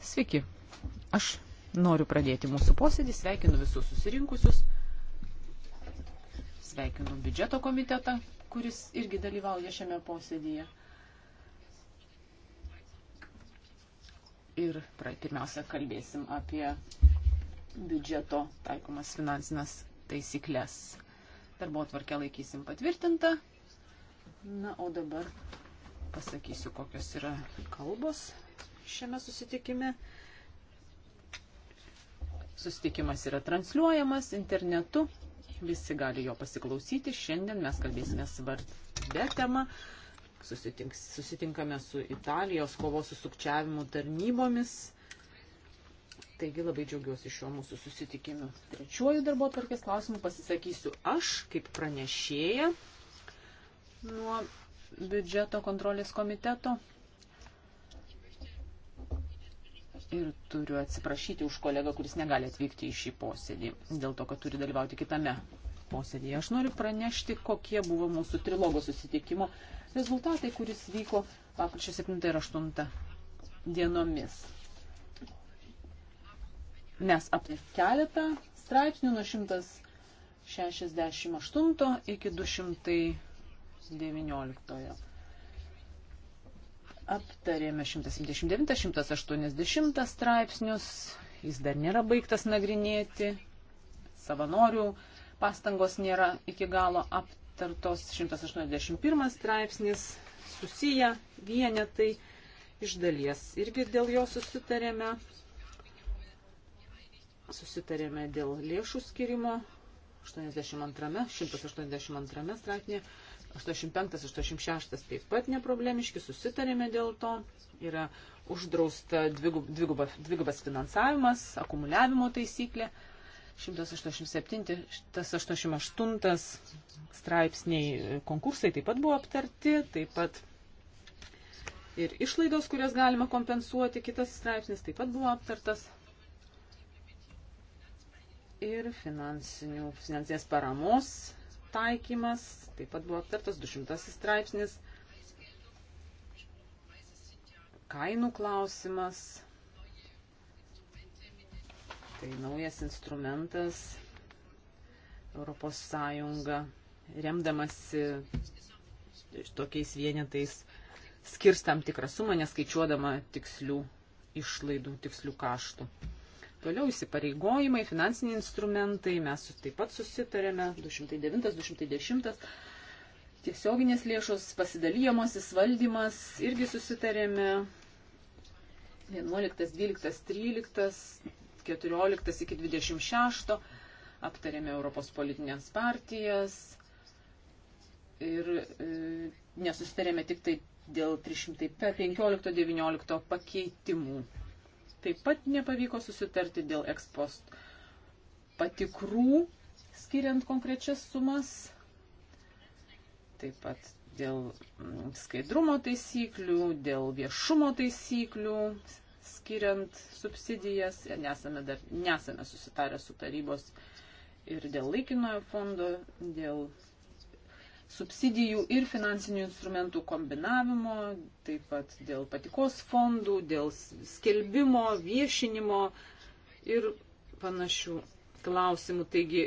Sveiki. Aš noriu pradėti mūsų posėdį. Sveikinu visus susirinkusius. Sveikinu biudžeto komitetą, kuris irgi dalyvauja šiame posėdyje. ir pirmiausia kalbėsim apie biudžeto taikomas finansinės taisyklės. Darbo atvarkę laikysim patvirtintą. Na, o dabar pasakysiu, kokios yra kalbos šiame susitikime. Susitikimas yra transliuojamas internetu, visi gali jo pasiklausyti. Šiandien mes kalbėsime svarbę temą. Susitink, susitinkame su Italijos kovos su sukčiavimu tarnybomis. Taigi labai džiaugiuosi šiuo mūsų susitikimu. Trečiuoju darbo atvarkės klausimu pasisakysiu aš kaip pranešėja nuo biudžeto kontrolės komiteto. Ir turiu atsiprašyti už kolegą, kuris negali atvykti į šį posėdį, dėl to, kad turi dalyvauti kitame posėdėje. Aš noriu pranešti, kokie buvo mūsų trilogo susitikimo rezultatai, kuris vyko lapkričio 7 ir 8 dienomis. Mes apie keletą straipsnių nuo 168 iki 200. 19. Aptarėme 179-180 straipsnius, jis dar nėra baigtas nagrinėti, savanorių pastangos nėra iki galo aptartos, 181 straipsnis susiję vienetai iš dalies irgi dėl jo susitarėme, susitarėme dėl lėšų skirimo 82, 182 straipsnėje 85-86 taip pat neproblemiški, susitarėme dėl to. Yra uždrausta dvigubas, dvigubas finansavimas, akumuliavimo taisyklė. 187-188 straipsniai e, konkursai taip pat buvo aptarti, taip pat ir išlaidos, kurias galima kompensuoti, kitas straipsnis taip pat buvo aptartas. Ir finansinės paramos taikymas, taip pat buvo aptartas 200 straipsnis, kainų klausimas, tai naujas instrumentas Europos Sąjunga, remdamasi tokiais vienetais skirs tam tikrą sumą, neskaičiuodama tikslių išlaidų, tikslių kaštų. Toliau įsipareigojimai, finansiniai instrumentai, mes taip pat susitarėme, 209, 210, tiesioginės lėšos, pasidalyjamosis valdymas, irgi susitarėme, 11, 12, 13, 14 iki 26, aptarėme Europos politinės partijas ir e, nesusitarėme tik tai dėl 315-19 pakeitimų Taip pat nepavyko susitarti dėl ekspost patikrų, skiriant konkrečias sumas. Taip pat dėl mm, skaidrumo taisyklių, dėl viešumo taisyklių, skiriant subsidijas, nesame, dar, nesame susitarę su tarybos ir dėl laikinojo fondo, dėl subsidijų ir finansinių instrumentų kombinavimo, taip pat dėl patikos fondų, dėl skelbimo, viešinimo ir panašių klausimų. Taigi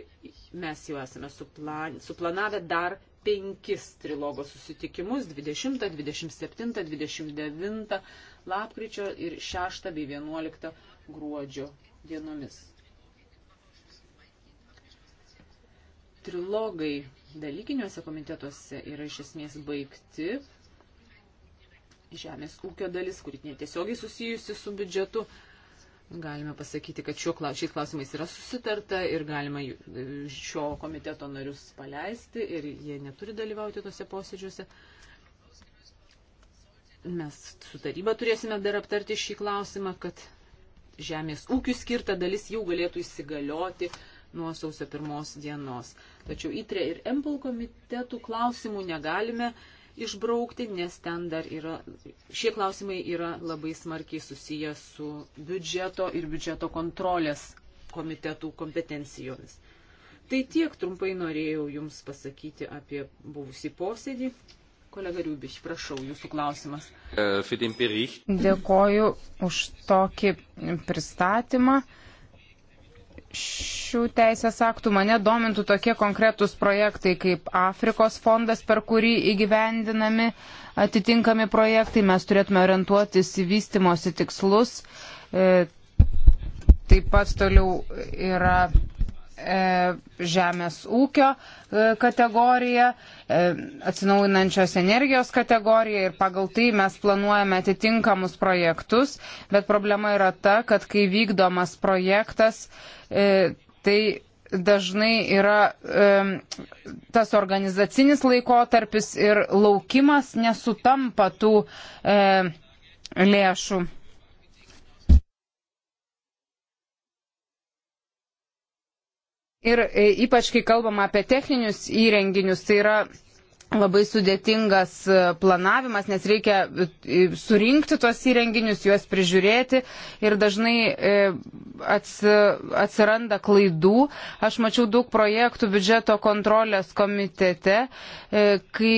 mes jau esame suplan, suplanavę dar penkis trilogo susitikimus 20, 27, 29 lapkričio ir 6 bei 11 gruodžio dienomis. Trilogai dalykiniuose komitetuose yra iš esmės baigti. Žemės ūkio dalis, kuri netiesiogiai susijusi su biudžetu. Galime pasakyti, kad šiuo, šiais klausimais yra susitarta ir galima šio komiteto narius paleisti ir jie neturi dalyvauti tose posėdžiuose. Mes su taryba turėsime dar aptarti šį klausimą, kad žemės ūkių skirta dalis jau galėtų įsigalioti uh, nuo sausio pirmos dienos. Tačiau įtrė ir MPL komitetų klausimų negalime išbraukti, nes ten dar yra, šie klausimai yra labai smarkiai susiję su biudžeto ir biudžeto kontrolės komitetų kompetencijomis. Tai tiek trumpai norėjau Jums pasakyti apie buvusį posėdį. Kolega Riubiš, prašau, jūsų klausimas. Äh, Dėkoju už tokį pristatymą šių teisės aktų mane domintų tokie konkretūs projektai kaip Afrikos fondas, per kurį įgyvendinami atitinkami projektai. Mes turėtume orientuotis į vystimosi tikslus. E, taip pat toliau yra E, žemės ūkio e, kategoriją, e, atsinaujinančios energijos kategoriją ir pagal tai mes planuojame atitinkamus projektus, bet problema yra ta, kad kai vykdomas projektas, tai dažnai yra e, tas organizacinis laikotarpis ir laukimas nesutampa tų e, lėšų. Ir e, ypač, kai kalbama apie techninius įrenginius, tai yra labai sudėtingas e, planavimas, nes reikia e, surinkti tuos įrenginius, juos prižiūrėti ir dažnai e, atsiranda klaidų. Aš mačiau daug projektų biudžeto kontrolės komitete, kai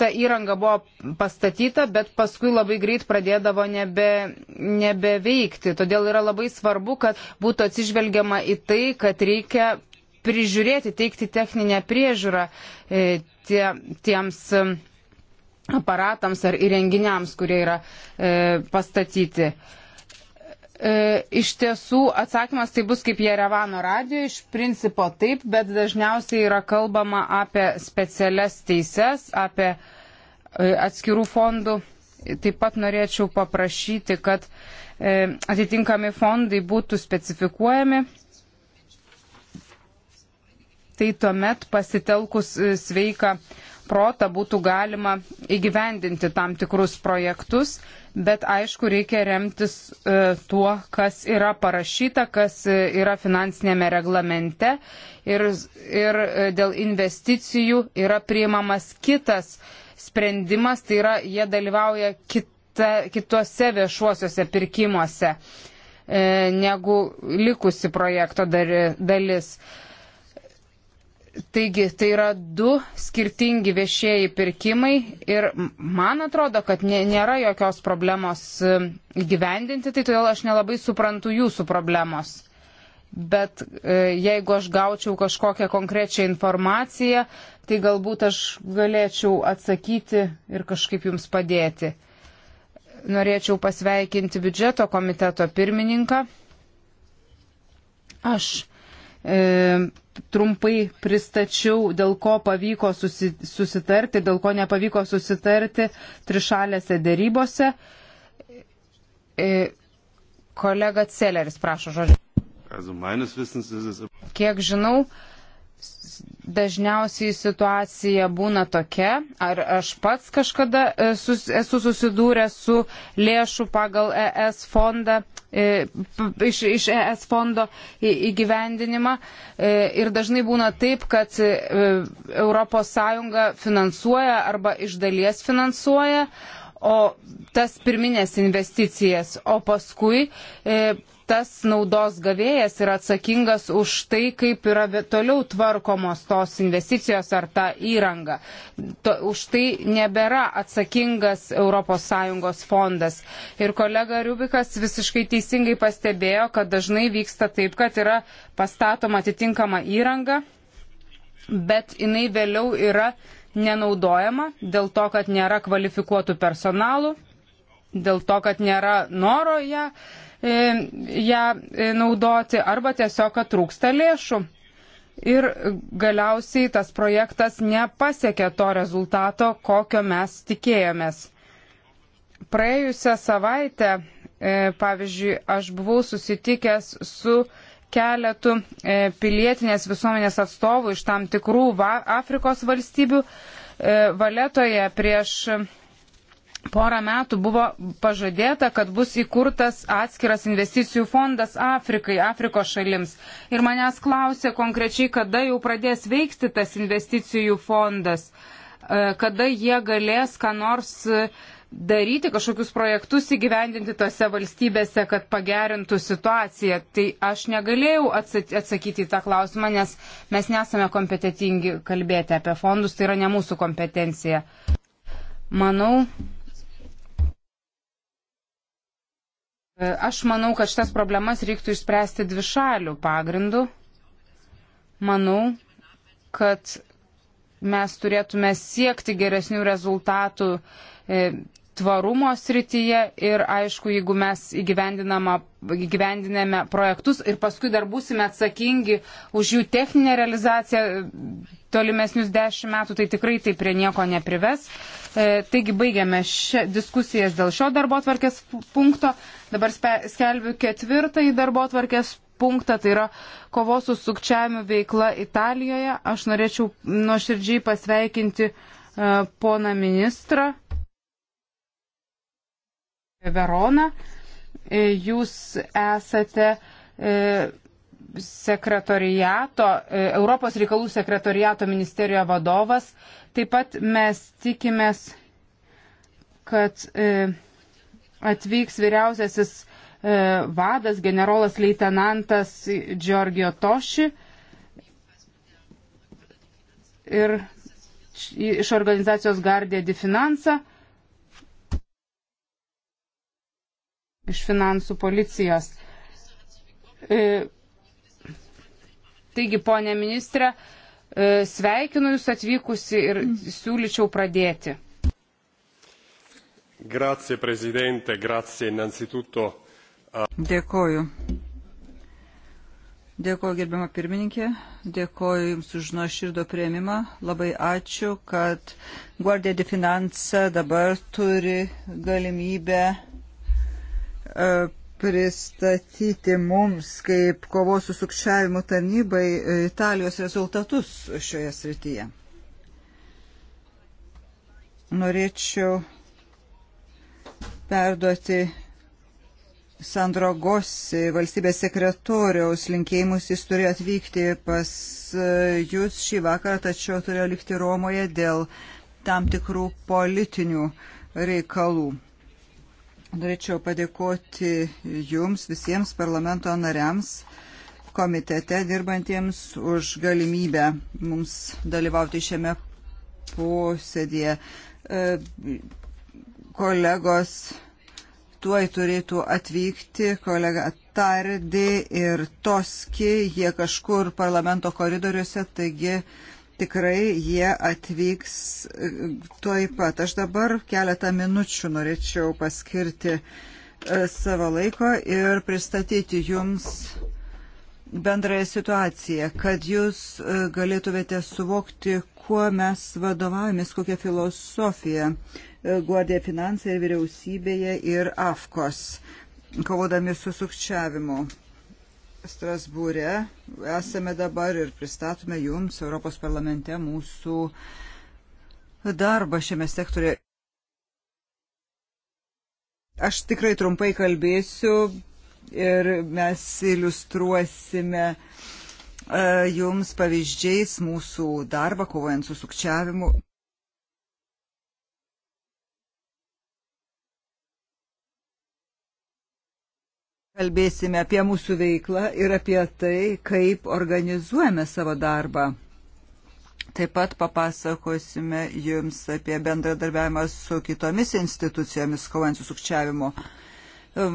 ta įranga buvo pastatyta, bet paskui labai greit pradėdavo nebe, nebeveikti. Todėl yra labai svarbu, kad būtų atsižvelgiama į tai, kad reikia prižiūrėti, teikti techninę priežiūrą e, tie, tiems e, aparatams ar įrenginiams, kurie yra e, pastatyti. Iš tiesų atsakymas tai bus kaip Jerevano radio, iš principo taip, bet dažniausiai yra kalbama apie specialias teises, apie atskirų fondų. Taip pat norėčiau paprašyti, kad atitinkami fondai būtų specifikuojami tai tuomet pasitelkus e, sveiką protą būtų galima įgyvendinti tam tikrus projektus, bet aišku reikia remtis e, tuo, kas yra parašyta, kas e, yra finansinėme reglamente ir, ir dėl investicijų yra priimamas kitas sprendimas, tai yra jie dalyvauja kita, kitose viešuosiuose pirkimuose negu likusi projekto dalis. Taigi, tai yra du skirtingi viešieji pirkimai ir man atrodo, kad nė, nėra jokios problemos um, įgyvendinti, tai todėl aš nelabai suprantu jūsų problemos. Bet e, jeigu aš gaučiau kažkokią konkrečią informaciją, tai galbūt aš galėčiau atsakyti ir kažkaip jums padėti. Norėčiau pasveikinti biudžeto komiteto pirmininką. Aš e, trumpai pristačiau, dėl ko pavyko susi, susitarti, dėl ko nepavyko susitarti trišalėse dėrybose. E, kolega Celeris, prašo žodžio. Kiek žinau, dažniausiai situacija būna tokia, ar aš pats kažkada e, esu susidūręs su lėšų pagal ES fondą, e, iš, iš ES fondo įgyvendinimą. E, ir dažnai būna taip, kad ES finansuoja arba iš dalies finansuoja, o tas pirminės investicijas, o paskui tas naudos gavėjas yra atsakingas už tai, kaip yra toliau tvarkomos tos investicijos ar ta įranga. To, už tai nebėra atsakingas ES fondas. Ir kolega Rubikas visiškai teisingai pastebėjo, kad dažnai vyksta taip, kad yra pastatoma atitinkama įranga, bet jinai vėliau yra nenaudojama dėl to, kad nėra kvalifikuotų personalų, dėl to, kad nėra noro ją. Ja E, ją e, naudoti, arba tiesiog, kad trūksta lėšų. Ir galiausiai tas projektas nepasiekė to rezultato, kokio mes tikėjomės. Praėjusią savaitę, e, pavyzdžiui, aš buvau susitikęs su keletų pilietinės visuomenės atstovų iš tam tikrų Afrikos valstybių valetoje prieš porą metų buvo pažadėta, kad bus įkurtas atskiras investicijų fondas Afrikai, Afrikos šalims. Ir manęs klausė konkrečiai, kada jau pradės veikti tas investicijų fondas, e, kada jie galės ką nors e, daryti kažkokius projektus įgyvendinti tose valstybėse, kad pagerintų situaciją. Tai aš negalėjau atsakyti į tą klausimą, nes mes nesame kompetitingi kalbėti apie fondus, tai yra ne mūsų kompetencija. Manau, E, aš manau, kad šitas problemas reiktų išspręsti dvi šalių pagrindų. Manau, kad mes turėtume siekti geresnių rezultatų e, tvarumo srityje ir aišku, jeigu mes įgyvendiname projektus ir paskui dar būsime atsakingi už jų techninę realizaciją e, tolimesnius dešimt metų, tai tikrai tai prie nieko neprives. E, taigi baigiame šią diskusijas dėl šio darbo tvarkės punkto. Dabar skelbiu ketvirtąjį darbo tvarkės punktą, tai yra kovos su sukčiavimu veikla Italijoje. Aš norėčiau nuoširdžiai pasveikinti e, poną ministrą. Verona. E, jūs esate e, sekretoriato, e, Europos reikalų sekretoriato ministerijoje vadovas. Taip pat mes tikimės, kad atvyks vyriausiasis vadas, generolas leitenantas Giorgio Toši. Ir iš organizacijos Gardė di Finansą. iš finansų policijos. E, taigi, ponė ministrė, e, sveikinu Jūs atvykusi ir siūlyčiau pradėti. Grazie, prezidente, grazie innanzitutto. Dėkoju. Dėkoju, gerbiama pirmininkė, dėkoju Jums už nuoširdo prieimimą. Labai ačiū, kad Guardia di Finanza dabar turi galimybę E, pristatyti mums kaip kovos su sukčiavimu tarnybai Italijos rezultatus šioje srityje. Norėčiau perduoti Sandro Gossi, valstybės sekretoriaus linkėjimus, jis turėjo atvykti pas jūs šį vakarą, tačiau turėjo likti Romoje dėl tam tikrų politinių reikalų. Norėčiau padėkoti Jums visiems parlamento nariams komitete dirbantiems už galimybę mums dalyvauti šiame posėdėje. E, kolegos tuoj turėtų atvykti kolega Tardi ir Toski, jie kažkur parlamento koridoriuose, taigi tikrai jie atvyks e, tuoj pat. Aš dabar keletą minučių norėčiau paskirti e, savo laiko ir pristatyti jums bendrąją situaciją, kad jūs e, galėtumėte suvokti, kuo mes vadovavomės, kokią filosofiją guodė finansai vyriausybėje ir AFKOS, kovodami su sukčiavimu. Strasbūre. Esame dabar ir pristatome Jums Europos parlamente mūsų darbą šiame sektorė. Aš tikrai trumpai kalbėsiu ir mes iliustruosime uh, jums pavyzdžiais mūsų darbą kovojant su sukčiavimu. Kalbėsime apie mūsų veiklą ir apie tai, kaip organizuojame savo darbą. Taip pat papasakosime jums apie bendradarbiavimą su kitomis institucijomis kovant su sukčiavimu.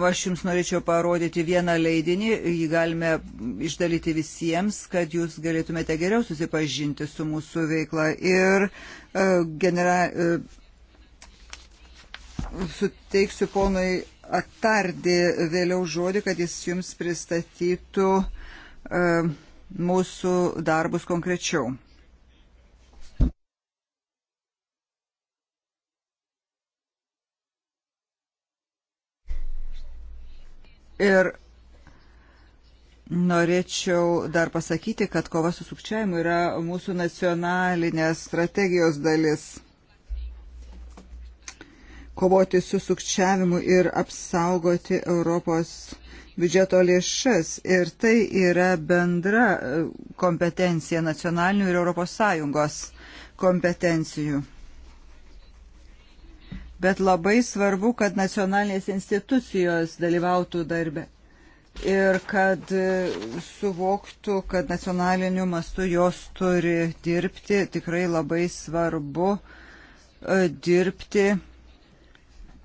Aš jums norėčiau parodyti vieną leidinį, jį galime išdalyti visiems, kad jūs galėtumėte geriau susipažinti su mūsų veikla ir uh, genera, uh, suteiksiu ponui atardė vėliau žodį, kad jis jums pristatytų e, mūsų darbus konkrečiau. Ir norėčiau dar pasakyti, kad kova su sukčiavimu yra mūsų nacionalinės strategijos dalis kovoti su sukčiavimu ir apsaugoti Europos biudžeto lėšas. Ir tai yra bendra e, kompetencija nacionalinių ir ES kompetencijų. Bet labai svarbu, kad nacionalinės institucijos dalyvautų darbe ir kad e, suvoktų, kad nacionaliniu mastu jos turi dirbti. Tikrai labai svarbu e, dirbti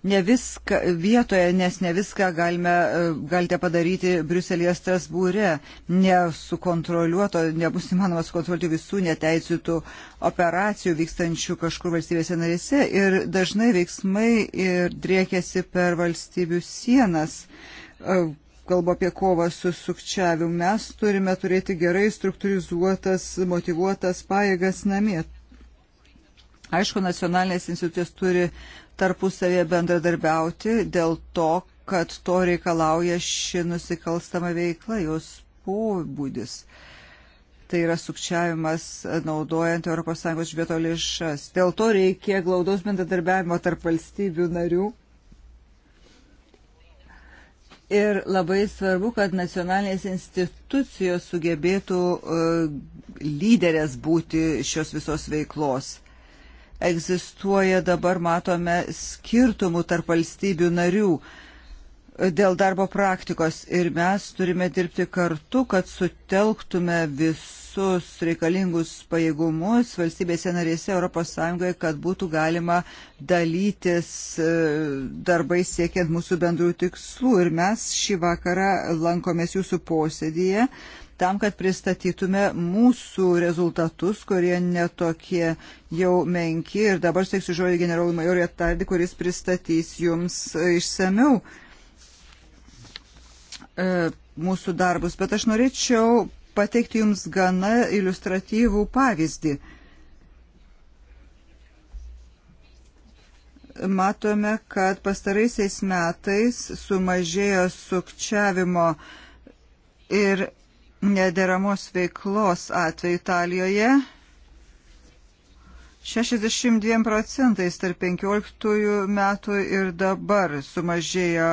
ne viską vietoje, nes ne viską galime, e, galite padaryti Briuselėje Strasbūre. Nesukontroliuoto, nebus įmanoma sukontroliuoti visų neteisėtų operacijų vykstančių kažkur valstybėse narėse ir dažnai veiksmai ir driekiasi per valstybių sienas. E, kalbu apie kovą su sukčiavimu. Mes turime turėti gerai struktūrizuotas, motivuotas pajėgas namie. Aišku, nacionalinės institucijos turi tarpusavėje bendradarbiauti dėl to, kad to reikalauja ši nusikalstama veikla, jos pobūdis. Tai yra sukčiavimas naudojant ES biudžeto lėšas. Dėl to reikia glaudaus bendradarbiavimo tarp valstybių narių. Ir labai svarbu, kad nacionalinės institucijos sugebėtų uh, lyderės būti šios visos veiklos egzistuoja dabar matome skirtumų tarp valstybių narių dėl darbo praktikos ir mes turime dirbti kartu, kad sutelktume visus reikalingus pajėgumus valstybėse narėse ES, kad būtų galima dalytis e, darbais siekiant mūsų bendrų tikslų. Ir mes šį vakarą lankomės jūsų posėdėje tam, kad pristatytume mūsų rezultatus, kurie netokie jau menki. Ir dabar steiksiu žodį generolui majorui Atardį, kuris pristatys jums išsameu e, mūsų darbus. Bet aš norėčiau pateikti jums gana iliustratyvų pavyzdį. matome, kad pastaraisiais metais sumažėjo sukčiavimo ir nederamos veiklos atveju Italijoje 62 procentais tarp 15 metų ir dabar sumažėjo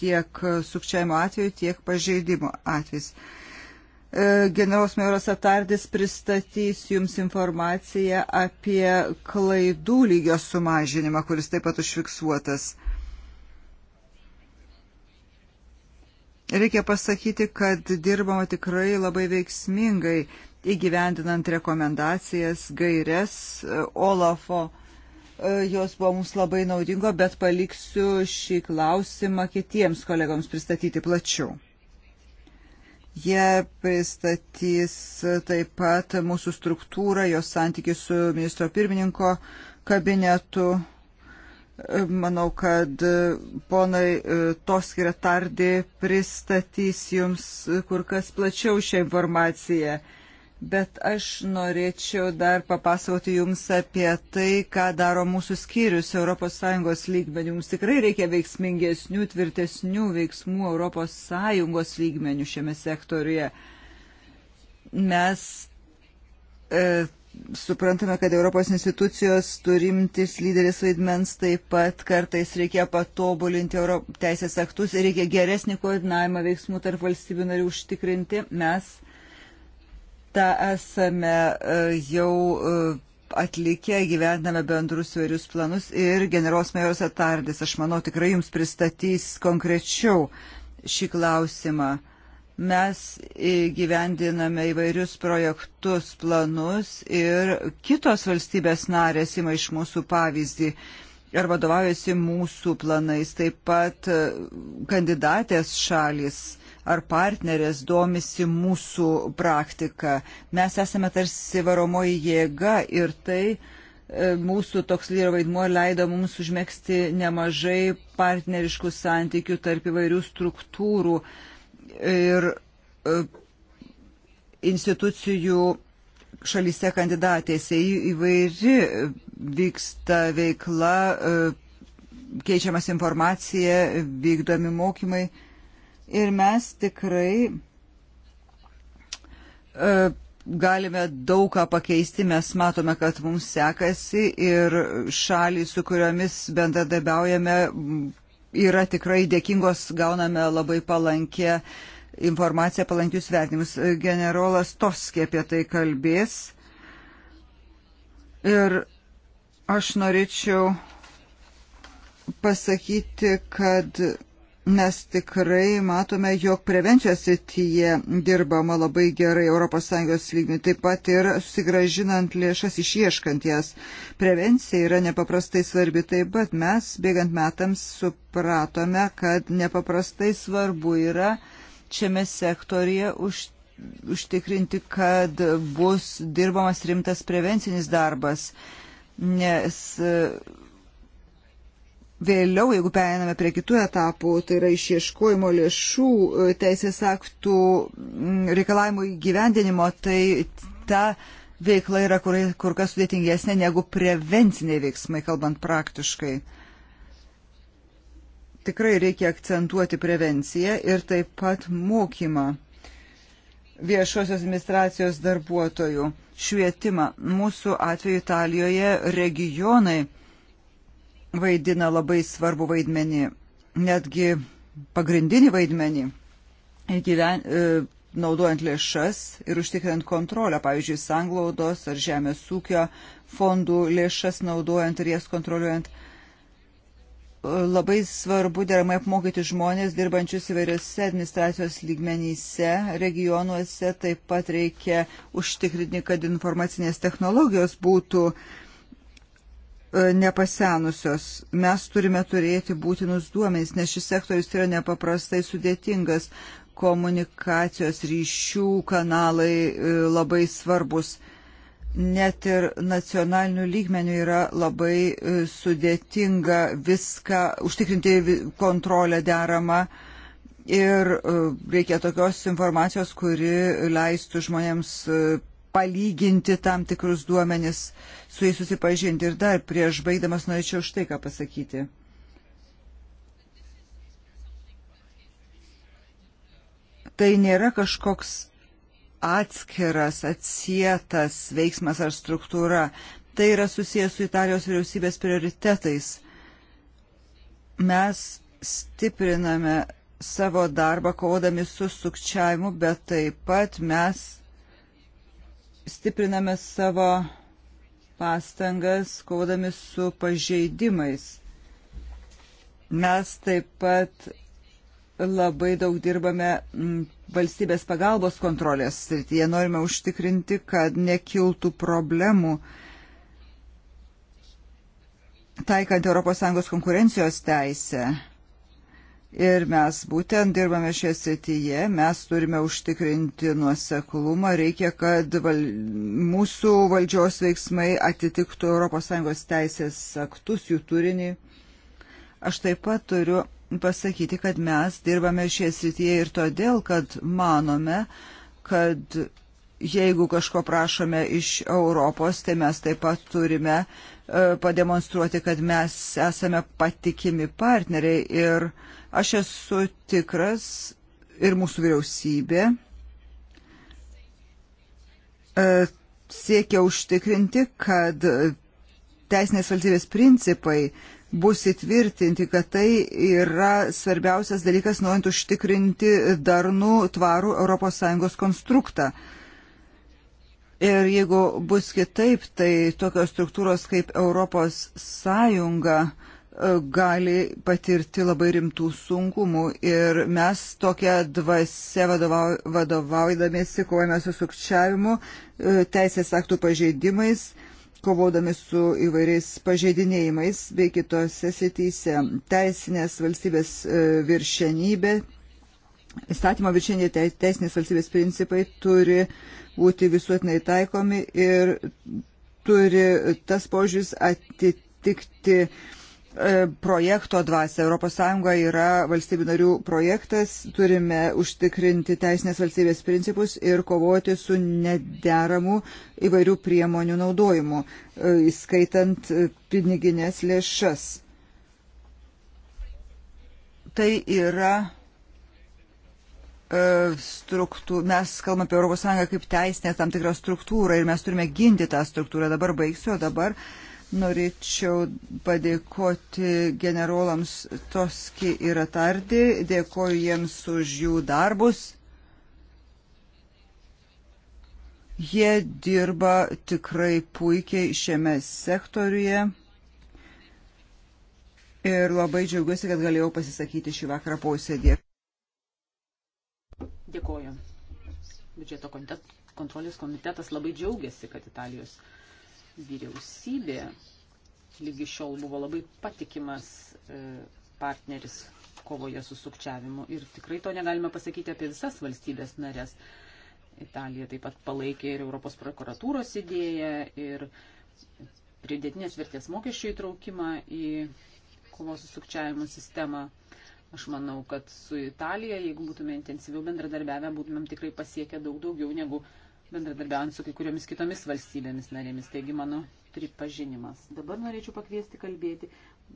tiek sukčiavimo atveju, tiek pažeidimo atvejais. E, Generos Meuras Atardis pristatys Jums informaciją apie klaidų lygio sumažinimą, kuris taip pat užfiksuotas. Reikia pasakyti, kad dirbama tikrai labai veiksmingai įgyvendinant rekomendacijas, gairias Olafo. E, jos buvo mums labai naudingo, bet paliksiu šį klausimą kitiems kolegoms pristatyti plačiau. Jie pristatys taip pat mūsų struktūrą, jos santykių su ministro pirmininko kabinetu Manau, kad e, ponai e, Toskira Tardė pristatys jums e, kur kas plačiau šią informaciją. Bet aš norėčiau dar papasakoti Jums apie tai, ką daro mūsų skyrius ES lygmenių. Mums tikrai reikia veiksmingesnių, tvirtesnių veiksmų ES lygmenių šiame sektoriuje. Mes e, suprantame, kad Europos institucijos turimtis lyderis vaidmens taip pat kartais reikia patobulinti Euro teisės aktus ir reikia geresnį koordinavimą veiksmų tarp valstybių narių užtikrinti. Mes tą esame e, jau e, atlikę, gyvendame bendrus įvairius planus ir generos majoras Atardis, aš manau, tikrai jums pristatys konkrečiau šį klausimą mes gyvendiname įvairius projektus, planus ir kitos valstybės narės ima iš mūsų pavyzdį ir vadovaujasi mūsų planais. Taip pat e, kandidatės šalis ar partnerės domisi mūsų praktika. Mes esame tarsi varomoji jėga ir tai e, mūsų toks lyro vaidmuo leido mums užmėgsti nemažai partneriškų santykių tarp įvairių struktūrų. Uh, ir e, institucijų šalyse kandidatėse įvairi vyksta veikla, e, keičiamas informacija, vykdomi mokymai. Ir mes tikrai e, galime daug ką pakeisti, mes matome, kad mums sekasi ir šalys, su kuriomis bendradarbiaujame, yra tikrai dėkingos, gauname labai palankę informaciją, palankius vertinimus. Generolas Toskė apie tai kalbės. Ir aš norėčiau pasakyti, kad mes tikrai matome, jog prevencijos srityje dirbama labai gerai ES lygmenį, taip pat ir susigražinant lėšas išieškant jas. Prevencija yra nepaprastai svarbi, taip pat mes bėgant metams supratome, kad nepaprastai svarbu yra šiame sektorije už, užtikrinti, kad bus dirbamas rimtas prevencinis darbas, nes Vėliau, jeigu pereiname prie kitų etapų, tai yra išieškojimo lėšų e, teisės aktų reikalavimų įgyvendinimo, tai ta veikla yra kur, kur kas sudėtingesnė negu prevenciniai veiksmai, kalbant praktiškai. Tikrai reikia akcentuoti prevenciją ir taip pat mokymą viešosios administracijos darbuotojų, švietimą. Mūsų atveju Italijoje regionai vaidina labai svarbu vaidmenį, netgi pagrindinį vaidmenį, gyven, e, naudojant lėšas ir užtikrint kontrolę, pavyzdžiui, sanglaudos ar žemės ūkio fondų lėšas naudojant ir jas kontroliuojant. E, labai svarbu deramai apmokyti žmonės dirbančius įvairiose administracijos lygmenyse, regionuose, taip pat reikia užtikrinti, kad informacinės technologijos būtų uh, E, nepasenusios. Mes turime turėti būtinus duomenys, nes šis sektorius yra nepaprastai sudėtingas. Komunikacijos ryšių kanalai e, labai svarbus. Net ir nacionalinių lygmenių yra labai e, sudėtinga viską užtikrinti kontrolę deramą ir reikia tokios informacijos, kuri leistų žmonėms palyginti tam tikrus duomenis, su jais susipažinti. Ir dar prieš baigdamas norėčiau štai ką pasakyti. Tai nėra kažkoks atskiras, atsietas veiksmas ar struktūra. Tai yra susijęs su Italijos vyriausybės prioritetais. Mes stipriname savo darbą kovodami su sukčiavimu, bet taip pat mes stipriname savo pastangas, kovodami su pažeidimais. Mes taip pat labai daug dirbame valstybės pagalbos kontrolės srityje. Norime užtikrinti, kad nekiltų problemų taikant ES konkurencijos teisę. Ir mes būtent dirbame šioje srityje, mes turime užtikrinti nuoseklumą, reikia, kad val, mūsų valdžios veiksmai atitiktų ES teisės aktus, jų turinį. Aš taip pat turiu pasakyti, kad mes dirbame šioje srityje ir todėl, kad manome, kad jeigu kažko prašome iš Europos, tai mes taip pat turime e, pademonstruoti, kad mes esame patikimi partneriai ir uh, Aš esu tikras ir mūsų vyriausybė e, siekia užtikrinti, kad teisinės valstybės principai bus įtvirtinti, kad tai yra svarbiausias dalykas, norint užtikrinti darnų, tvarų ES konstruktą. Ir jeigu bus kitaip, tai tokios struktūros kaip ES gali patirti labai rimtų sunkumų ir mes tokia dvasia vadovau, vadovaudamėsi kovojame su sukčiavimu, e, teisės aktų pažeidimais, kovodami su įvairiais pažeidinėjimais bei kitose sityse. Teisinės valstybės e, viršenybė, įstatymo viršenybė, teisinės valstybės principai turi būti visuotinai taikomi ir turi tas požiūris atitikti uh, E, projekto dvasia. ES yra valstybių narių projektas, turime užtikrinti teisinės valstybės principus ir kovoti su nederamu įvairių priemonių naudojimu, e, įskaitant e, piniginės lėšas. Tai yra struktūrų, mes kalbame apie ES kaip teisinę tam tikrą struktūrą ir mes turime ginti tą struktūrą. Dabar baigsiu, o dabar uh, Norėčiau padėkoti generolams Toski ir Atardi, dėkoju jiems už jų darbus. Jie dirba tikrai puikiai šiame sektoriuje ir labai džiaugiuosi, kad galėjau pasisakyti šį vakarą posėdį. Dėkoju. Biudžeto kontrolės komitetas labai džiaugiasi, kad Italijos vyriausybė lygi šiol buvo labai patikimas e, partneris kovoje su sukčiavimu ir tikrai to negalime pasakyti apie visas valstybės narės. Italija taip pat palaikė ir Europos prokuratūros idėją ir pridėtinės vertės mokesčių įtraukimą į kovos su sukčiavimu sistemą. Aš manau, kad su Italija, jeigu būtume intensyviau bendradarbiavę, būtumėm tikrai pasiekę daug daugiau negu bendradarbiaujant su kai kuriomis kitomis valstybėmis narėmis. Taigi mano pripažinimas. Dabar norėčiau pakviesti kalbėti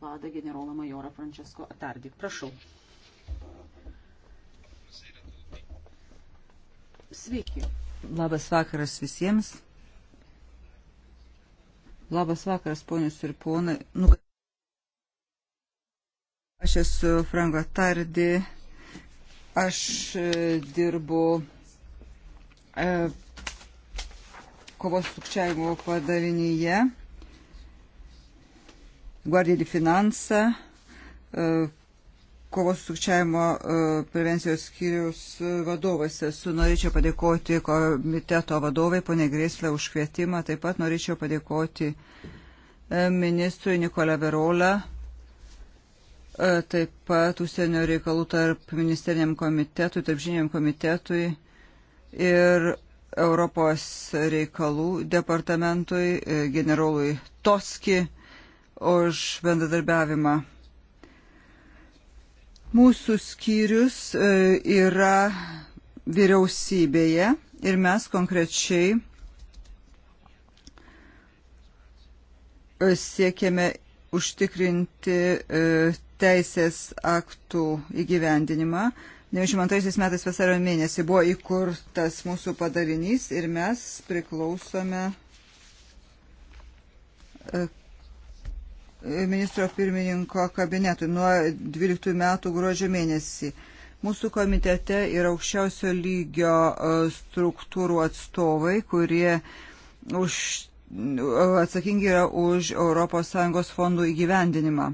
vadą generolą majorą Francesco Atardik. Prašau. Sveiki. Labas vakaras visiems. Labas vakaras, ponius ir ponai. Nu, aš esu Franko Tardi. Aš e, dirbu e, kovos sukčiavimo padalinyje, Guardia di Finansa, e, kovos sukčiavimo e, prevencijos skyrius vadovas. Esu norėčiau padėkoti komiteto vadovai, ponė Grėslė, už kvietimą. Taip pat norėčiau padėkoti e, ministrui Nikola Verola, taip pat užsienio reikalų tarp ministeriniam komitetui, tarp žiniam komitetui ir Europos reikalų departamentui, e, generolui Toski už bendradarbiavimą. Mūsų skyrius e, yra vyriausybėje ir mes konkrečiai e, siekiame užtikrinti teisės aktų įgyvendinimą. 92 metais vasario mėnesį buvo įkurtas mūsų padalinys ir mes priklausome e, ministro pirmininko kabinetui nuo 12 metų gruodžio mėnesį. Mūsų komitete yra aukščiausio lygio e, struktūrų atstovai, kurie už, e, atsakingi yra už ES fondų įgyvendinimą,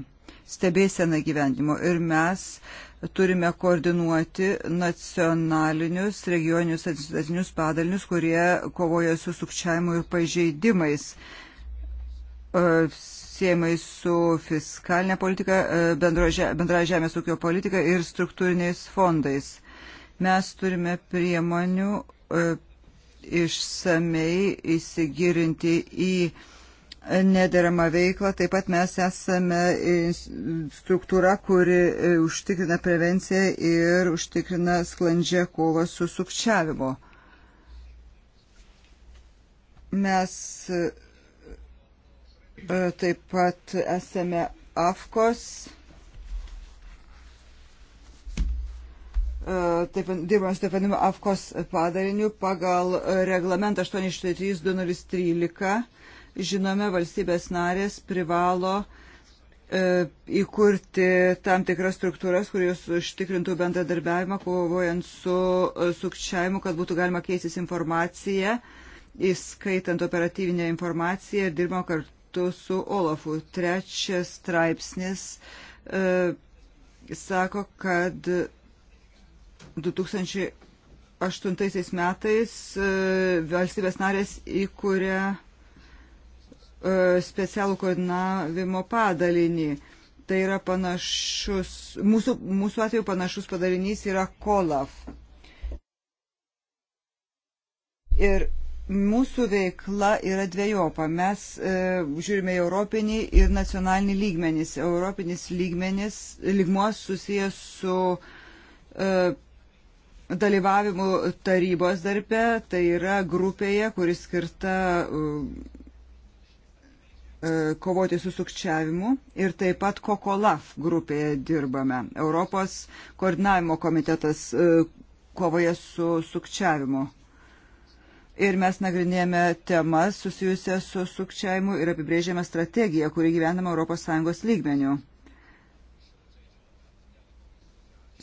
stebėseną įgyvendinimo. Ir mes uh, turime koordinuoti nacionalinius, regioninius administracinius padalinius, kurie kovoja su sukčiavimu ir pažeidimais e, siejamai su fiskalinė politika, e, bendra žemės ūkio politika ir struktūriniais fondais. Mes turime priemonių e, išsamei įsigirinti į nederamą veiklą. Taip pat mes esame struktūra, kuri e, užtikrina prevenciją ir užtikrina sklandžią kovą su sukčiavimu. Mes e, taip pat esame AFKOS. E, taip, dirbame su taip vadinamu AFKOS padariniu pagal reglamentą 843-2013 žinome, valstybės narės privalo e, įkurti tam tikras struktūras, kurios užtikrintų bendradarbiavimą, kovojant su e, sukčiavimu, kad būtų galima keistis informaciją, įskaitant operatyvinę informaciją ir dirbama kartu su Olafu. Trečias straipsnis e, sako, kad 2008 metais e, valstybės narės įkūrė E, specialų koordinavimo padalinį. Tai yra panašus, mūsų, mūsų atveju panašus padalinys yra KOLAF. Ir mūsų veikla yra dviejopa. Mes e, žiūrime į europinį ir nacionalinį lygmenis. Europinis lygmenis, lygmuos susijęs su e, dalyvavimu tarybos darbe, tai yra grupėje, kuris skirta e, E, kovoti su sukčiavimu ir taip pat Kokolaf grupėje dirbame. Europos koordinavimo komitetas e, kovoje su sukčiavimu. Ir mes nagrinėjame temas susijusią su sukčiavimu ir apibrėžėme strategiją, kuri gyvenama ES lygmenių.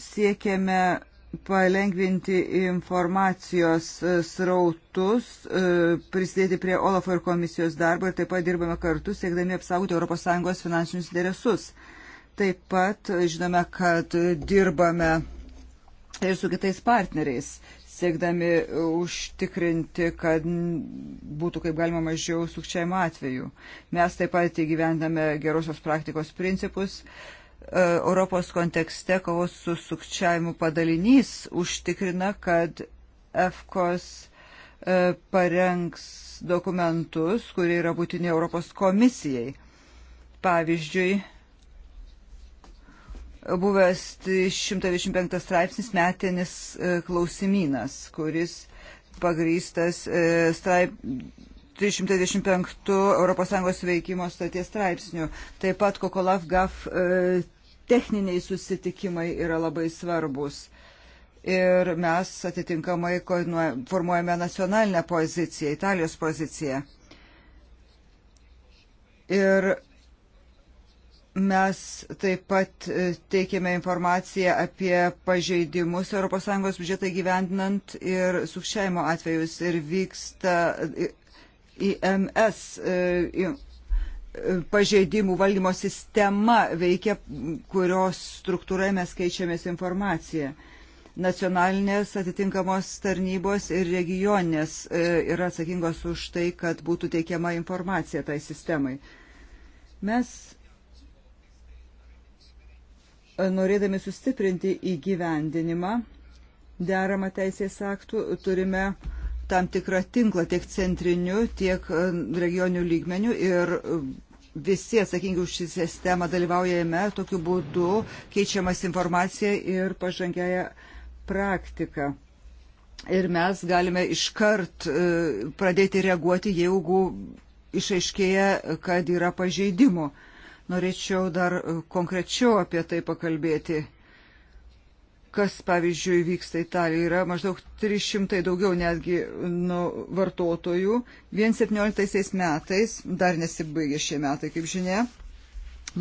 Siekėme palengvinti informacijos e, srautus, e, prisidėti prie Olafo ir komisijos darbo ir taip pat dirbame kartu, siekdami apsaugoti ES finansinius interesus. Taip pat e, žinome, kad dirbame ir su kitais partneriais, siekdami užtikrinti, kad būtų kaip galima mažiau sukčiajimo atvejų. Mes taip pat įgyvendame gerosios praktikos principus. Uh, E, Europos kontekste kovos su sukčiavimu padalinys užtikrina, kad EFKOS e, parengs dokumentus, kurie yra būtini Europos komisijai. Pavyzdžiui, buvęs 125 straipsnis metinis e, klausimynas, kuris pagrystas straip, 325 ES veikimo staties straipsnių. Taip pat Kokolaf GAF e, techniniai susitikimai yra labai svarbus. Ir mes atitinkamai formuojame nacionalinę poziciją, Italijos poziciją. Ir mes taip pat e, teikėme informaciją apie pažeidimus ES biudžetą gyvendinant ir sukčiavimo atvejus. Ir vyksta IMS e, e, pažeidimų valdymo sistema veikia, kurios struktūrai mes keičiamės informaciją. Nacionalinės atitinkamos tarnybos ir regioninės e, yra atsakingos už tai, kad būtų teikiama informacija tai sistemai. Mes norėdami sustiprinti įgyvendinimą deramą teisės aktų turime uh, tam tikrą tinklą tiek centriniu, tiek e, regioniniu lygmeniu ir e, visi atsakingi už šį sistemą dalyvaujame, tokiu būdu keičiamas informacija ir pažangiaja praktika. Ir mes galime iškart e, pradėti reaguoti, jeigu išaiškėja, kad yra pažeidimų. Norėčiau dar konkrečiau apie tai pakalbėti kas, pavyzdžiui, vyksta Italijoje, yra maždaug 300 daugiau netgi nu, vartotojų. Vien 17 metais, dar nesibaigė šie metai, kaip žinia,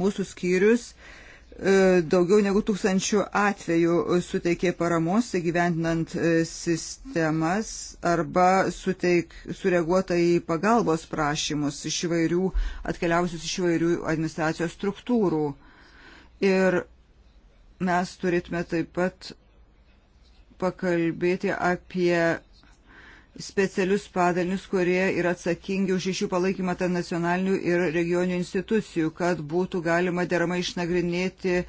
mūsų skyrius e, daugiau negu tūkstančių atvejų suteikė paramos įgyvendinant e, sistemas arba suteik, sureaguota į pagalbos prašymus iš įvairių, atkeliausius iš įvairių administracijos struktūrų. Ir mes turėtume taip pat pakalbėti apie specialius padalinius, kurie yra atsakingi už iš jų palaikymą tarp nacionalinių ir regionių institucijų, kad būtų galima deramai išnagrinėti e,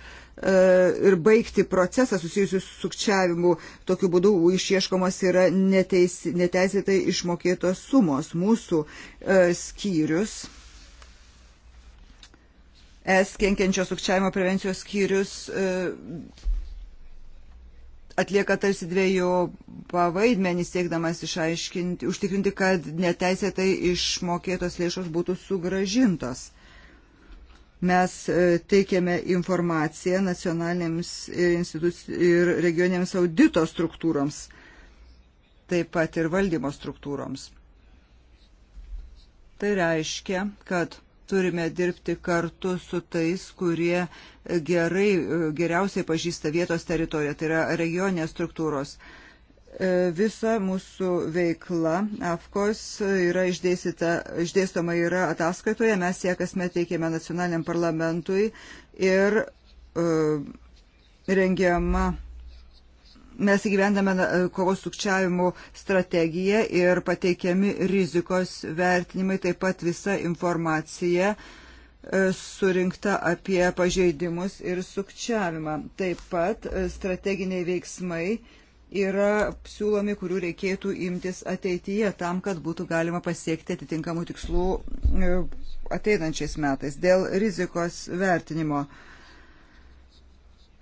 ir baigti procesą susijusiu su sukčiavimu. Tokiu būdu išieškomas yra neteis, neteisėtai išmokėtos sumos. Mūsų e, skyrius es kenkiančio sukčiavimo prevencijos skyrius e, atlieka tarsi dviejų pavaidmenį siekdamas išaiškinti, užtikrinti, kad neteisėtai išmokėtos lėšos būtų sugražintos. Mes e, teikiame informaciją nacionalinėms ir, ir regioninėms audito struktūroms, taip pat ir valdymo struktūroms. Tai reiškia, kad turime dirbti kartu su tais, kurie gerai, geriausiai pažįsta vietos teritoriją, tai yra regioninės struktūros. E, visa mūsų veikla AFKOS yra išdėstoma yra ataskaitoje, mes ją kasmet teikėme nacionaliniam parlamentui ir uh, rengiama mes įgyvendame kovos sukčiavimo strategiją ir pateikiami rizikos vertinimai, taip pat visa informacija e, surinkta apie pažeidimus ir sukčiavimą. Taip pat e, strateginiai veiksmai yra siūlomi, kurių reikėtų imtis ateityje tam, kad būtų galima pasiekti atitinkamų tikslų e, ateinančiais metais. Dėl rizikos vertinimo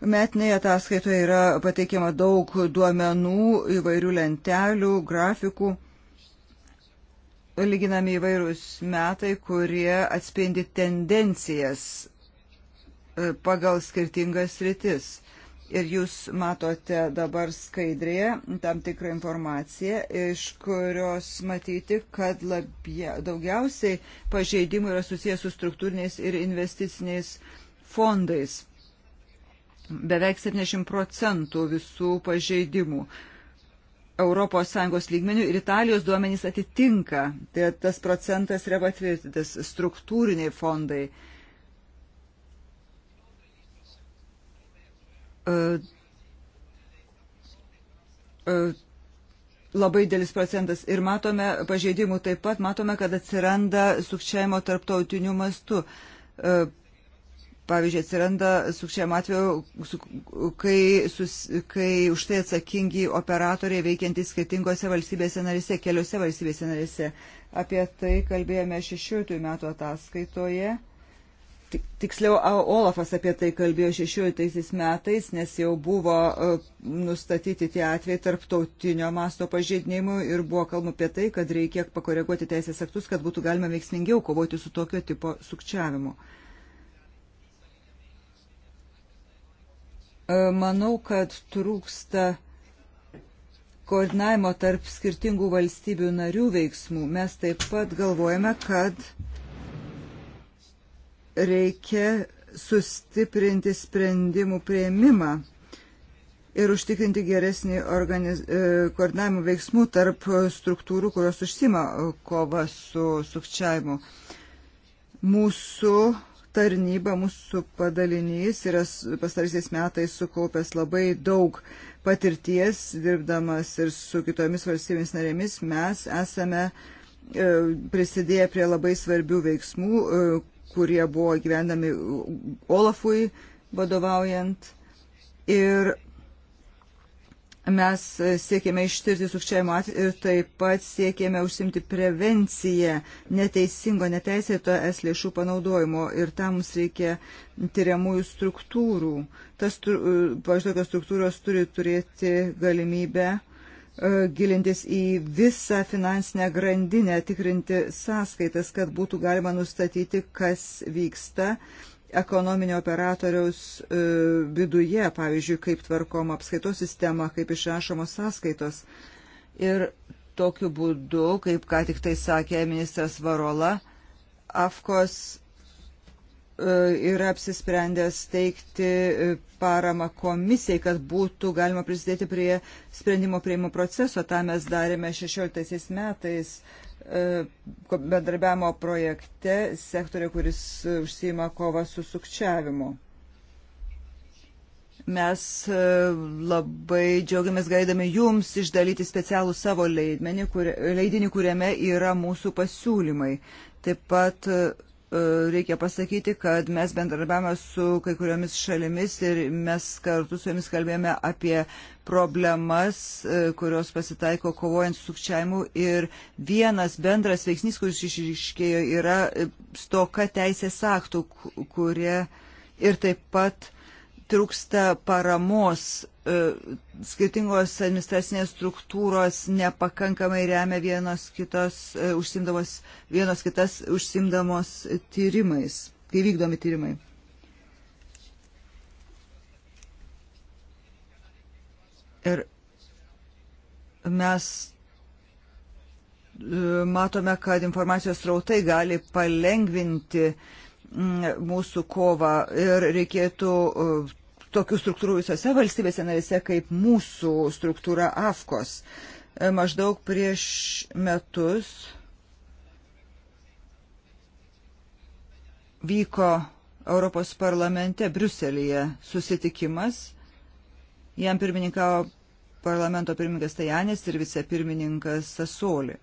Metinėje ataskaitoje yra pateikiama daug duomenų, įvairių lentelių, grafikų, lyginami įvairūs metai, kurie atspindi tendencijas e, pagal skirtingas rytis. Ir jūs matote dabar skaidrėje tam tikrą informaciją, iš kurios matyti, kad labia, daugiausiai pažeidimų yra susijęs su struktūriniais ir investiciniais fondais beveik 70 procentų visų pažeidimų. ES lygmenių ir Italijos duomenys atitinka. Tai tas procentas yra patvirtintas struktūriniai fondai. E, e, labai dėlis procentas. Ir matome pažeidimų taip pat, matome, kad atsiranda sukčiavimo tarptautiniu mastu. E, Pavyzdžiui, atsiranda sukčiam atveju, kai, sus, kai už tai atsakingi operatoriai veikiantys skirtingose valstybėse narėse, keliose valstybėse narėse. Apie tai kalbėjome 16 metų ataskaitoje. Tiksliau, Olafas apie tai kalbėjo 16 metais, nes jau buvo e, nustatyti tie atvejai tarptautinio masto pažeidinimų ir buvo kalbama apie tai, kad reikia pakoreguoti teisės aktus, kad būtų galima veiksmingiau kovoti su tokio tipo sukčiavimu. E, manau, kad trūksta koordinavimo tarp skirtingų valstybių narių veiksmų. Mes taip pat galvojame, kad reikia sustiprinti sprendimų prieimimą ir užtikrinti geresnį organiz... E, koordinavimo veiksmų tarp struktūrų, kurios užsima kova su sukčiavimu. Mūsų tarnyba, mūsų padalinys yra pastarysiais metais sukaupęs labai daug patirties, dirbdamas ir su kitomis valstybėmis narėmis. Mes esame e, prisidėję prie labai svarbių veiksmų, e, kurie buvo gyvendami Olafui vadovaujant. Ir Mes siekėme ištirti sukčiavimo atveju ir taip pat siekėme užsimti prevenciją neteisingo, neteisėto es lėšų panaudojimo ir tam mums reikia tyriamųjų struktūrų. Tas, pažiūrėjau, tokios struktūros turi turėti galimybę e, gilintis į visą finansinę grandinę, tikrinti sąskaitas, kad būtų galima nustatyti, kas vyksta ekonominio operatoriaus e, viduje, pavyzdžiui, kaip tvarkoma apskaitos sistema, kaip išrašomos sąskaitos. Ir tokiu būdu, kaip ką tik tai sakė ministras Varola, AFKOS e, yra apsisprendęs teikti e, paramą komisijai, kad būtų galima prisidėti prie sprendimo prieimo proceso. Ta mes darėme 16 metais E, bendarbiavimo projekte sektorė, kuris užsima kovą su sukčiavimu. Mes e, labai džiaugiamės gaidami jums išdalyti specialų savo leidmenį, kur, leidinį, kuriame yra mūsų pasiūlymai. Taip pat E, reikia pasakyti, kad mes bendradarbiavame su kai kuriomis šalimis ir mes kartu su jomis kalbėjome apie problemas, e, kurios pasitaiko kovojant su sukčiavimu. Ir vienas bendras veiksnys, kuris išryškėjo, yra stoka teisės aktų, kurie ir taip pat trūksta paramos, e, skirtingos administracinės struktūros nepakankamai remia vienos kitos e, užsimdamos, vienos kitas užsimdamos tyrimais, kai vykdomi tyrimai. Ir mes e, matome, kad informacijos rautai gali palengvinti mūsų kovą ir reikėtų tokių struktūrų visose valstybėse narėse kaip mūsų struktūra AFKOS. E, maždaug prieš metus vyko Europos parlamente Briuselėje susitikimas. Jam pirmininkavo parlamento pirmininkas Tajanės ir vicepirmininkas Sasoli.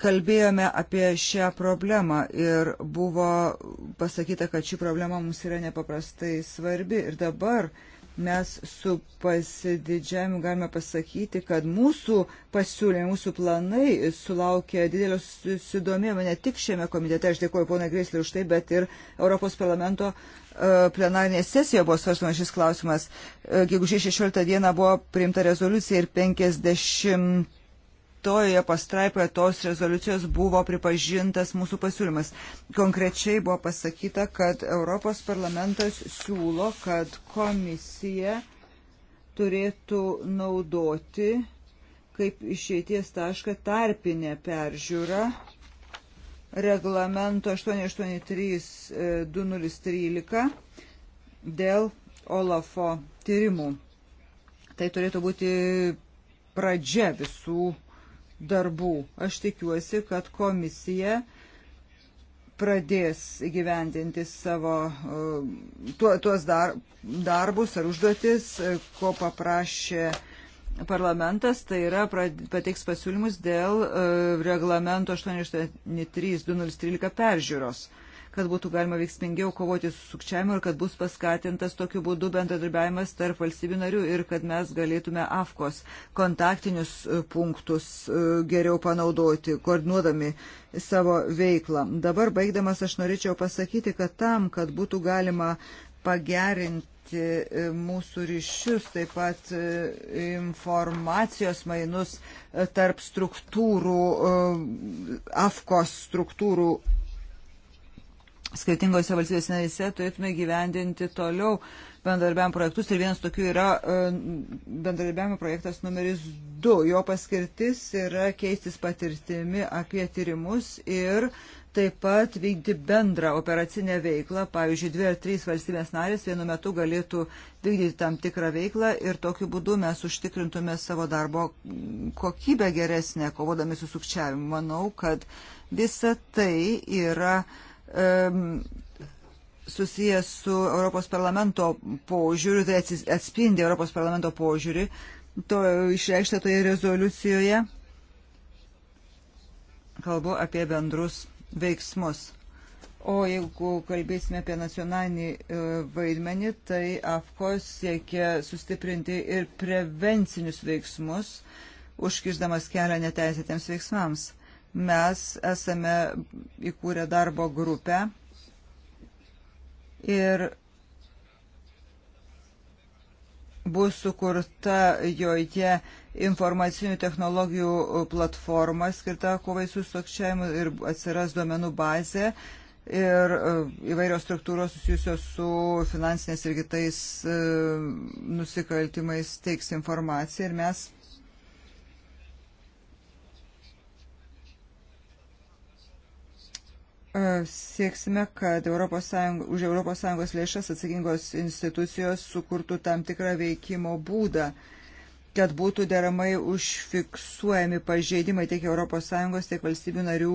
kalbėjome apie šią problemą ir buvo pasakyta, kad ši problema mums yra nepaprastai svarbi. Ir dabar mes su pasididžiavimu galime pasakyti, kad mūsų pasiūlymai, mūsų planai sulaukė didelio susidomėjimo ne tik šiame komitete, aš dėkuoju ponai Greislį už tai, bet ir Europos parlamento e, plenarinėje sesijoje buvo svarstamas šis klausimas. E, gegužės 16 dieną buvo priimta rezoliucija ir 50 penktojoje pastraipoje tos rezoliucijos buvo pripažintas mūsų pasiūlymas. Konkrečiai buvo pasakyta, kad Europos parlamentas siūlo, kad komisija turėtų naudoti kaip išeities tašką tarpinę peržiūrą reglamento 883-2013 dėl Olafo tyrimų. Tai turėtų būti pradžia visų darbų. Aš tikiuosi, kad komisija pradės įgyvendinti savo e, tuo, tuos dar, darbus ar užduotis, e, ko paprašė parlamentas, tai yra pateiks pasiūlymus dėl e, reglamento 883-2013 peržiūros kad būtų galima veiksmingiau kovoti su sukčiavimu ir kad bus paskatintas tokiu būdu bendradarbiavimas tarp valstybių narių ir kad mes galėtume AFKOS kontaktinius e, punktus e, geriau panaudoti, koordinuodami savo veiklą. Dabar baigdamas aš norėčiau pasakyti, kad tam, kad būtų galima pagerinti palaikyti e, mūsų ryšius, taip pat informacijos mainus tarp struktūrų, AFKOS struktūrų skirtingose valstybės narėse turėtume gyvendinti toliau bendradarbiavimo projektus ir vienas tokių yra e, bendradarbiavimo projektas numeris 2. Jo paskirtis yra keistis patirtimi apie tyrimus ir taip pat vykdyti bendrą operacinę veiklą. Pavyzdžiui, dvi ar trys valstybės narės vienu metu galėtų vykdyti tam tikrą veiklą ir tokiu būdu mes užtikrintume savo darbo kokybę geresnę, kovodami su sukčiavimu. Manau, kad visa tai yra uh, susijęs su Europos parlamento požiūriu, tai atspindi Europos parlamento požiūrį, to išreikštą toje rezoliucijoje. Kalbu apie bendrus veiksmus. O jeigu kalbėsime apie nacionalinį e, vaidmenį, tai AFKOS siekia sustiprinti ir prevencinius veiksmus, užkirždamas kelią neteisėtiems veiksmams mes esame įkūrę darbo grupę ir bus sukurta joje informacinių technologijų platforma skirta kovai su sukčiavimu ir atsiras duomenų bazė ir e, įvairios struktūros susijusios su finansinės ir kitais e, nusikaltimais teiks informaciją ir mes E, sieksime, kad ES, už ES lėšas atsakingos institucijos sukurtų tam tikrą veikimo būdą kad būtų deramai užfiksuojami pažeidimai tiek ES, tiek valstybių narių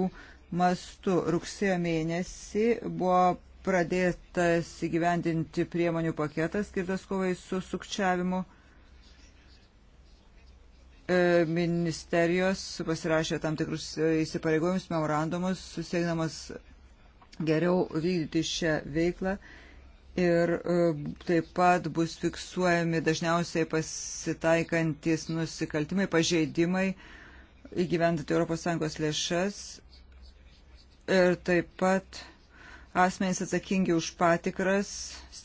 mastu. Rugsėjo mėnesį buvo pradėtas įgyvendinti priemonių paketas skirtas kovai su sukčiavimu. E, ministerijos pasirašė tam tikrus įsipareigojimus, memorandumus, susiekdamas geriau vykdyti šią veiklą ir e, taip pat bus fiksuojami dažniausiai pasitaikantis nusikaltimai, pažeidimai įgyvendinti ES lėšas ir taip pat asmenys atsakingi už patikras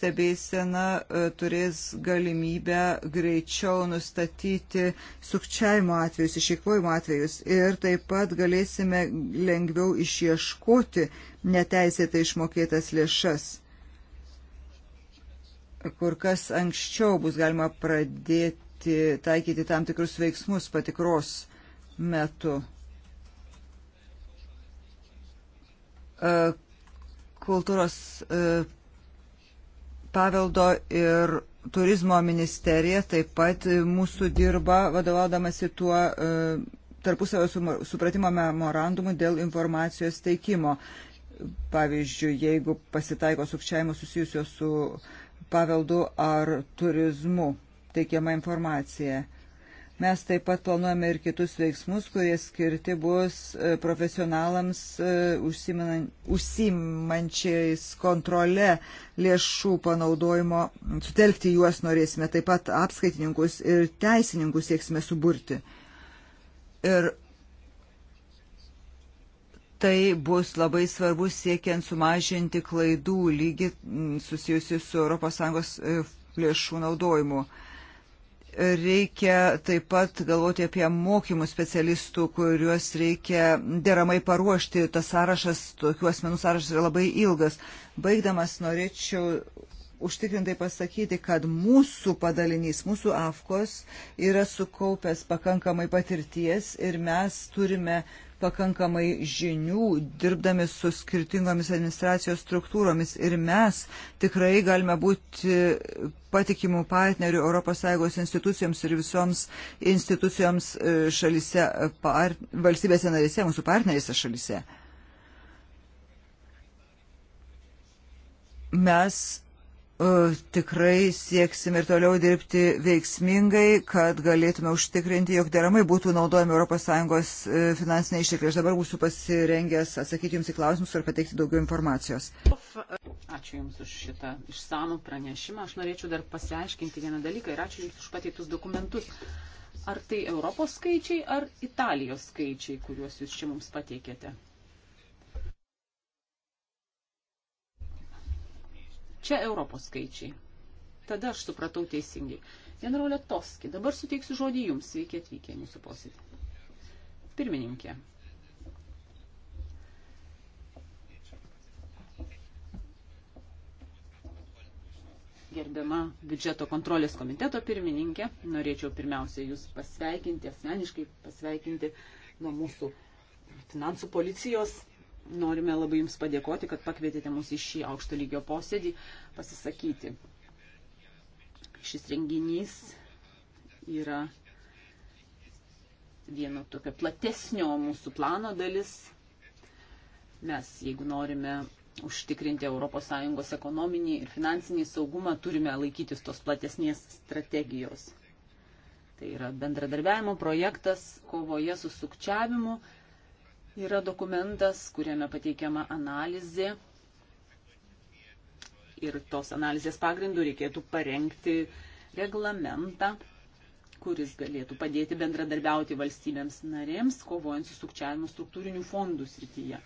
stebėsena e, turės galimybę greičiau nustatyti sukčiavimo atvejus, išeikvojimo atvejus ir taip pat galėsime lengviau išieškoti neteisėtai išmokėtas lėšas. Kur kas anksčiau bus galima pradėti taikyti tam tikrus veiksmus patikros metu e, kultūros e, paveldo ir turizmo ministerija taip pat e, mūsų dirba vadovaudamasi tuo e, tarpusavio supratimo memorandumu dėl informacijos teikimo. Pavyzdžiui, jeigu pasitaiko sukčiavimo susijusio su paveldu ar turizmu teikiama informacija. Mes taip pat planuojame ir kitus veiksmus, kurie skirti bus e, profesionalams e, užsimančiais kontrole lėšų panaudojimo. Sutelkti juos norėsime, taip pat apskaitininkus ir teisininkus sieksime suburti. Ir tai bus labai svarbu siekiant sumažinti klaidų lygį susijusi su ES e, lėšų naudojimu reikia taip pat galvoti apie mokymų specialistų, kuriuos reikia deramai paruošti. Tas sąrašas, tokių asmenų sąrašas yra labai ilgas. Baigdamas norėčiau užtikrintai pasakyti, kad mūsų padalinys, mūsų AFKOS yra sukaupęs pakankamai patirties ir mes turime pakankamai žinių, dirbdami su skirtingomis administracijos struktūromis ir mes tikrai galime būti patikimų partnerių ES institucijoms ir visoms institucijoms e, šalise, par, valstybėse narėse, mūsų partnerėse šalise. Mes E, tikrai sieksime ir toliau dirbti veiksmingai, kad galėtume užtikrinti, jog deramai būtų naudojami ES e, finansiniai ištekliai. Aš dabar būsiu pasirengęs atsakyti Jums į klausimus ir pateikti daugiau informacijos. Ačiū Jums už šitą išsamų pranešimą. Aš norėčiau dar pasiaiškinti vieną dalyką ir ačiū Jums už pateiktus dokumentus. Ar tai Europos skaičiai, ar Italijos skaičiai, kuriuos Jūs čia mums pateikėte? Čia Europos skaičiai. Tada aš supratau teisingai. Generolė Toski, dabar suteiksiu žodį jums. Sveiki atvykę į mūsų posėdį. Pirmininkė. Gerbiama biudžeto kontrolės komiteto pirmininkė, norėčiau pirmiausia jūs pasveikinti, asmeniškai pasveikinti nuo mūsų finansų policijos norime labai Jums padėkoti, kad pakvietėte mus į šį aukšto lygio posėdį pasisakyti. Šis renginys yra vieno tokio platesnio mūsų plano dalis. Mes, jeigu norime užtikrinti ES ekonominį ir finansinį saugumą, turime laikytis tos platesnės strategijos. Tai yra bendradarbiavimo projektas kovoje su sukčiavimu yra dokumentas, kuriame pateikiama analizė. Ir tos analizės pagrindų reikėtų parengti reglamentą, kuris galėtų padėti bendradarbiauti valstybėms narėms, kovojant su sukčiavimu struktūrinių fondų srityje.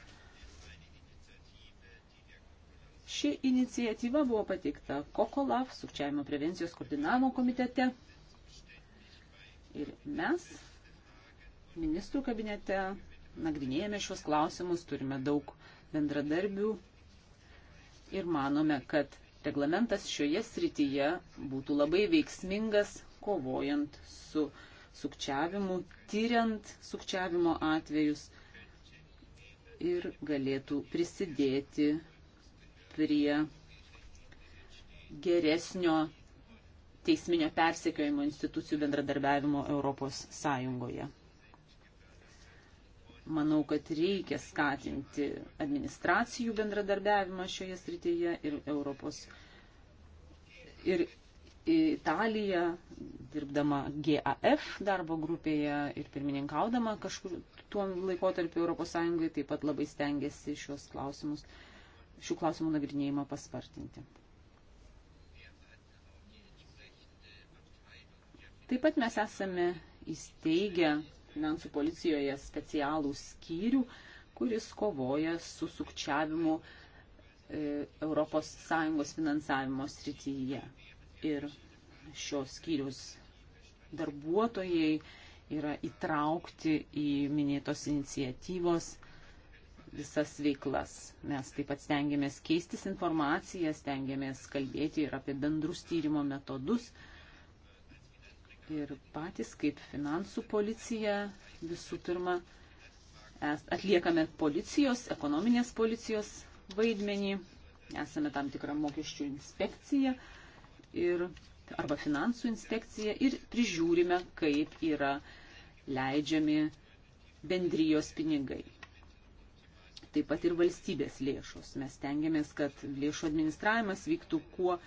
Ši inicijatyva buvo pateikta COCOLAF, sukčiavimo prevencijos koordinavimo komitete. Ir mes ministrų kabinete nagrinėjame šios klausimus, turime daug bendradarbių ir manome, kad reglamentas šioje srityje būtų labai veiksmingas, kovojant su sukčiavimu, tyriant sukčiavimo atvejus ir galėtų prisidėti prie geresnio teisminio persekiojimo institucijų bendradarbiavimo Europos Sąjungoje. Manau, kad reikia skatinti administracijų bendradarbiavimą šioje srityje ir Europos. Ir Italija, dirbdama GAF darbo grupėje ir pirmininkaudama kažkur tuo laikotarpiu ES taip pat labai stengiasi šios klausimus, šių klausimų nagrinėjimą paspartinti. Taip pat mes esame įsteigę finansų policijoje specialų skyrių, kuris kovoja su sukčiavimu ES finansavimo srityje. Ir šios skyrius darbuotojai yra įtraukti į minėtos iniciatyvos visas veiklas. Mes taip pat stengiamės keistis informaciją, stengiamės kalbėti ir apie bendrus tyrimo metodus, ir patys kaip finansų policija visų pirma atliekame policijos, ekonominės policijos vaidmenį, esame tam tikrą mokesčių inspekciją ir, arba finansų inspekciją ir prižiūrime, kaip yra leidžiami bendrijos pinigai taip pat ir valstybės lėšos. Mes tengiamės, kad lėšų administravimas vyktų kuo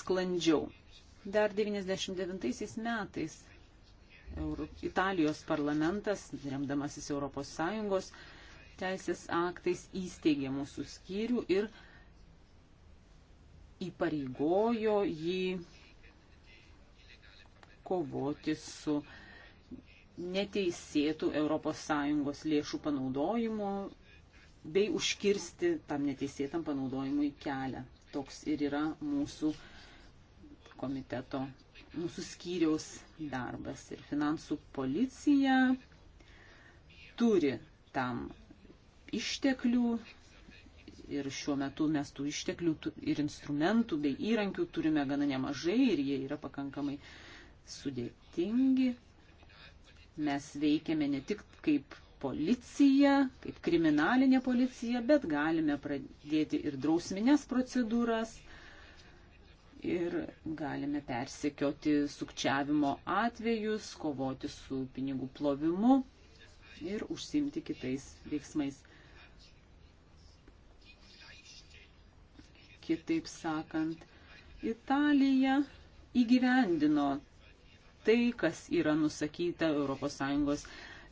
sklandžiau. Dar 99 metais Euro, Italijos parlamentas, remdamasis ES teisės aktais, įsteigė mūsų skyrių ir įpareigojo jį kovoti su neteisėtų ES lėšų panaudojimu bei užkirsti tam neteisėtam panaudojimui kelią. Toks ir yra mūsų komiteto mūsų skyriaus darbas ir finansų policija turi tam išteklių ir šiuo metu mes tų išteklių ir instrumentų bei įrankių turime gana nemažai ir jie yra pakankamai sudėtingi. Mes veikiame ne tik kaip policija, kaip kriminalinė policija, bet galime pradėti ir drausminės procedūras – ir galime persekioti sukčiavimo atvejus, kovoti su pinigų plovimu ir užsimti kitais veiksmais. Kitaip sakant, Italija įgyvendino tai, kas yra nusakyta ES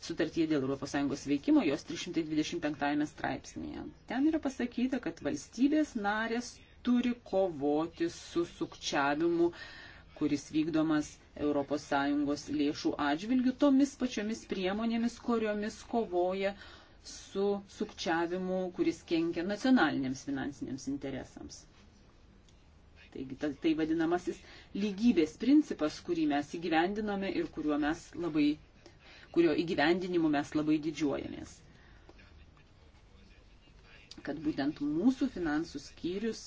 sutartyje dėl ES veikimo, jos 325 straipsnėje. Ten yra pasakyta, kad valstybės narės turi kovoti su sukčiavimu, kuris vykdomas ES lėšų atžvilgių tomis pačiomis priemonėmis, kuriomis kovoja su sukčiavimu, kuris kenkia nacionaliniams finansiniams interesams. Taigi ta, tai vadinamasis lygybės principas, kurį mes įgyvendinome ir kuriuo mes labai, kurio įgyvendinimu mes labai didžiuojamės. Kad būtent mūsų finansų skyrius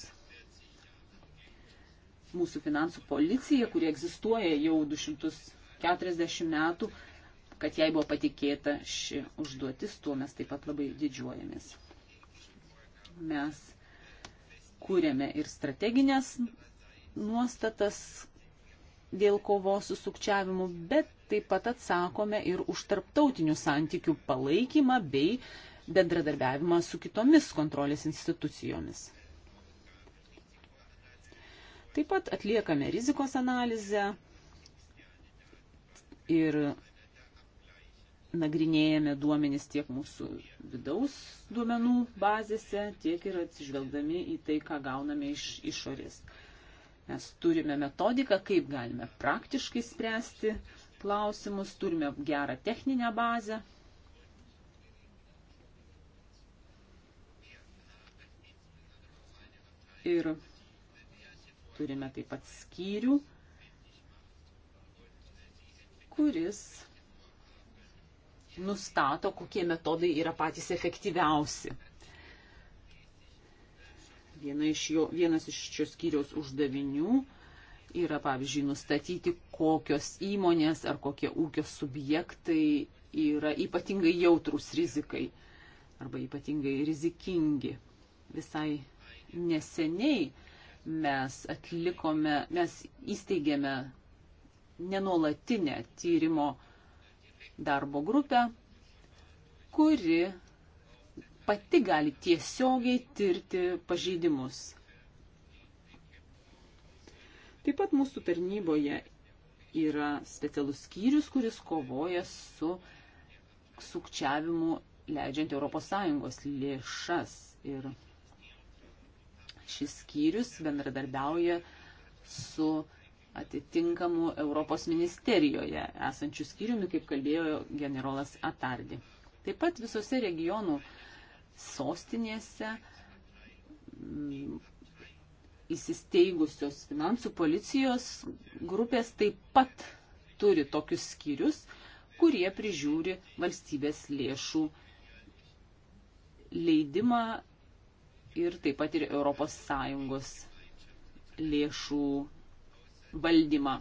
mūsų finansų policija, kuri egzistuoja jau 240 metų, kad jai buvo patikėta ši užduotis, tuo mes taip pat labai didžiuojamės. Mes kūrėme ir strateginės nuostatas dėl kovos su sukčiavimu, bet taip pat atsakome ir už tarptautinių santykių palaikymą bei bendradarbiavimą su kitomis kontrolės institucijomis. Taip pat atliekame rizikos analizę ir nagrinėjame duomenis tiek mūsų vidaus duomenų bazėse, tiek ir atsižvelgdami į tai, ką gauname iš išorės. Mes turime metodiką, kaip galime praktiškai spręsti klausimus, turime gerą techninę bazę. Ir turime taip pat skyrių, kuris nustato, kokie metodai yra patys efektyviausi. Viena iš jo, vienas iš šios skyriaus uždavinių yra, pavyzdžiui, nustatyti, kokios įmonės ar kokie ūkio subjektai yra ypatingai jautrus rizikai arba ypatingai rizikingi. Visai neseniai mes atlikome, mes įsteigėme nenolatinę tyrimo darbo grupę, kuri pati gali tiesiogiai tirti pažeidimus. Taip pat mūsų tarnyboje yra specialus skyrius, kuris kovoja su sukčiavimu leidžiant ES lėšas. Ir šis skyrius bendradarbiauja su atitinkamu Europos ministerijoje esančiu skyriumi, kaip kalbėjo generolas Atardi. Taip pat visose regionų sostinėse m, mm, įsisteigusios finansų policijos grupės taip pat turi tokius skyrius, kurie prižiūri valstybės lėšų leidimą ir taip pat ir ES lėšų valdymą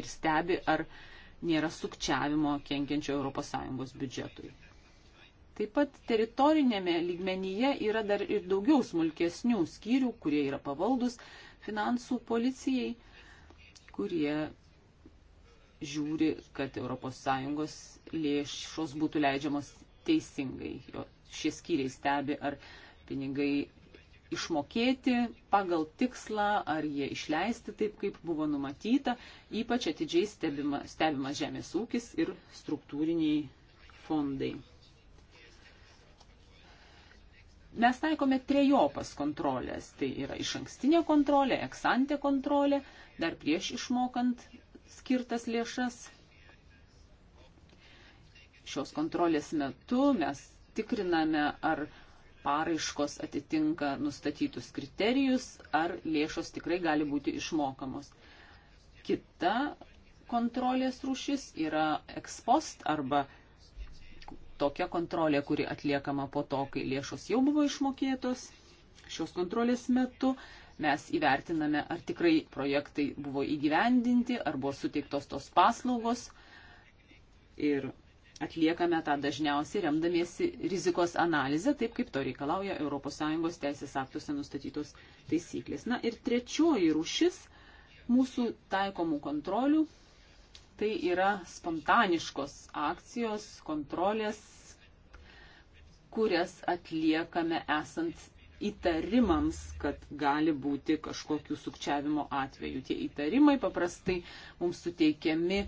ir stebi, ar nėra sukčiavimo kenkiančio ES biudžetui. Taip pat teritorinėme lygmenyje yra dar ir daugiau smulkesnių skyrių, kurie yra pavaldus finansų policijai, kurie žiūri, kad ES lėšos būtų leidžiamos teisingai. Jo, šie skyriai stebi, ar pinigai išmokėti pagal tikslą, ar jie išleisti taip, kaip buvo numatyta, ypač atidžiai stebima, stebimas žemės ūkis ir struktūriniai fondai. Mes taikome trejopas kontrolės. Tai yra iš ankstinė kontrolė, eksantė kontrolė, dar prieš išmokant skirtas lėšas. Šios kontrolės metu mes tikriname, ar paraiškos atitinka nustatytus kriterijus, ar lėšos tikrai gali būti išmokamos. Kita kontrolės rūšis yra ekspost arba tokia kontrolė, kuri atliekama po to, kai lėšos jau buvo išmokėtos. Šios kontrolės metu mes įvertiname, ar tikrai projektai buvo įgyvendinti, ar buvo suteiktos tos paslaugos. Ir Atliekame tą dažniausiai remdamiesi rizikos analizę, taip kaip to reikalauja ES teisės aktuose nustatytos taisyklės. Na ir trečioji rušis mūsų taikomų kontrolių tai yra spontaniškos akcijos, kontrolės, kurias atliekame esant įtarimams, kad gali būti kažkokių sukčiavimo atvejų. Tie įtarimai paprastai mums suteikiami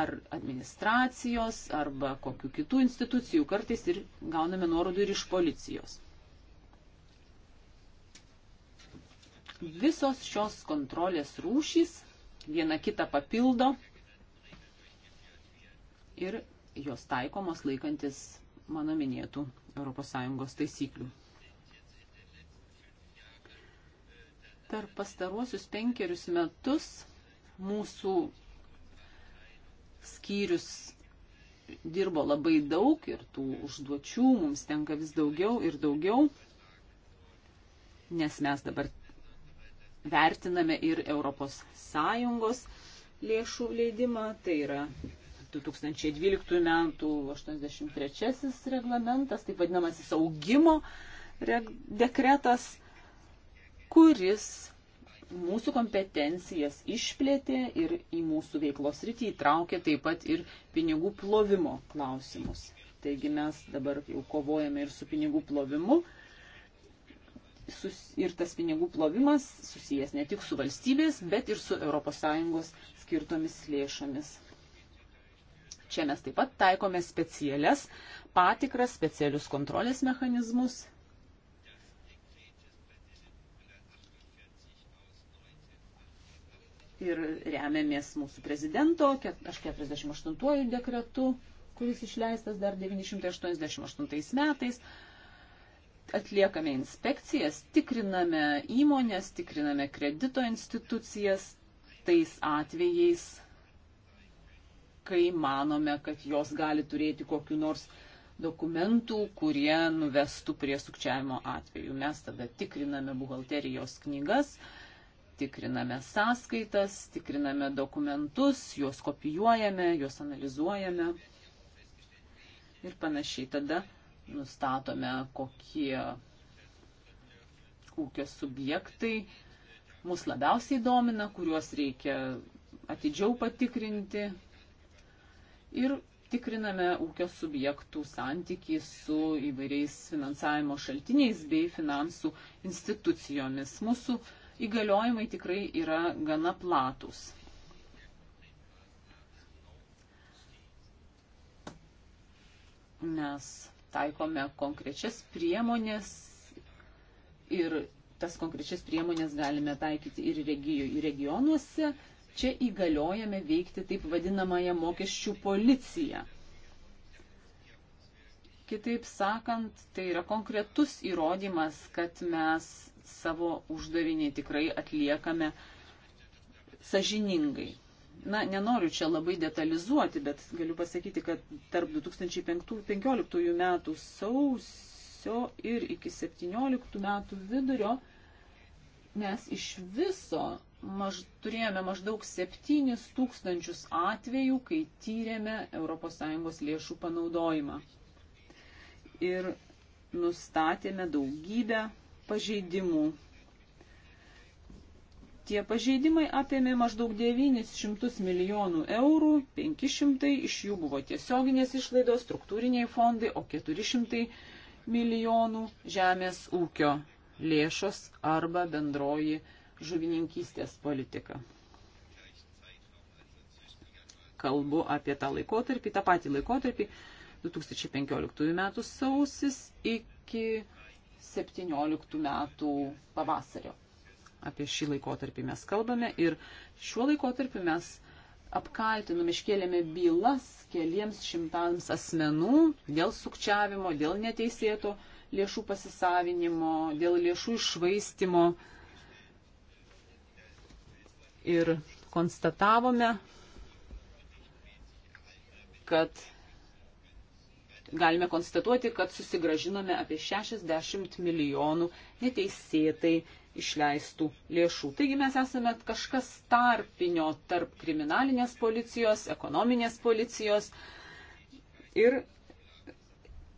ar administracijos, arba kokių kitų institucijų, kartais ir gauname nuorodų ir iš policijos. Visos šios kontrolės rūšys viena kitą papildo ir jos taikomos laikantis mano minėtų ES taisyklių. Per pastaruosius penkerius metus mūsų skyrius dirbo labai daug ir tų užduočių mums tenka vis daugiau ir daugiau, nes mes dabar vertiname ir ES lėšų leidimą, tai yra 2012 metų 83 reglamentas, taip vadinamasis augimo dekretas, kuris mūsų kompetencijas išplėtė ir į mūsų veiklos rytį įtraukė taip pat ir pinigų plovimo klausimus. Taigi mes dabar jau kovojame ir su pinigų plovimu. Sus, ir tas pinigų plovimas susijęs ne tik su valstybės, bet ir su ES skirtomis lėšomis. Čia mes taip pat taikome specialias patikras, specialius kontrolės mechanizmus ir remiamės mūsų prezidento 48 dekretu, kuris išleistas dar 988 metais. Atliekame inspekcijas, tikriname įmonės, tikriname kredito institucijas tais atvejais, kai manome, kad jos gali turėti kokiu nors dokumentų, kurie nuvestų prie sukčiavimo atvejų. Mes tada tikriname buhalterijos knygas, uh, tikriname sąskaitas, tikriname dokumentus, juos kopijuojame, juos analizuojame ir panašiai. Tada nustatome, kokie ūkio subjektai mus labiausiai domina, kuriuos reikia atidžiau patikrinti ir tikriname ūkio subjektų santykį su įvairiais finansavimo šaltiniais bei finansų institucijomis. Mūsų įgaliojimai tikrai yra gana platus. Mes taikome konkrečias priemonės ir tas konkrečias priemonės galime taikyti ir regionuose. Čia įgaliojame veikti taip vadinamąją mokesčių policiją. Kitaip sakant, tai yra konkretus įrodymas, kad mes savo uždavinį tikrai atliekame sažiningai. Na, nenoriu čia labai detalizuoti, bet galiu pasakyti, kad tarp 2015 metų sausio ir iki 2017 metų vidurio mes iš viso maž, turėjome maždaug 7 tūkstančius atvejų, kai tyrėme ES lėšų panaudojimą. Ir nustatėme daugybę pažeidimų. Tie pažeidimai apėmė maždaug 900 milijonų eurų, 500 iš jų buvo tiesioginės išlaidos, struktūriniai fondai, o 400 milijonų žemės ūkio lėšos arba bendroji žuvininkystės politika. Kalbu apie tą laikotarpį, tą patį laikotarpį 2015 m. sausis iki 17 metų pavasario. Apie šį laikotarpį mes kalbame ir šiuo laikotarpiu mes apkaltinome, iškėlėme bylas keliems šimtams asmenų dėl sukčiavimo, dėl neteisėto lėšų pasisavinimo, dėl lėšų išvaistimo. Ir konstatavome, kad galime konstatuoti, kad susigražinome apie 60 milijonų neteisėtai išleistų lėšų. Taigi mes esame kažkas tarpinio tarp kriminalinės policijos, ekonominės policijos ir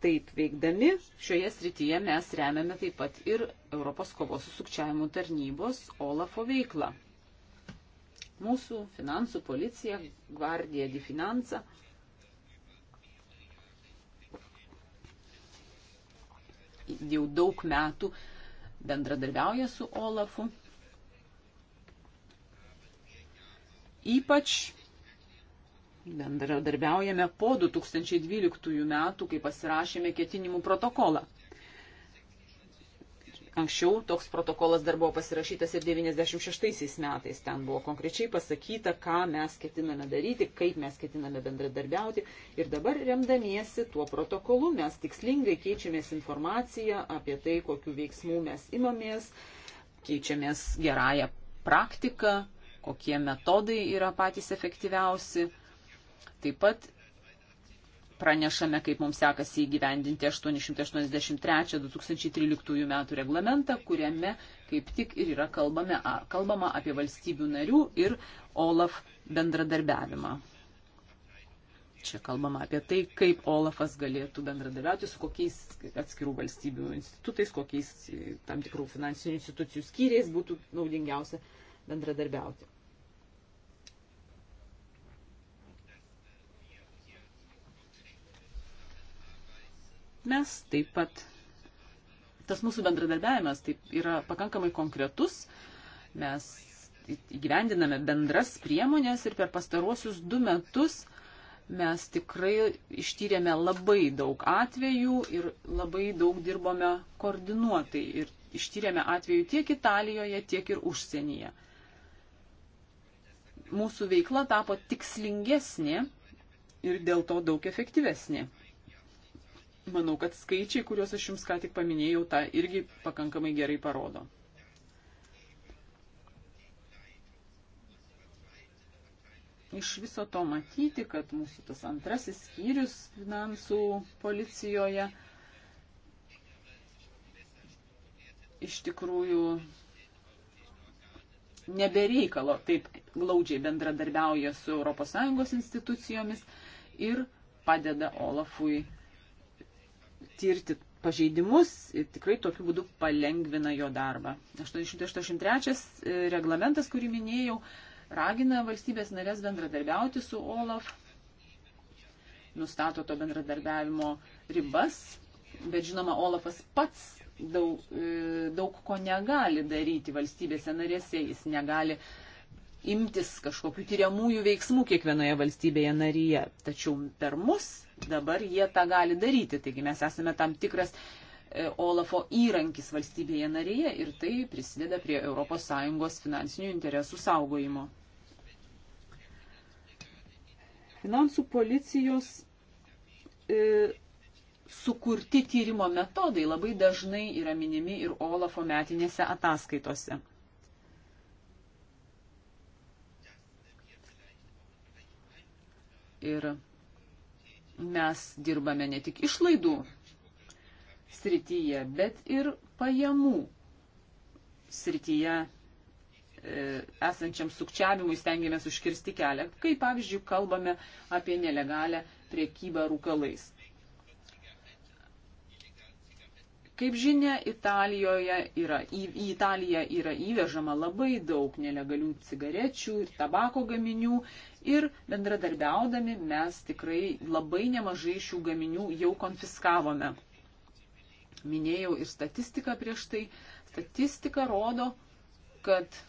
taip veikdami šioje srityje mes remiame taip pat ir Europos kovos su sukčiavimu tarnybos Olafo veiklą. Mūsų finansų policija, Guardia di Finanza, jau daug metų bendradarbiauja su Olafu. Ypač bendradarbiaujame po 2012 metų, kai pasirašėme ketinimų protokolą. Anksčiau toks protokolas dar buvo pasirašytas ir 96 metais. Ten buvo konkrečiai pasakyta, ką mes ketiname daryti, kaip mes ketiname bendradarbiauti. Ir dabar remdamiesi tuo protokolu mes tikslingai keičiamės informaciją apie tai, kokiu veiksmu mes imamės, keičiamės gerąją praktiką, kokie metodai yra patys efektyviausi. Taip pat pranešame, kaip mums sekasi įgyvendinti 883-2013 metų reglamentą, kuriame kaip tik ir yra kalbame, kalbama apie valstybių narių ir OLAF bendradarbiavimą. Čia kalbama apie tai, kaip OLAFas galėtų bendradarbiauti su kokiais atskirų valstybių institutais, kokiais e, tam tikrų finansinių institucijų skyriais būtų naudingiausia bendradarbiauti. Mes taip pat, tas mūsų bendradarbiavimas taip yra pakankamai konkretus. Mes įgyvendiname bendras priemonės ir per pastaruosius du metus mes tikrai ištyrėme labai daug atvejų ir labai daug dirbome koordinuotai ir ištyrėme atvejų tiek Italijoje, tiek ir užsienyje. Mūsų veikla tapo tikslingesnė ir dėl to daug efektyvesnė. Manau, kad skaičiai, kuriuos aš jums ką tik paminėjau, tą irgi pakankamai gerai parodo. Iš viso to matyti, kad mūsų tas antrasis skyrius finansų policijoje iš tikrųjų nebereikalo taip glaudžiai bendradarbiauja su ES institucijomis ir padeda Olafui tirti pažeidimus ir tikrai tokiu būdu palengvina jo darbą. 883 e, reglamentas, kurį minėjau, ragina valstybės narės bendradarbiauti su OLAF, nustato to bendradarbiavimo ribas, bet žinoma, OLAFas pats daug, e, daug ko negali daryti valstybėse narėse, jis negali uh, imtis kažkokių tyriamųjų veiksmų kiekvienoje valstybėje narėje. Tačiau per mus dabar jie tą gali daryti. Taigi mes esame tam tikras e, Olafo įrankis valstybėje narėje ir tai prisideda prie ES finansinių interesų saugojimo. Finansų policijos e, sukurti tyrimo metodai labai dažnai yra minimi ir Olafo metinėse ataskaitose. Ir mes dirbame ne tik išlaidų srityje, bet ir pajamų srityje e, esančiam sukčiavimui stengiamės užkirsti kelią, kai pavyzdžiui kalbame apie nelegalę priekybą rūkalais. Kaip žinia, Italijoje yra, į, į Italiją yra įvežama labai daug nelegalių cigarečių, tabako gaminių ir bendradarbiaudami mes tikrai labai nemažai šių gaminių jau konfiskavome. Minėjau ir statistiką prieš tai. Statistika rodo, kad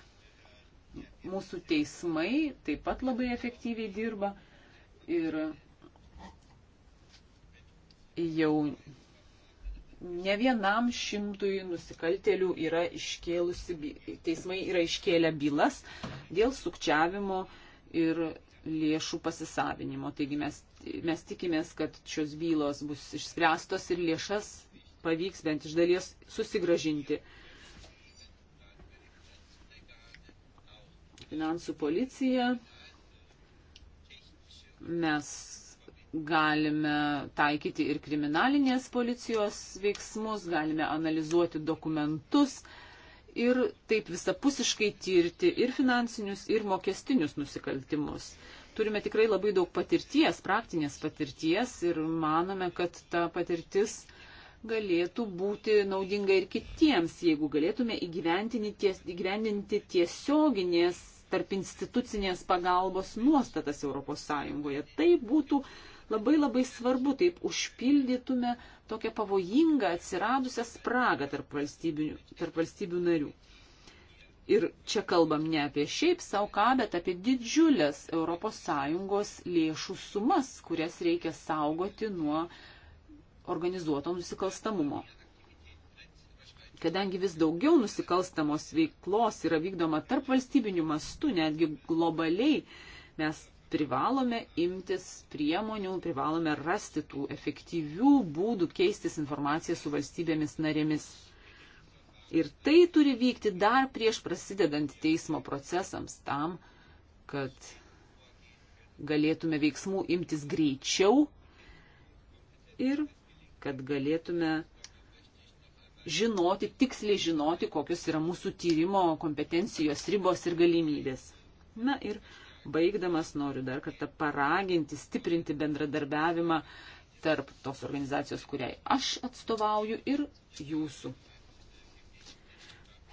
mūsų teismai taip pat labai efektyviai dirba ir jau ne vienam šimtui nusikaltelių yra iškėlusi, teismai yra iškėlę bylas dėl sukčiavimo ir lėšų pasisavinimo. Taigi mes, mes tikimės, kad šios bylos bus išspręstos ir lėšas pavyks bent iš dalies susigražinti. Finansų policija. Mes galime taikyti ir kriminalinės policijos veiksmus, galime analizuoti dokumentus ir taip visapusiškai tirti ir finansinius, ir mokestinius nusikaltimus. Turime tikrai labai daug patirties, praktinės patirties ir manome, kad ta patirtis galėtų būti naudinga ir kitiems, jeigu galėtume įgyvendinti, ties, įgyvendinti tiesioginės tarp institucinės pagalbos nuostatas ES. Tai būtų uh, labai labai svarbu, taip užpildytume tokią pavojingą atsiradusią spragą tarp valstybių, tarp valstybių narių. Ir čia kalbam ne apie šiaip savo ką, bet apie didžiulės ES lėšų sumas, kurias reikia saugoti nuo organizuoto nusikalstamumo kadangi vis daugiau nusikalstamos veiklos yra vykdoma tarp valstybinių mastų, netgi globaliai, mes privalome imtis priemonių, privalome rasti tų efektyvių būdų keistis informaciją su valstybėmis narėmis. Ir tai turi vykti dar prieš prasidedant teismo procesams tam, kad galėtume veiksmų imtis greičiau ir kad galėtume žinoti, tiksliai žinoti, kokios yra mūsų tyrimo kompetencijos ribos ir galimybės. Na ir Baigdamas noriu dar kartą paraginti, stiprinti bendradarbiavimą tarp tos organizacijos, kuriai aš atstovauju ir jūsų.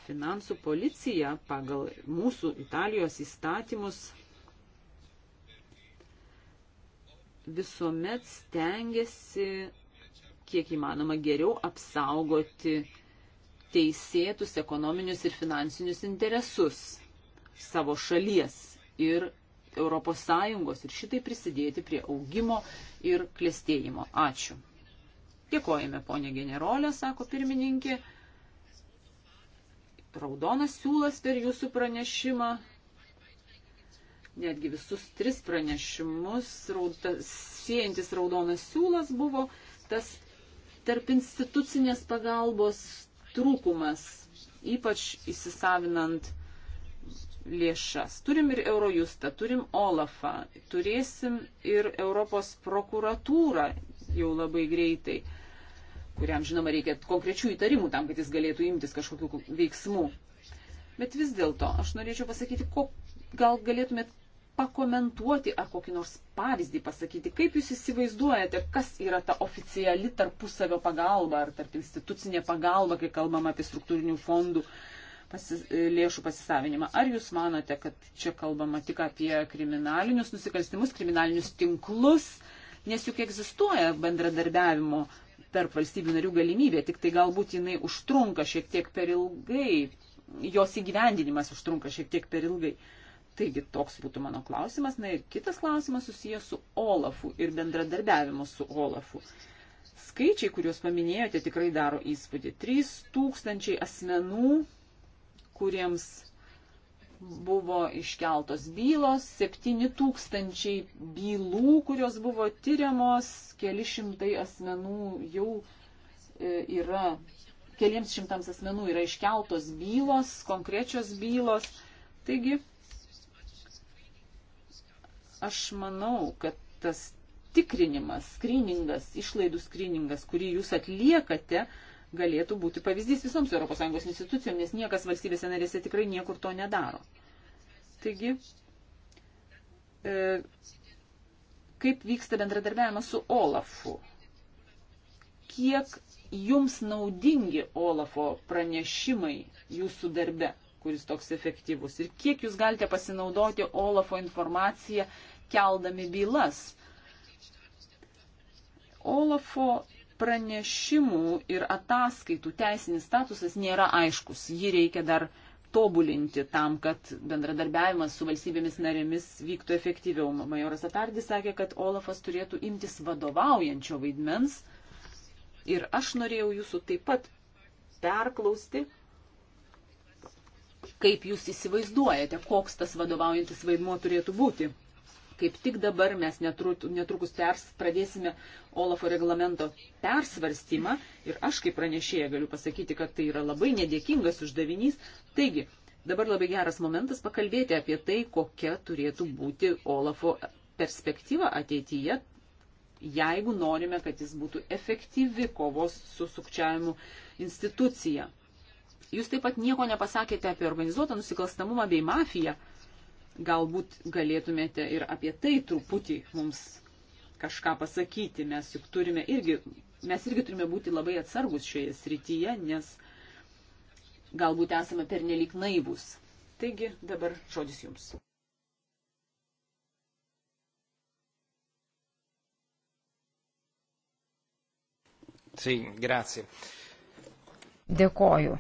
Finansų policija pagal mūsų Italijos įstatymus visuomet stengiasi kiek įmanoma geriau apsaugoti teisėtus ekonominius ir finansinius interesus savo šalies ir ES ir šitai prisidėti prie augimo ir klėstėjimo. Ačiū. Dėkojame, ponė generolė, sako pirmininkė. Raudonas siūlas per jūsų pranešimą. Netgi visus tris pranešimus raudas, siejantis raudonas siūlas buvo tas tarp institucinės pagalbos trūkumas, ypač įsisavinant lėšas. Turim ir Eurojustą, turim Olafą, turėsim ir Europos prokuratūrą jau labai greitai, kuriam, žinoma, reikia konkrečių įtarimų tam, kad jis galėtų imtis kažkokių veiksmų. Bet vis dėlto aš norėčiau pasakyti, ko, gal galėtumėt pakomentuoti ar kokį nors pavyzdį pasakyti, kaip jūs įsivaizduojate, kas yra ta oficiali tarpusavio pagalba ar tarp institucinė pagalba, kai kalbam apie struktūrinių fondų uh, pasis, lėšų pasisavinimą. Ar jūs manote, kad čia kalbama tik apie kriminalinius nusikalstimus, kriminalinius tinklus, nes juk egzistuoja bendradarbiavimo tarp valstybių narių galimybė, tik tai galbūt jinai užtrunka šiek tiek per ilgai, jos įgyvendinimas užtrunka šiek tiek per ilgai. Taigi toks būtų mano klausimas. Na ir kitas klausimas susijęs su Olafu ir bendradarbiavimu su Olafu. Skaičiai, kuriuos paminėjote, tikrai daro įspūdį. 3000 asmenų kuriems buvo iškeltos bylos, 7 tūkstančiai bylų, kurios buvo tyriamos, keli šimtai asmenų jau e, yra, keliems šimtams asmenų yra iškeltos bylos, konkrečios bylos. Taigi, aš manau, kad tas tikrinimas, skriningas, išlaidų skriningas, kurį jūs atliekate, uh, galėtų būti pavyzdys visoms ES institucijom, nes niekas valstybėse narėse tikrai niekur to nedaro. Taigi, e, kaip vyksta bendradarbiavimas su Olafu? Kiek jums naudingi Olafo pranešimai jūsų darbe, kuris toks efektyvus? Ir kiek jūs galite pasinaudoti Olafo informaciją keldami bylas? Olafo pranešimų ir ataskaitų teisinis statusas nėra aiškus. Jį reikia dar tobulinti tam, kad bendradarbiavimas su valstybėmis narėmis vyktų efektyviau. Majoras Atardis sakė, kad Olafas turėtų imtis vadovaujančio vaidmens. Ir aš norėjau jūsų taip pat perklausti, kaip jūs įsivaizduojate, koks tas vadovaujantis vaidmuo turėtų būti kaip tik dabar mes netrukus pers, pradėsime Olafo reglamento persvarstymą ir aš kaip pranešėja galiu pasakyti, kad tai yra labai nedėkingas uždavinys. Taigi, dabar labai geras momentas pakalbėti apie tai, kokia turėtų būti Olafo perspektyva ateityje, jeigu norime, kad jis būtų efektyvi kovos su sukčiavimu institucija. Jūs taip pat nieko nepasakėte apie organizuotą nusikalstamumą bei mafiją. Galbūt galėtumėte ir apie tai truputį mums kažką pasakyti. Mes juk turime irgi, mes irgi turime būti labai atsargus šioje srityje, nes galbūt esame pernelyg naivus. Taigi dabar žodis jums. Sì, grazie. Dėkoju.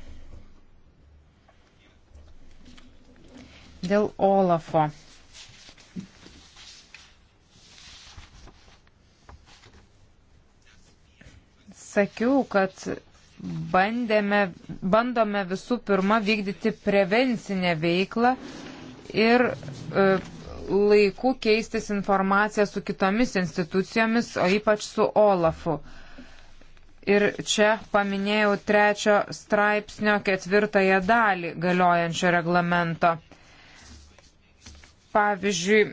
Dėl Olafo. Sakiau, kad bandėme, bandome visų pirma vykdyti prevencinę veiklą ir e, laiku keistis informaciją su kitomis institucijomis, o ypač su Olafu. Ir čia paminėjau trečio straipsnio ketvirtąją dalį galiojančio reglamento. Pavyzdžiui,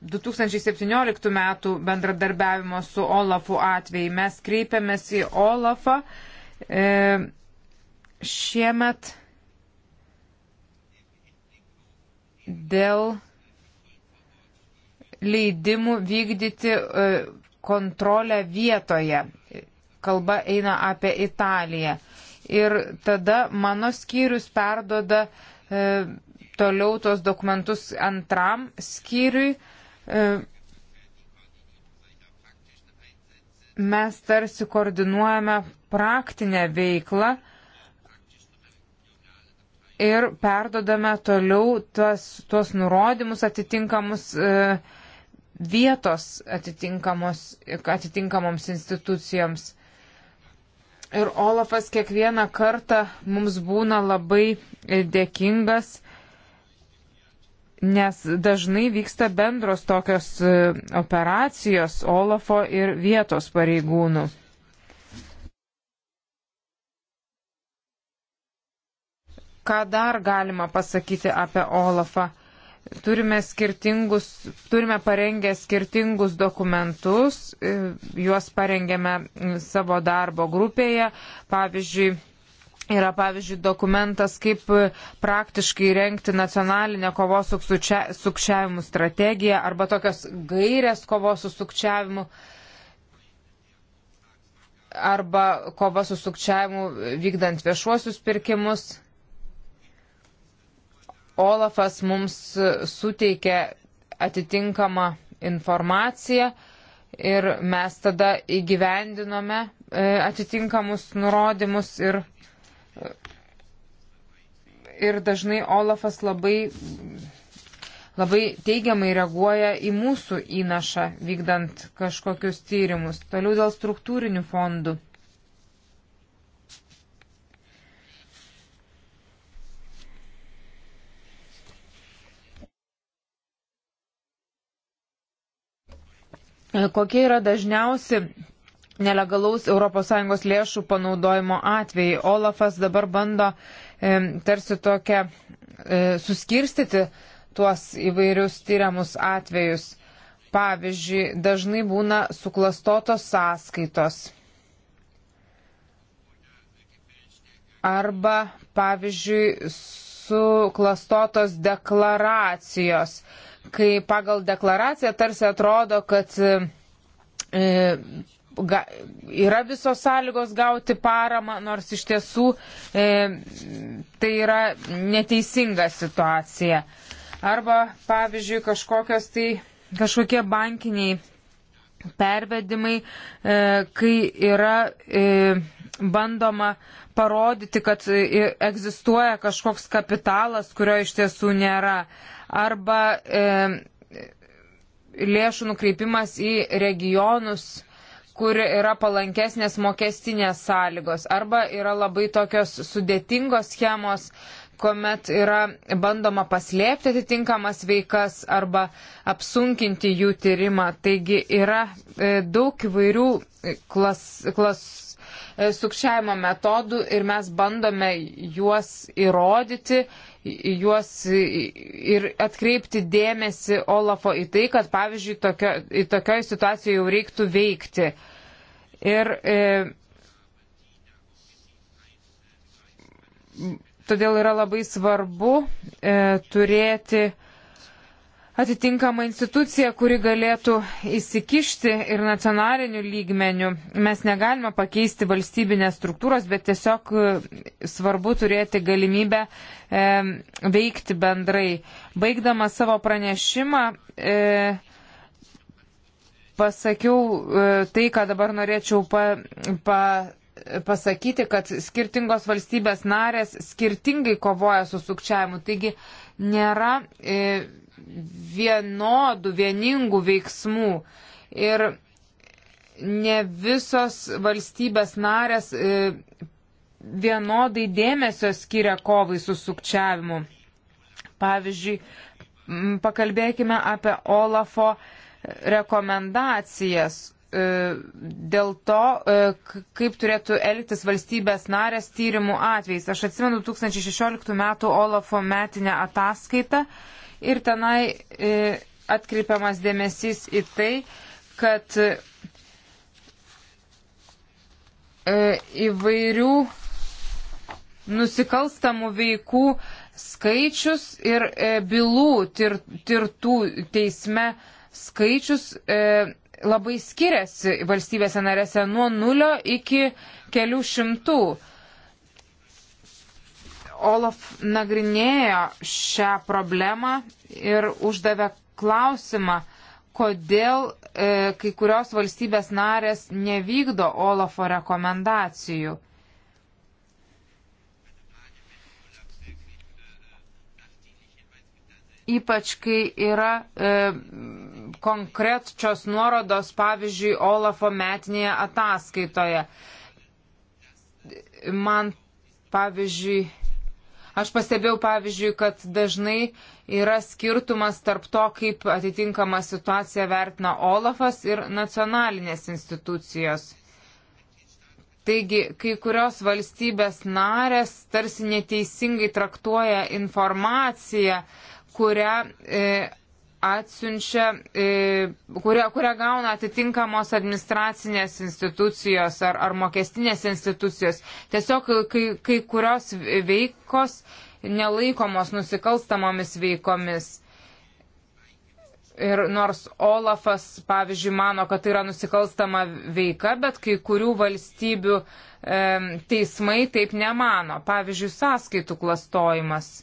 2017 e, metų bendradarbiavimo su Olafu atvejai mes kreipiamės į Olafą e, šiemet dėl leidimų vykdyti e, kontrolę vietoje. Kalba eina apie Italiją. Ir tada mano skyrius perdoda toliau tuos dokumentus antram skyriui. E, mes tarsi koordinuojame praktinę veiklą ir perdodame toliau tuos, tuos nurodymus atitinkamus e, vietos atitinkamoms institucijoms. Ir Olafas kiekvieną kartą mums būna labai dėkingas nes dažnai vyksta bendros tokios e, operacijos Olafo ir vietos pareigūnų. Ką dar galima pasakyti apie Olafą? turime skirtingus, turime parengę skirtingus dokumentus, e, juos parengėme savo darbo grupėje. Pavyzdžiui, yra, pavyzdžiui, dokumentas, kaip praktiškai renkti nacionalinę kovos su sukčiavimu strategiją arba tokios gairės kovos su sukčiavimu arba kova su sukčiavimu vykdant viešuosius pirkimus. Olafas mums suteikė atitinkamą informaciją ir mes tada įgyvendinome e, atitinkamus nurodymus ir ir dažnai Olafas labai, labai teigiamai reaguoja į mūsų įnašą vykdant kažkokius tyrimus. Toliau dėl struktūrinių fondų. Kokie yra dažniausi nelegalaus ES lėšų panaudojimo atvejai. Olafas dabar bando e, tarsi tokią e, suskirstyti tuos įvairius tyriamus atvejus. Pavyzdžiui, dažnai būna suklastotos sąskaitos. Arba, pavyzdžiui, suklastotos deklaracijos, kai pagal deklaraciją tarsi atrodo, kad e, ga, yra visos sąlygos gauti paramą, nors iš tiesų e, tai yra neteisinga situacija. Arba, pavyzdžiui, kažkokios tai kažkokie bankiniai pervedimai, e, kai yra e, bandoma parodyti, kad e, egzistuoja kažkoks kapitalas, kurio iš tiesų nėra. Arba e, lėšų nukreipimas į regionus kur yra palankesnės mokestinės sąlygos arba yra labai tokios sudėtingos schemos, kuomet yra bandoma paslėpti atitinkamas veikas arba apsunkinti jų tyrimą. Taigi yra e, daug įvairių e, klas, klas, e, sukčiavimo metodų ir mes bandome juos įrodyti juos ir atkreipti dėmesį Olafo į tai, kad pavyzdžiui tokio, tokioj situacijoje jau reiktų veikti. Uh, Ir e, todėl yra labai svarbu e, turėti atitinkamą instituciją, kuri galėtų įsikišti ir nacionaliniu lygmeniu. Mes negalime pakeisti valstybinės struktūros, bet tiesiog e, svarbu turėti galimybę e, veikti bendrai. Baigdama savo pranešimą, e, pasakiau e, tai, ką dabar norėčiau pa, pa, pasakyti, kad skirtingos valstybės narės skirtingai kovoja su sukčiavimu. Taigi nėra e, vienodų, vieningų veiksmų. Ir ne visos valstybės narės e, vienodai dėmesio skiria kovai su sukčiavimu. Pavyzdžiui, pakalbėkime apie Olafo e, rekomendacijas e, dėl to, e, kaip turėtų elgtis valstybės narės tyrimų atvejais. Aš atsimenu 2016 m. Olafo metinę ataskaitą ir tenai e, atkreipiamas dėmesys į tai, kad įvairių nusikalstamų veikų skaičius ir bylų tirtų teisme skaičius e, labai skiriasi valstybėse narėse nuo nulio iki kelių šimtų. Olaf nagrinėjo šią problemą ir uždavė klausimą, kodėl e, kai kurios valstybės narės nevykdo Olafo rekomendacijų. ypač kai yra e, konkrečios nuorodos, pavyzdžiui, Olafo metinėje ataskaitoje. Man, pavyzdžiui, Aš pastebėjau, pavyzdžiui, kad dažnai yra skirtumas tarp to, kaip atitinkama situacija vertina Olafas ir nacionalinės institucijos. Taigi, kai kurios valstybės narės tarsi neteisingai traktuoja informaciją, kurią e, atsiunčia, e, kurią, kurią gauna atitinkamos administracinės institucijos ar, ar mokestinės institucijos. Tiesiog kai, kai kurios veikos nelaikomos nusikalstamomis veikomis. Ir nors Olafas, pavyzdžiui, mano, kad tai yra nusikalstama veika, bet kai kurių valstybių e, teismai taip nemano. Pavyzdžiui, sąskaitų klastojimas.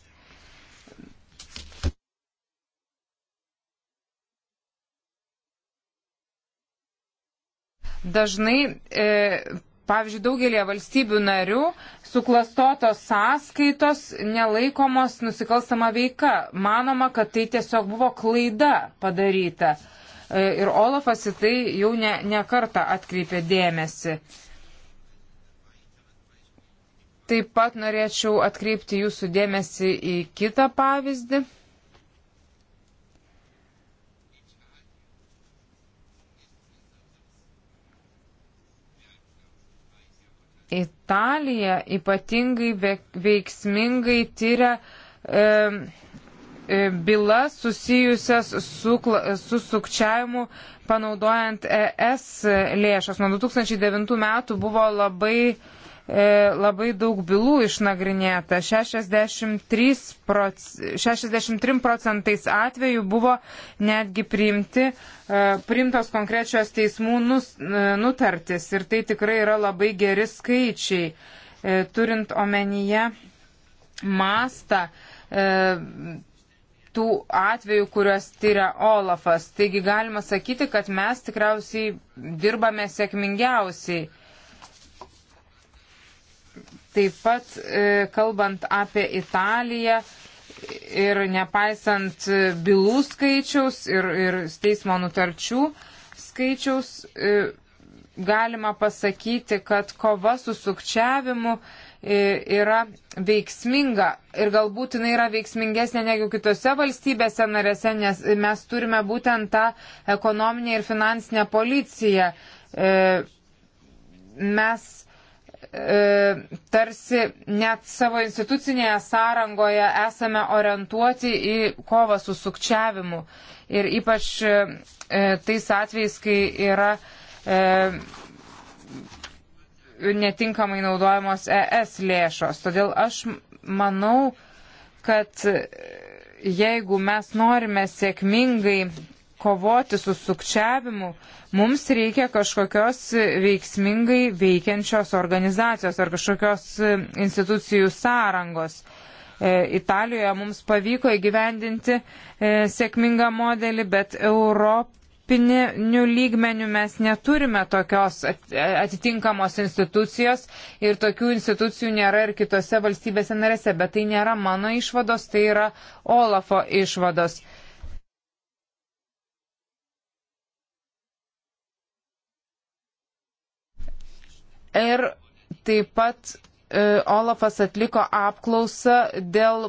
Dažnai, e, pavyzdžiui, daugelie valstybių narių suklastotos sąskaitos nelaikomos nusikalstama veika. Manoma, kad tai tiesiog buvo klaida padaryta. E, ir Olafas į tai jau ne, ne kartą atkreipė dėmesį. Taip pat norėčiau atkreipti jūsų dėmesį į kitą pavyzdį. Italija ypatingai veiksmingai tyria e, e, bylas susijusias su, su sukčiavimu panaudojant ES lėšas. Nuo 2009 metų buvo labai E, labai daug bylų išnagrinėta. 63, proc, 63 procentais atvejų buvo netgi priimti, e, priimtos konkrečios teismų nus, e, nutartis. Ir tai tikrai yra labai geri skaičiai, turint omenyje mastą tų atvejų, kuriuos tyria Olafas. Taigi galima sakyti, kad mes tikriausiai dirbame sėkmingiausiai. Taip pat, e, kalbant apie Italiją ir nepaisant bylų skaičiaus ir, ir teismo nutarčių skaičiaus, e, galima pasakyti, kad kova su sukčiavimu e, yra veiksminga ir galbūt jinai yra veiksmingesnė negu kitose valstybėse narėse, nes mes turime būtent tą ekonominę ir finansinę policiją. Mes E, tarsi net savo institucinėje sąrangoje esame orientuoti į kovą su sukčiavimu. Ir ypač e, e, tais atvejais, kai yra netinkamai naudojamos ES lėšos. Todėl aš manau, kad jeigu mes norime sėkmingai kovoti su sukčiavimu, mums reikia kažkokios veiksmingai veikiančios organizacijos ar kažkokios e, institucijų sąrangos. E, Italijoje mums pavyko įgyvendinti e, sėkmingą modelį, bet europinių lygmenių mes neturime tokios atitinkamos institucijos ir tokių institucijų nėra ir kitose valstybėse narėse, bet tai nėra mano išvados, tai yra Olafo išvados. Ir taip pat e, Olafas atliko apklausą dėl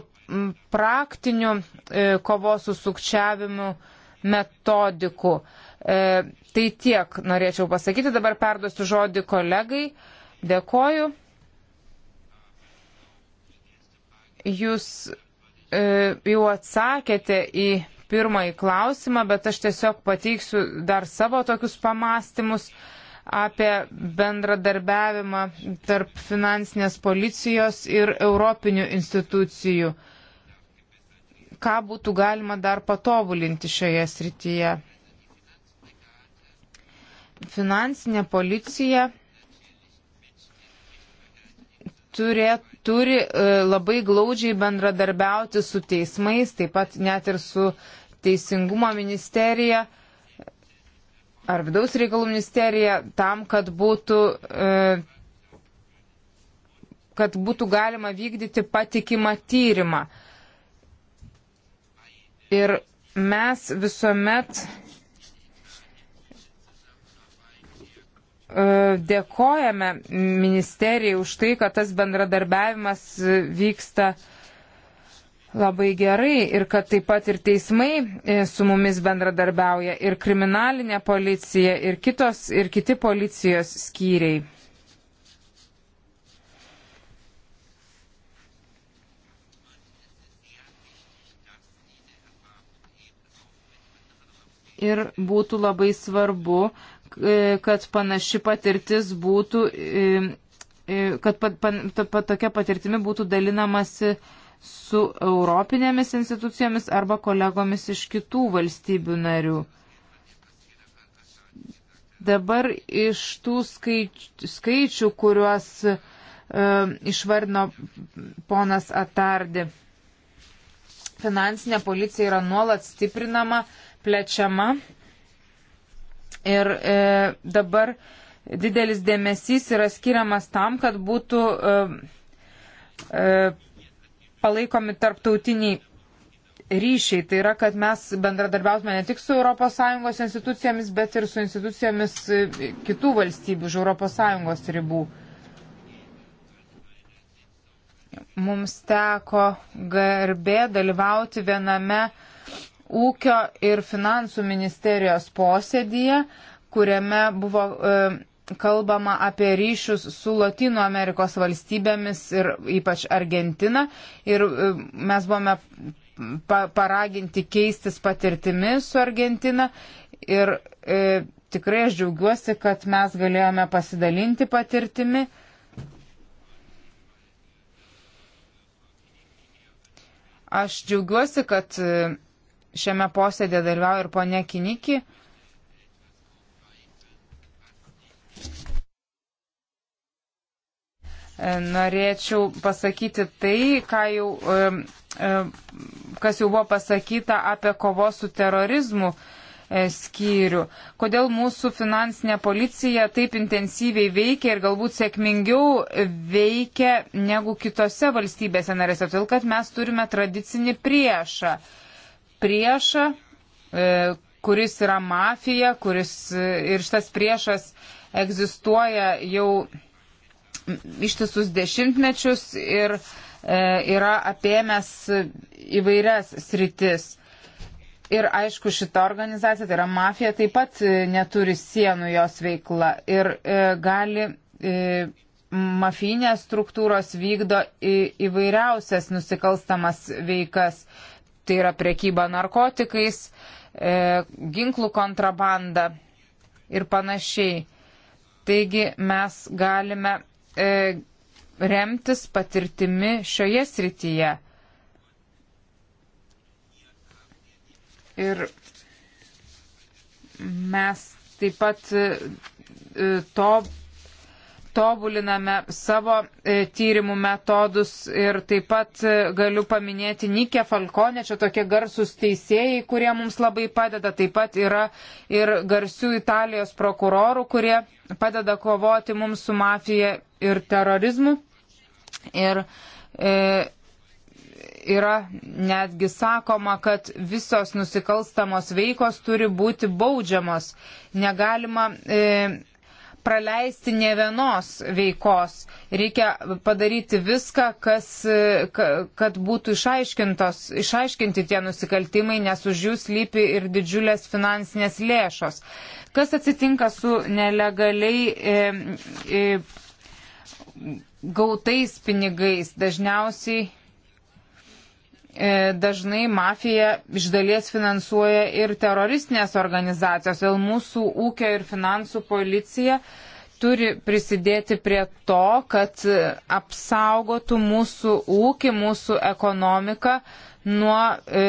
praktinių e, kovos su sukčiavimu metodikų. E, tai tiek norėčiau pasakyti. Dabar perduosiu žodį kolegai. Dėkoju. Jūs jau atsakėte į pirmąjį klausimą, bet aš tiesiog pateiksiu dar savo tokius pamastymus. E, apie bendradarbiavimą tarp finansinės policijos ir europinių institucijų. Ką būtų galima dar patobulinti šioje srityje? Finansinė policija turė, turi e, labai glaudžiai bendradarbiauti su teismais, taip pat net ir su Teisingumo ministerija ar vidaus reikalų ministerija tam, kad būtų, e, kad būtų galima vykdyti patikimą tyrimą. Ir mes visuomet e, dėkojame ministerijai už tai, kad tas bendradarbiavimas vyksta uh, labai gerai ir kad taip pat ir teismai e, su mumis bendradarbiauja ir kriminalinė policija ir, kitos, ir kiti policijos skyriai. Ir būtų labai svarbu, e, kad panaši patirtis būtų, e, kad pa, pa, pa, tokia patirtimi būtų dalinamasi uh, su europinėmis institucijomis arba kolegomis iš kitų valstybių narių. Dabar iš tų skaičių, skaičių kuriuos e, išvardino ponas Atardi, finansinė policija yra nuolat stiprinama, plečiama ir e, dabar didelis dėmesys yra skiriamas tam, kad būtų e, e, palaikomi tarptautiniai ryšiai. Tai yra, kad mes bendradarbiautume ne tik su ES institucijomis, bet ir su institucijomis kitų valstybių už ES ribų. Mums teko garbė dalyvauti viename ūkio ir finansų ministerijos posėdyje, kuriame buvo e, kalbama apie ryšius su Latino Amerikos valstybėmis ir ypač Argentina. Ir e, mes buvome pa paraginti keistis patirtimi su Argentina. Ir e, tikrai aš džiaugiuosi, kad mes galėjome pasidalinti patirtimi. Aš džiaugiuosi, kad e, šiame posėdė dalyvauja ir ponia Kinikė. norėčiau pasakyti tai, jau, kas jau buvo pasakyta apie kovos su terorizmu e, skyrių. Kodėl mūsų finansinė policija taip intensyviai veikia ir galbūt sėkmingiau veikia negu kitose valstybėse narėse, todėl kad mes turime tradicinį priešą. Priešą, e, kuris yra mafija, kuris e, ir šitas priešas egzistuoja jau ištisus dešimtmečius ir e, yra apėmęs įvairias sritis. Ir aišku, šita organizacija, tai yra mafija, taip pat e, neturi sienų jos veikla ir e, gali e, mafinės struktūros vykdo į, įvairiausias nusikalstamas veikas. Tai yra prekyba narkotikais, e, ginklų kontrabanda ir panašiai. Taigi mes galime e, remtis patirtimi šioje srityje. Ir mes taip pat e, e, to, tobuliname savo e, tyrimų metodus ir taip pat galiu paminėti Nikė Falkonė, čia tokie garsus teisėjai, kurie mums labai padeda, taip pat yra ir garsių Italijos prokurorų, kurie padeda kovoti mums su mafija ir terorizmu. Ir e, yra netgi sakoma, kad visos nusikalstamos veikos turi būti baudžiamos. Negalima e, praleisti ne vienos veikos. Reikia padaryti viską, kas, e, kad būtų išaiškinti tie nusikaltimai, nes už jų slypi ir didžiulės finansinės lėšos. Kas atsitinka su nelegaliai e, e, gautais pinigais. Dažniausiai e, dažnai mafija iš dalies finansuoja ir teroristinės organizacijos. Dėl mūsų ūkio ir finansų policija turi prisidėti prie to, kad apsaugotų mūsų ūkį, mūsų ekonomiką, nuo, e,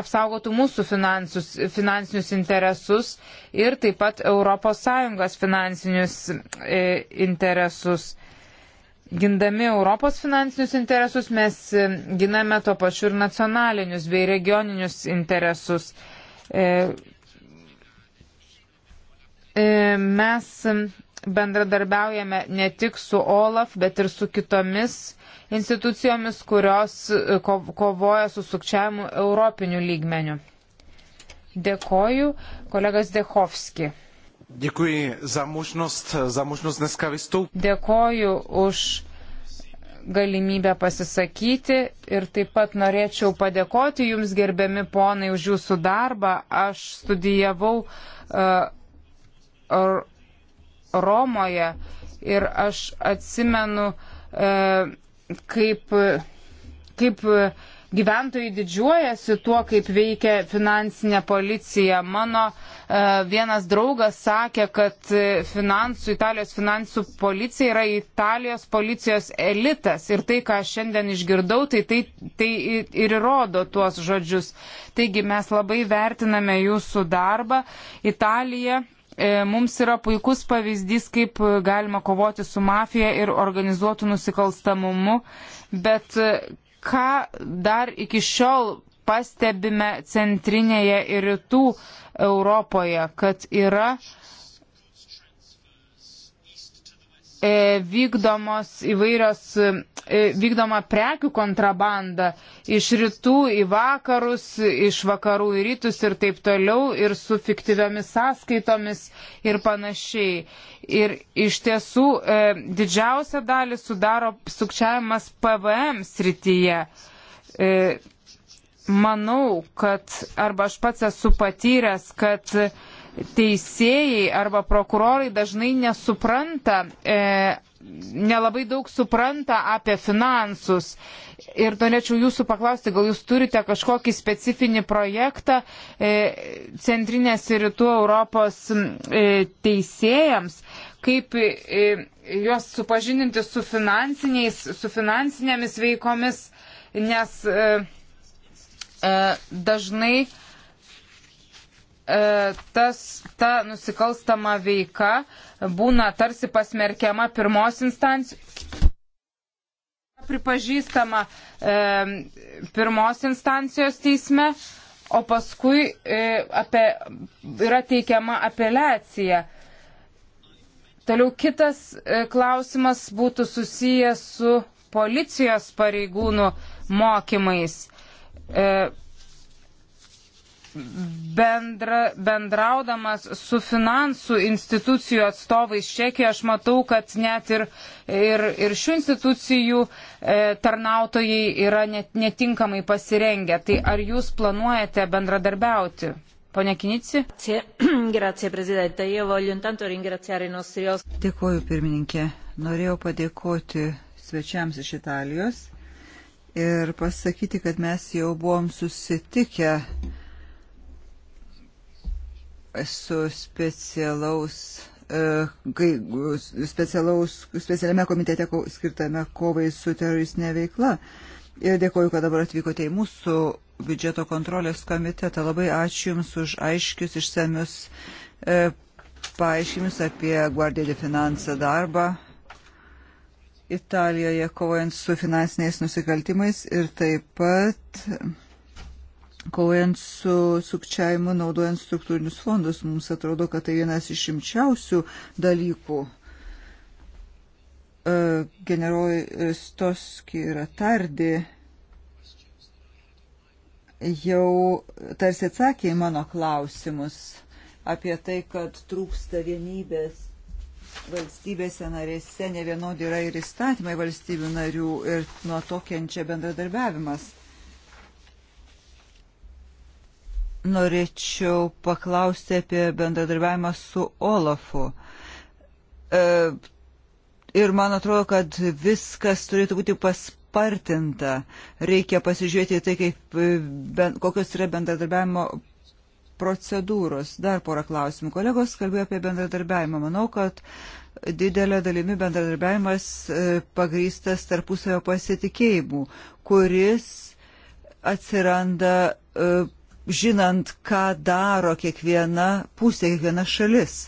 apsaugotų mūsų finansus, finansinius interesus ir taip pat ES finansinius e, interesus. Gindami Europos finansinius interesus mes e, giname to pačiu ir nacionalinius bei regioninius interesus. E, e, mes bendradarbiaujame ne tik su OLAF, bet ir su kitomis institucijomis, kurios kovoja su sukčiavimu europiniu lygmeniu. Dėkoju, kolegas Dehovski. Děkuji za možnost, za možnost dneska vystoupit. Dėkoju už galimybę pasisakyti ir taip pat norėčiau padėkoti Jums, gerbiami ponai, už Jūsų darbą. Aš studijavau uh, Romoje ir aš atsimenu, uh, kaip, kaip gyventojai didžiuojasi tuo, kaip veikia finansinė policija. Mano uh, E, vienas draugas sakė, kad finansų, Italijos finansų policija yra Italijos policijos elitas. Ir tai, ką šiandien išgirdau, tai, tai, tai ir įrodo tuos žodžius. Taigi mes labai vertiname jūsų darbą. Italija e, mums yra puikus pavyzdys, kaip galima kovoti su mafija ir organizuotų nusikalstamumu, bet e, ką dar iki šiol pastebime centrinėje ir rytų Europoje, kad yra e, vykdomos įvairios, e, vykdoma prekių kontrabanda iš rytų į vakarus, iš vakarų į rytus ir taip toliau, ir su fiktyviomis sąskaitomis ir panašiai. Ir iš tiesų e, didžiausią dalį sudaro sukčiavimas PVM srityje manau, kad arba aš pats esu patyręs, kad teisėjai arba prokurorai dažnai nesupranta, e, nelabai daug supranta apie finansus. Ir norėčiau jūsų paklausti, gal jūs turite kažkokį specifinį projektą e, Centrinės ir Rytų Europos e, teisėjams, kaip e, juos supažininti su, su finansinėmis veikomis, nes. E, E, dažnai e, tas, ta nusikalstama veika būna tarsi pasmerkiama pirmos instancijos pripažįstama e, pirmos instancijos teisme, o paskui e, apie, yra teikiama apeliacija. Toliau kitas e, klausimas būtų susijęs su policijos pareigūnų mokymais. E, bendra, bendraudamas su finansų institucijų atstovais Čekijoje, aš matau, kad net ir, ir, ir šių institucijų e, tarnautojai yra net, netinkamai pasirengę. Tai ar jūs planuojate bendradarbiauti? Pone Kinici? Dėkuoju, pirmininkė. Norėjau padėkoti svečiams iš Italijos ir pasakyti, kad mes jau buvom susitikę su specialaus e, kai specialaus, specialiame komitete skirtame kovai su teroristinė veikla. Ir dėkoju, kad dabar atvykote į mūsų biudžeto kontrolės komitetą. Labai ačiū Jums už aiškius, išsamius e, paaiškinimus apie Guardia de Finansą darbą. Italijoje kovojant su finansiniais nusikaltimais ir taip pat kovojant su sukčiavimu naudojant struktūrinius fondus. Mums atrodo, kad tai vienas iš šimčiausių dalykų. E, Generolai Stoski yra tardi jau tarsi atsakė į mano klausimus apie tai, kad trūksta vienybės valstybėse narėse ne vienodi yra ir įstatymai valstybių narių ir nuo to kenčia bendradarbiavimas. Norėčiau paklausti apie bendradarbiavimą su Olafu. E, ir man atrodo, kad viskas turėtų būti paspartinta. Reikia pasižiūrėti tai, kaip, e, ben, kokios yra bendradarbiavimo procedūros. Dar porą klausimų. Kolegos kalbėjo apie bendradarbiavimą. Manau, kad didelė dalimi bendradarbiavimas e, pagrystas tarpusavio pasitikėjimu, kuris atsiranda e, žinant, ką daro kiekviena pusė, kiekviena šalis.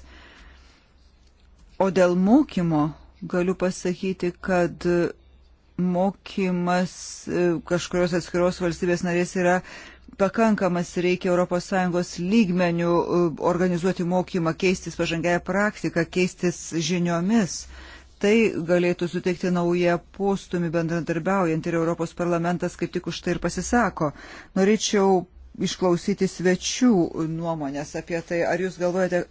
O dėl mokymo galiu pasakyti, kad mokymas e, kažkurios atskiros valstybės narės yra pakankamas reikia ES lygmenių e, organizuoti mokymą, keistis pažangiają praktiką, keistis žiniomis. Tai galėtų suteikti naują postumį bendradarbiaujant ir Europos parlamentas kaip tik už tai ir pasisako. Norėčiau išklausyti svečių nuomonės apie tai, ar jūs galvojate,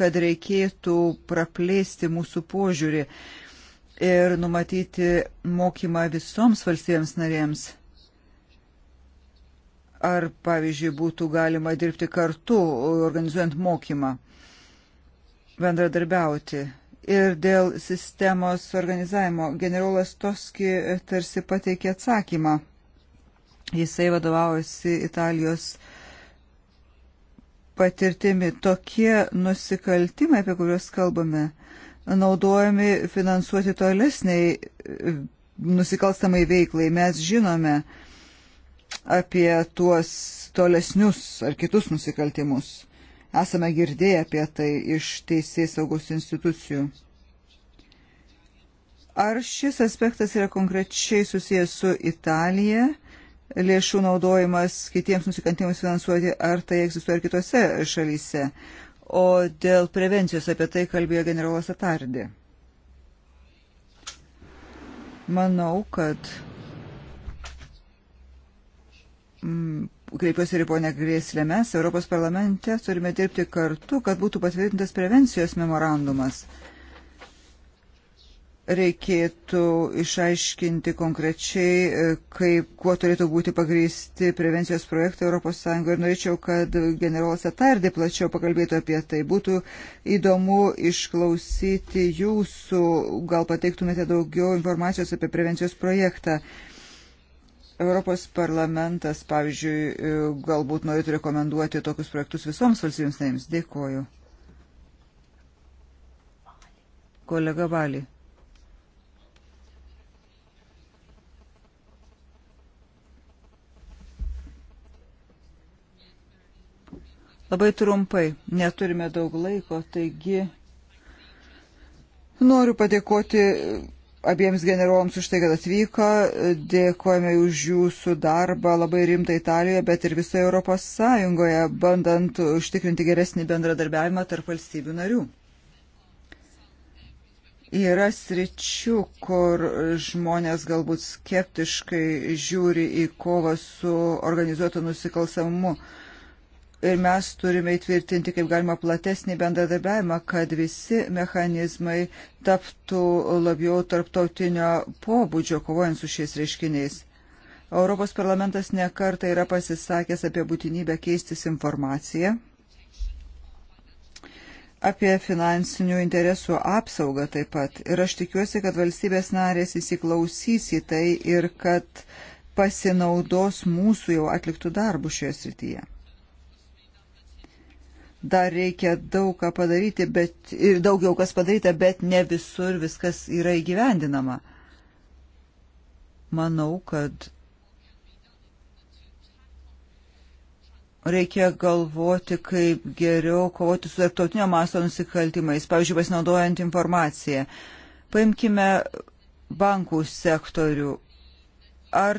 kad reikėtų praplėsti mūsų požiūrį ir numatyti mokymą visoms valstybėms narėms ar, pavyzdžiui, būtų galima dirbti kartu, organizuojant mokymą, bendradarbiauti. Ir dėl sistemos organizavimo generolas Toski tarsi pateikė atsakymą. Jisai vadovaujasi Italijos patirtimi. Tokie nusikaltimai, apie kuriuos kalbame, naudojami finansuoti tolesniai nusikalstamai veiklai. Mes žinome, apie tuos tolesnius ar kitus nusikaltimus. Esame girdėję apie tai iš teisės saugos institucijų. Ar šis aspektas yra konkrečiai susijęs su Italija, lėšų naudojimas kitiems nusikantimams finansuoti, ar tai egzistuoja ir kitose šalyse? O dėl prevencijos apie tai kalbėjo generolas Atardi. Manau, kad Mm, kreipiuosi ir ponę Grėslę, mes Europos parlamente turime dirbti kartu, kad būtų patvirtintas prevencijos memorandumas. Reikėtų išaiškinti konkrečiai, e, kaip, kuo turėtų būti pagrįsti prevencijos projektai ES ir norėčiau, kad generolas Atardė plačiau pakalbėtų apie tai. Būtų įdomu išklausyti jūsų, gal pateiktumėte daugiau informacijos apie prevencijos projektą. Uh, Europos parlamentas, pavyzdžiui, e, galbūt norėtų rekomenduoti tokius projektus visoms valstybėms narėms. Dėkoju. Kolega Valį. Labai trumpai, neturime daug laiko, taigi noriu padėkoti abiems generolams už tai, kad atvyko. Dėkojame už jūsų darbą labai rimtą Italijoje, bet ir visoje Europos Sąjungoje, bandant užtikrinti geresnį bendradarbiavimą tarp valstybių narių. Yra sričių, kur žmonės galbūt skeptiškai žiūri į kovą su organizuotu nusikalsamumu ir mes turime įtvirtinti kaip galima platesnį bendradarbiavimą, kad visi mechanizmai taptų labiau tarptautinio pobūdžio kovojant su šiais reiškiniais. Europos parlamentas nekarta yra pasisakęs apie būtinybę keistis informaciją, apie finansinių interesų apsaugą taip pat. Ir aš tikiuosi, kad valstybės narės įsiklausys į tai ir kad pasinaudos mūsų jau atliktų darbų šioje srityje dar reikia daug ką padaryti, bet ir daugiau kas padaryta, bet ne visur viskas yra įgyvendinama. Manau, kad reikia galvoti, kaip geriau kovoti su tarptautinio masto nusikaltimais, pavyzdžiui, pasinaudojant informaciją. Paimkime bankų sektorių. Ar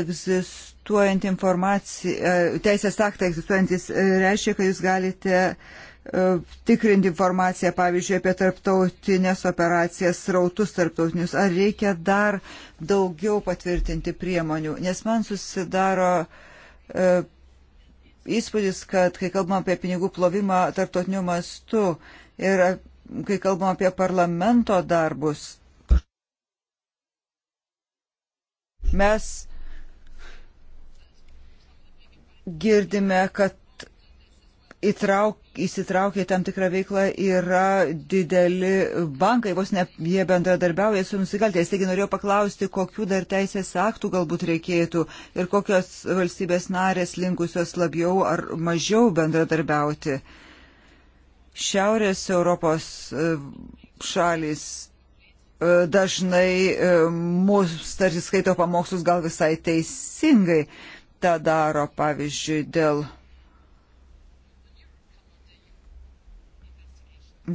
egzistuojant informacija, e, teisės aktai egzistuojantis e, reiškia, kad jūs galite e, tikrinti informaciją, pavyzdžiui, apie tarptautinės operacijas, srautus tarptautinius, ar reikia dar daugiau patvirtinti priemonių, nes man susidaro įspūdis, kad kai kalbam apie pinigų plovimą tarptautiniu mastu ir kai kalbam apie parlamento darbus, mes girdime, kad įtrauk, įsitraukia į tam tikrą veiklą yra dideli bankai, vos ne jie bendradarbiauja su nusikaltėjais. Taigi norėjau paklausti, kokių dar teisės aktų galbūt reikėtų ir kokios valstybės narės linkusios labiau ar mažiau bendradarbiauti. Šiaurės Europos e, šalis e, dažnai e, mūsų tarsi skaito pamokslus gal visai teisingai tą daro, pavyzdžiui, dėl,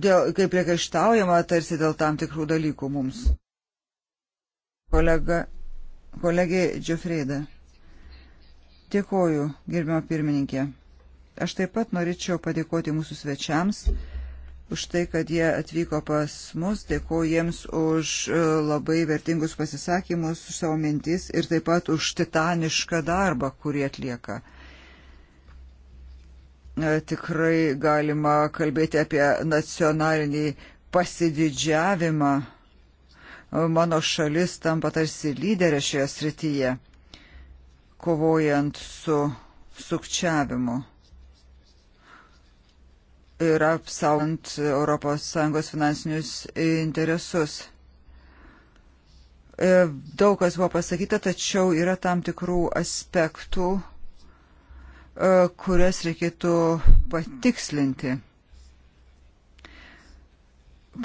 dėl kaip priekaištaujama tarsi dėl tam tikrų dalykų mums. Kolega, kolegė Džofreida. Dėkoju, gerbimo pirmininkė. Aš taip pat norėčiau padėkoti mūsų svečiams už tai, kad jie atvyko pas mus. Dėkuoju jiems už e, labai vertingus pasisakymus, už savo mintis ir taip pat už titanišką darbą, kurį atlieka. E, tikrai galima kalbėti apie nacionalinį pasididžiavimą. E, mano šalis tampa tarsi lyderė šioje srityje, kovojant su sukčiavimu ir apsaugant ES finansinius interesus. E, daug kas buvo pasakyta, tačiau yra tam tikrų aspektų, e, kurias reikėtų patikslinti.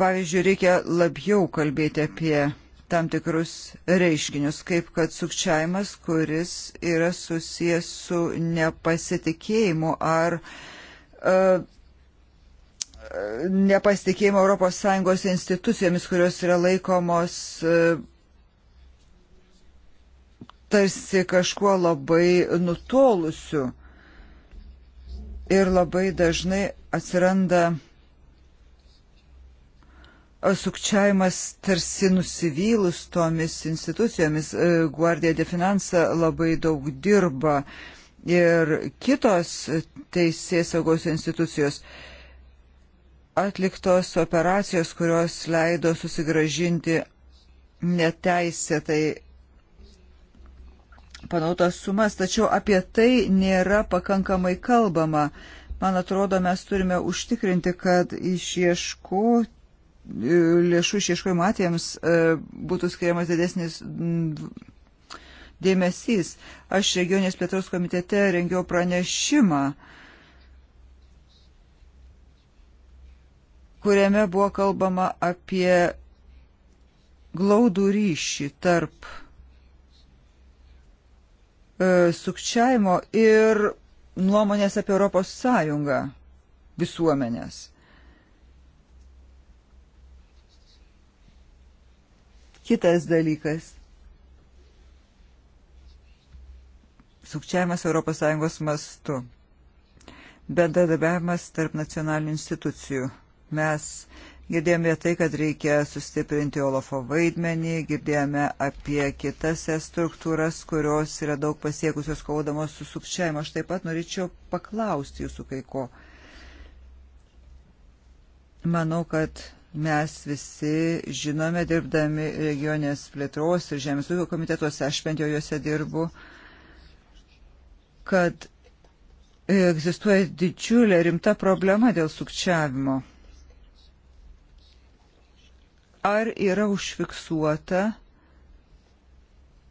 Pavyzdžiui, reikia labiau kalbėti apie tam tikrus reiškinius, kaip kad sukčiavimas, kuris yra susijęs su nepasitikėjimu ar uh, nepasitikėjimo ES institucijomis, kurios yra laikomos e, tarsi kažkuo labai nutolusiu. Ir labai dažnai atsiranda e, sukčiavimas tarsi nusivylus tomis institucijomis. E, Guardia de Finansa labai daug dirba ir kitos teisės saugos institucijos. Uh, atliktos operacijos, kurios leido susigražinti neteisėtai panautas sumas, tačiau apie tai nėra pakankamai kalbama. Man atrodo, mes turime užtikrinti, kad išieško, lėšų išieškojimo atvejams e, būtų skiriamas didesnis dėmesys. Aš regionės plėtros komitete rengiau pranešimą kuriame buvo kalbama apie glaudų ryšį tarp e, sukčiavimo ir nuomonės apie Europos Sąjungą visuomenės. Kitas dalykas. Sukčiavimas Europos Sąjungos mastu. Bendradarbiavimas tarp nacionalinių institucijų. Mes girdėjome tai, kad reikia sustiprinti Olofo vaidmenį, girdėjome apie kitas struktūras, kurios yra daug pasiekusios kaudamos su sukčiavimu. Aš taip pat norėčiau paklausti jūsų kai ko. Manau, kad mes visi žinome, dirbdami regionės plėtros ir žemės ūkio komitetuose, aš bent jau juose dirbu, kad egzistuoja didžiulė rimta problema dėl sukčiavimo ar yra užfiksuota,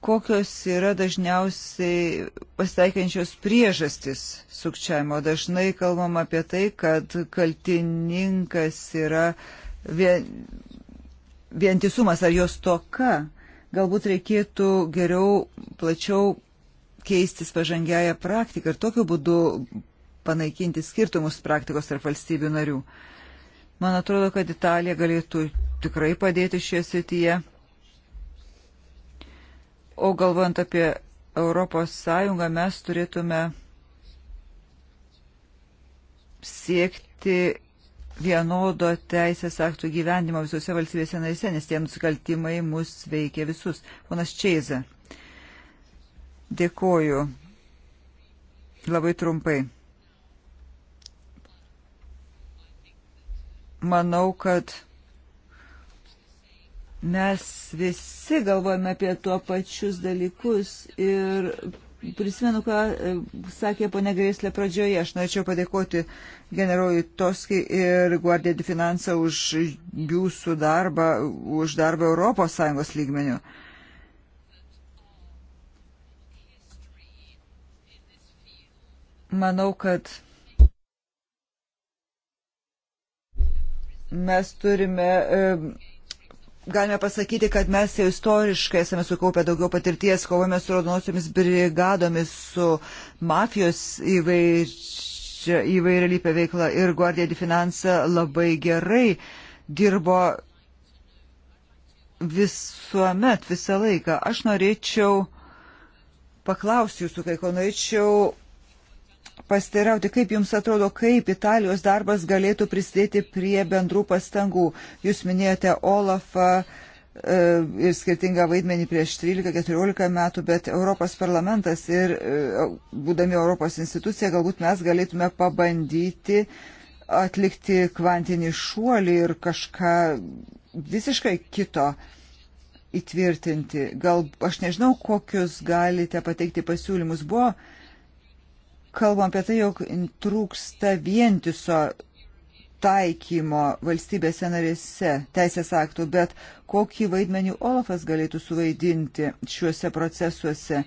kokios yra dažniausiai pasitaikiančios priežastis sukčiavimo. Dažnai kalbam apie tai, kad kaltininkas yra vien, vientisumas ar jos toka. Galbūt reikėtų geriau, plačiau keistis pažangiają praktiką ir tokiu būdu panaikinti skirtumus praktikos tarp valstybių narių. Man atrodo, kad Italija galėtų tikrai padėti šioje srityje. O galvojant apie Europos Sąjungą, mes turėtume siekti vienodo teisės aktų gyvenimo visose valstybėse narise, nes tie nusikaltimai mus veikia visus. Ponas Čeiza, dėkoju. Labai trumpai. Manau, kad Mes visi galvojame apie tuo pačius dalykus ir prisimenu, ką e, sakė ponė Grėslė pradžioje. Aš norėčiau padėkoti generolui Toski ir Guardia di Finanza už jūsų darbą, už darbą ES lygmenių. Manau, kad mes turime e, galime pasakyti, kad mes jau istoriškai esame sukaupę daugiau patirties, kovome su raudonosiomis brigadomis, su mafijos įvairialypė veikla ir Guardia di Finanza labai gerai dirbo visuomet, visą laiką. Aš norėčiau paklausti jūsų, kai ko norėčiau pasteirauti, kaip Jums atrodo, kaip Italijos darbas galėtų prisidėti prie bendrų pastangų. Jūs minėjote Olafą e, ir skirtingą vaidmenį prieš 13-14 metų, bet Europos parlamentas ir e, būdami Europos institucija galbūt mes galėtume pabandyti atlikti kvantinį šuolį ir kažką visiškai kito įtvirtinti. Gal aš nežinau, kokius galite pateikti pasiūlymus. Buvo uh, kalbam apie tai, jog trūksta vientiso taikymo valstybėse narėse teisės aktų, bet kokį vaidmenį Olafas galėtų suvaidinti šiuose procesuose,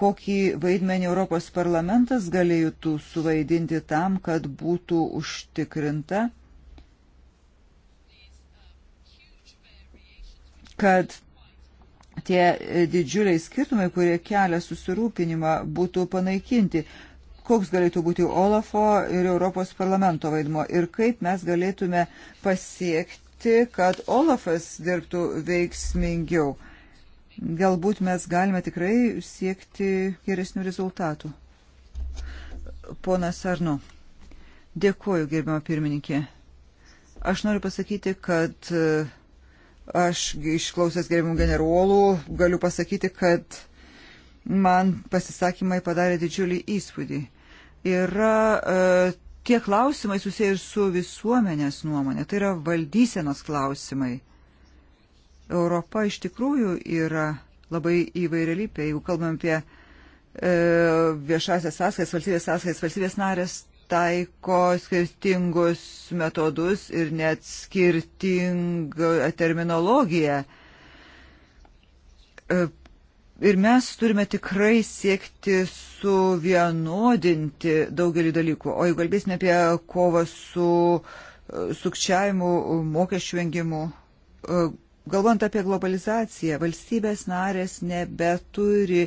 kokį vaidmenį Europos parlamentas galėtų suvaidinti tam, kad būtų užtikrinta, kad tie didžiuliai skirtumai, kurie kelia susirūpinimą, būtų panaikinti koks galėtų būti Olafo ir Europos parlamento vaidmo ir kaip mes galėtume pasiekti, kad Olafas dirbtų veiksmingiau. Galbūt mes galime tikrai siekti geresnių rezultatų. Ponas Arnu, dėkuoju, gerbiamą pirmininkė. Aš noriu pasakyti, kad e, aš išklausęs gerbiamų generolų galiu pasakyti, kad man pasisakymai padarė didžiulį įspūdį yra e, tie klausimai susiję ir su visuomenės nuomonė, tai yra valdysenos klausimai. Europa iš tikrųjų yra labai įvairialypė, jeigu kalbam apie e, viešasias sąskaitas, valstybės sąskaitas, valstybės narės taiko skirtingus metodus ir net skirtingą terminologiją. E, Ir mes turime tikrai siekti suvienodinti daugelį dalykų. O jeigu kalbėsime apie kovą su e, sukčiavimu, mokesčių vengimu, e, Galvant apie globalizaciją, valstybės narės nebeturi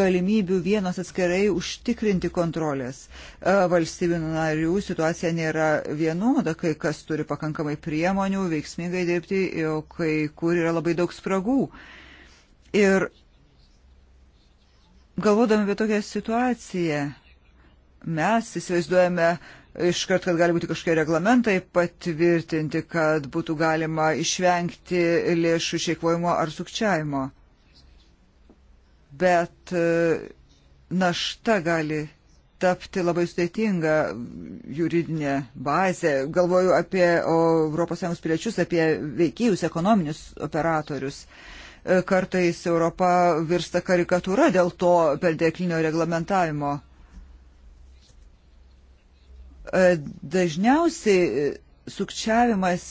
galimybių vienos atskirai užtikrinti kontrolės. E, valstybių narių situacija nėra vienoda, kai kas turi pakankamai priemonių veiksmingai dirbti, o kai kur yra labai daug spragų. Ir Galvodami apie tokią situaciją, mes įsivaizduojame iškart, kad gali būti kažkokie reglamentai patvirtinti, kad būtų galima išvengti lėšų išeikvojimo ar sukčiavimo. Bet e, našta gali tapti labai sudėtinga juridinė bazė. Galvoju apie ES piliečius, apie veikėjus, ekonominius operatorius. Uh, E, kartais Europa virsta karikatūra dėl to perdėklinio reglamentavimo. E, dažniausiai e, sukčiavimas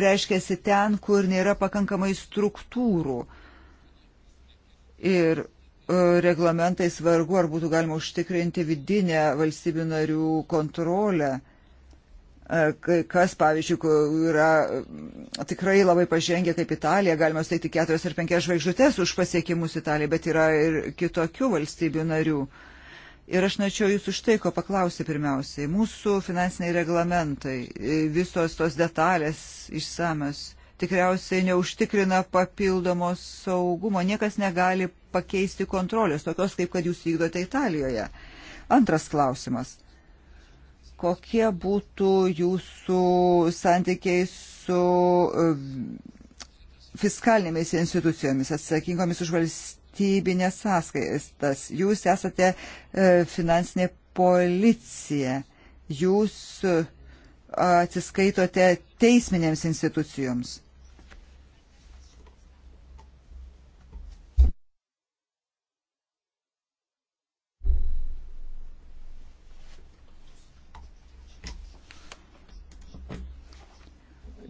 reiškiasi ten, kur nėra pakankamai struktūrų. Ir reglamentais vargu ar būtų galima užtikrinti vidinę valstybių narių kontrolę. E, kai kas, pavyzdžiui, yra e, tikrai labai pažengę kaip Italija, galima steigti keturias ar penkias žvaigždutes už pasiekimus Italijai, bet yra ir kitokių valstybių narių. Ir aš norėčiau jūsų štai ko paklausyti pirmiausiai. Mūsų finansiniai reglamentai, e, visos tos detalės išsamios, tikriausiai neužtikrina papildomos saugumo. Niekas negali pakeisti kontrolės, tokios kaip kad jūs vykdote Italijoje. Antras klausimas kokie būtų jūsų santykiai su e, fiskalinėmis institucijomis atsakingomis už valstybinės sąskaitas. Jūs esate e, finansinė policija. Jūs e, atsiskaitote teisminėms institucijoms.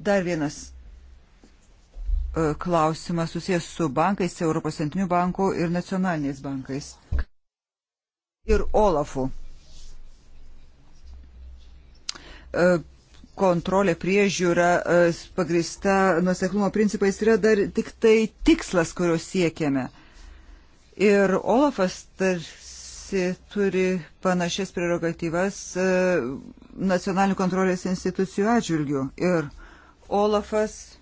Dar vienas e, klausimas susijęs su bankais, Europos centriniu banku ir nacionaliniais bankais. Ir Olafu. E, kontrolė priežiūra e, pagrista nuseklumo principais yra dar tik tai tikslas, kurio siekiame. Ir Olafas tarsi turi panašias prerogatyvas nacionalinių kontrolės institucijų atžvilgių. Ir Olafas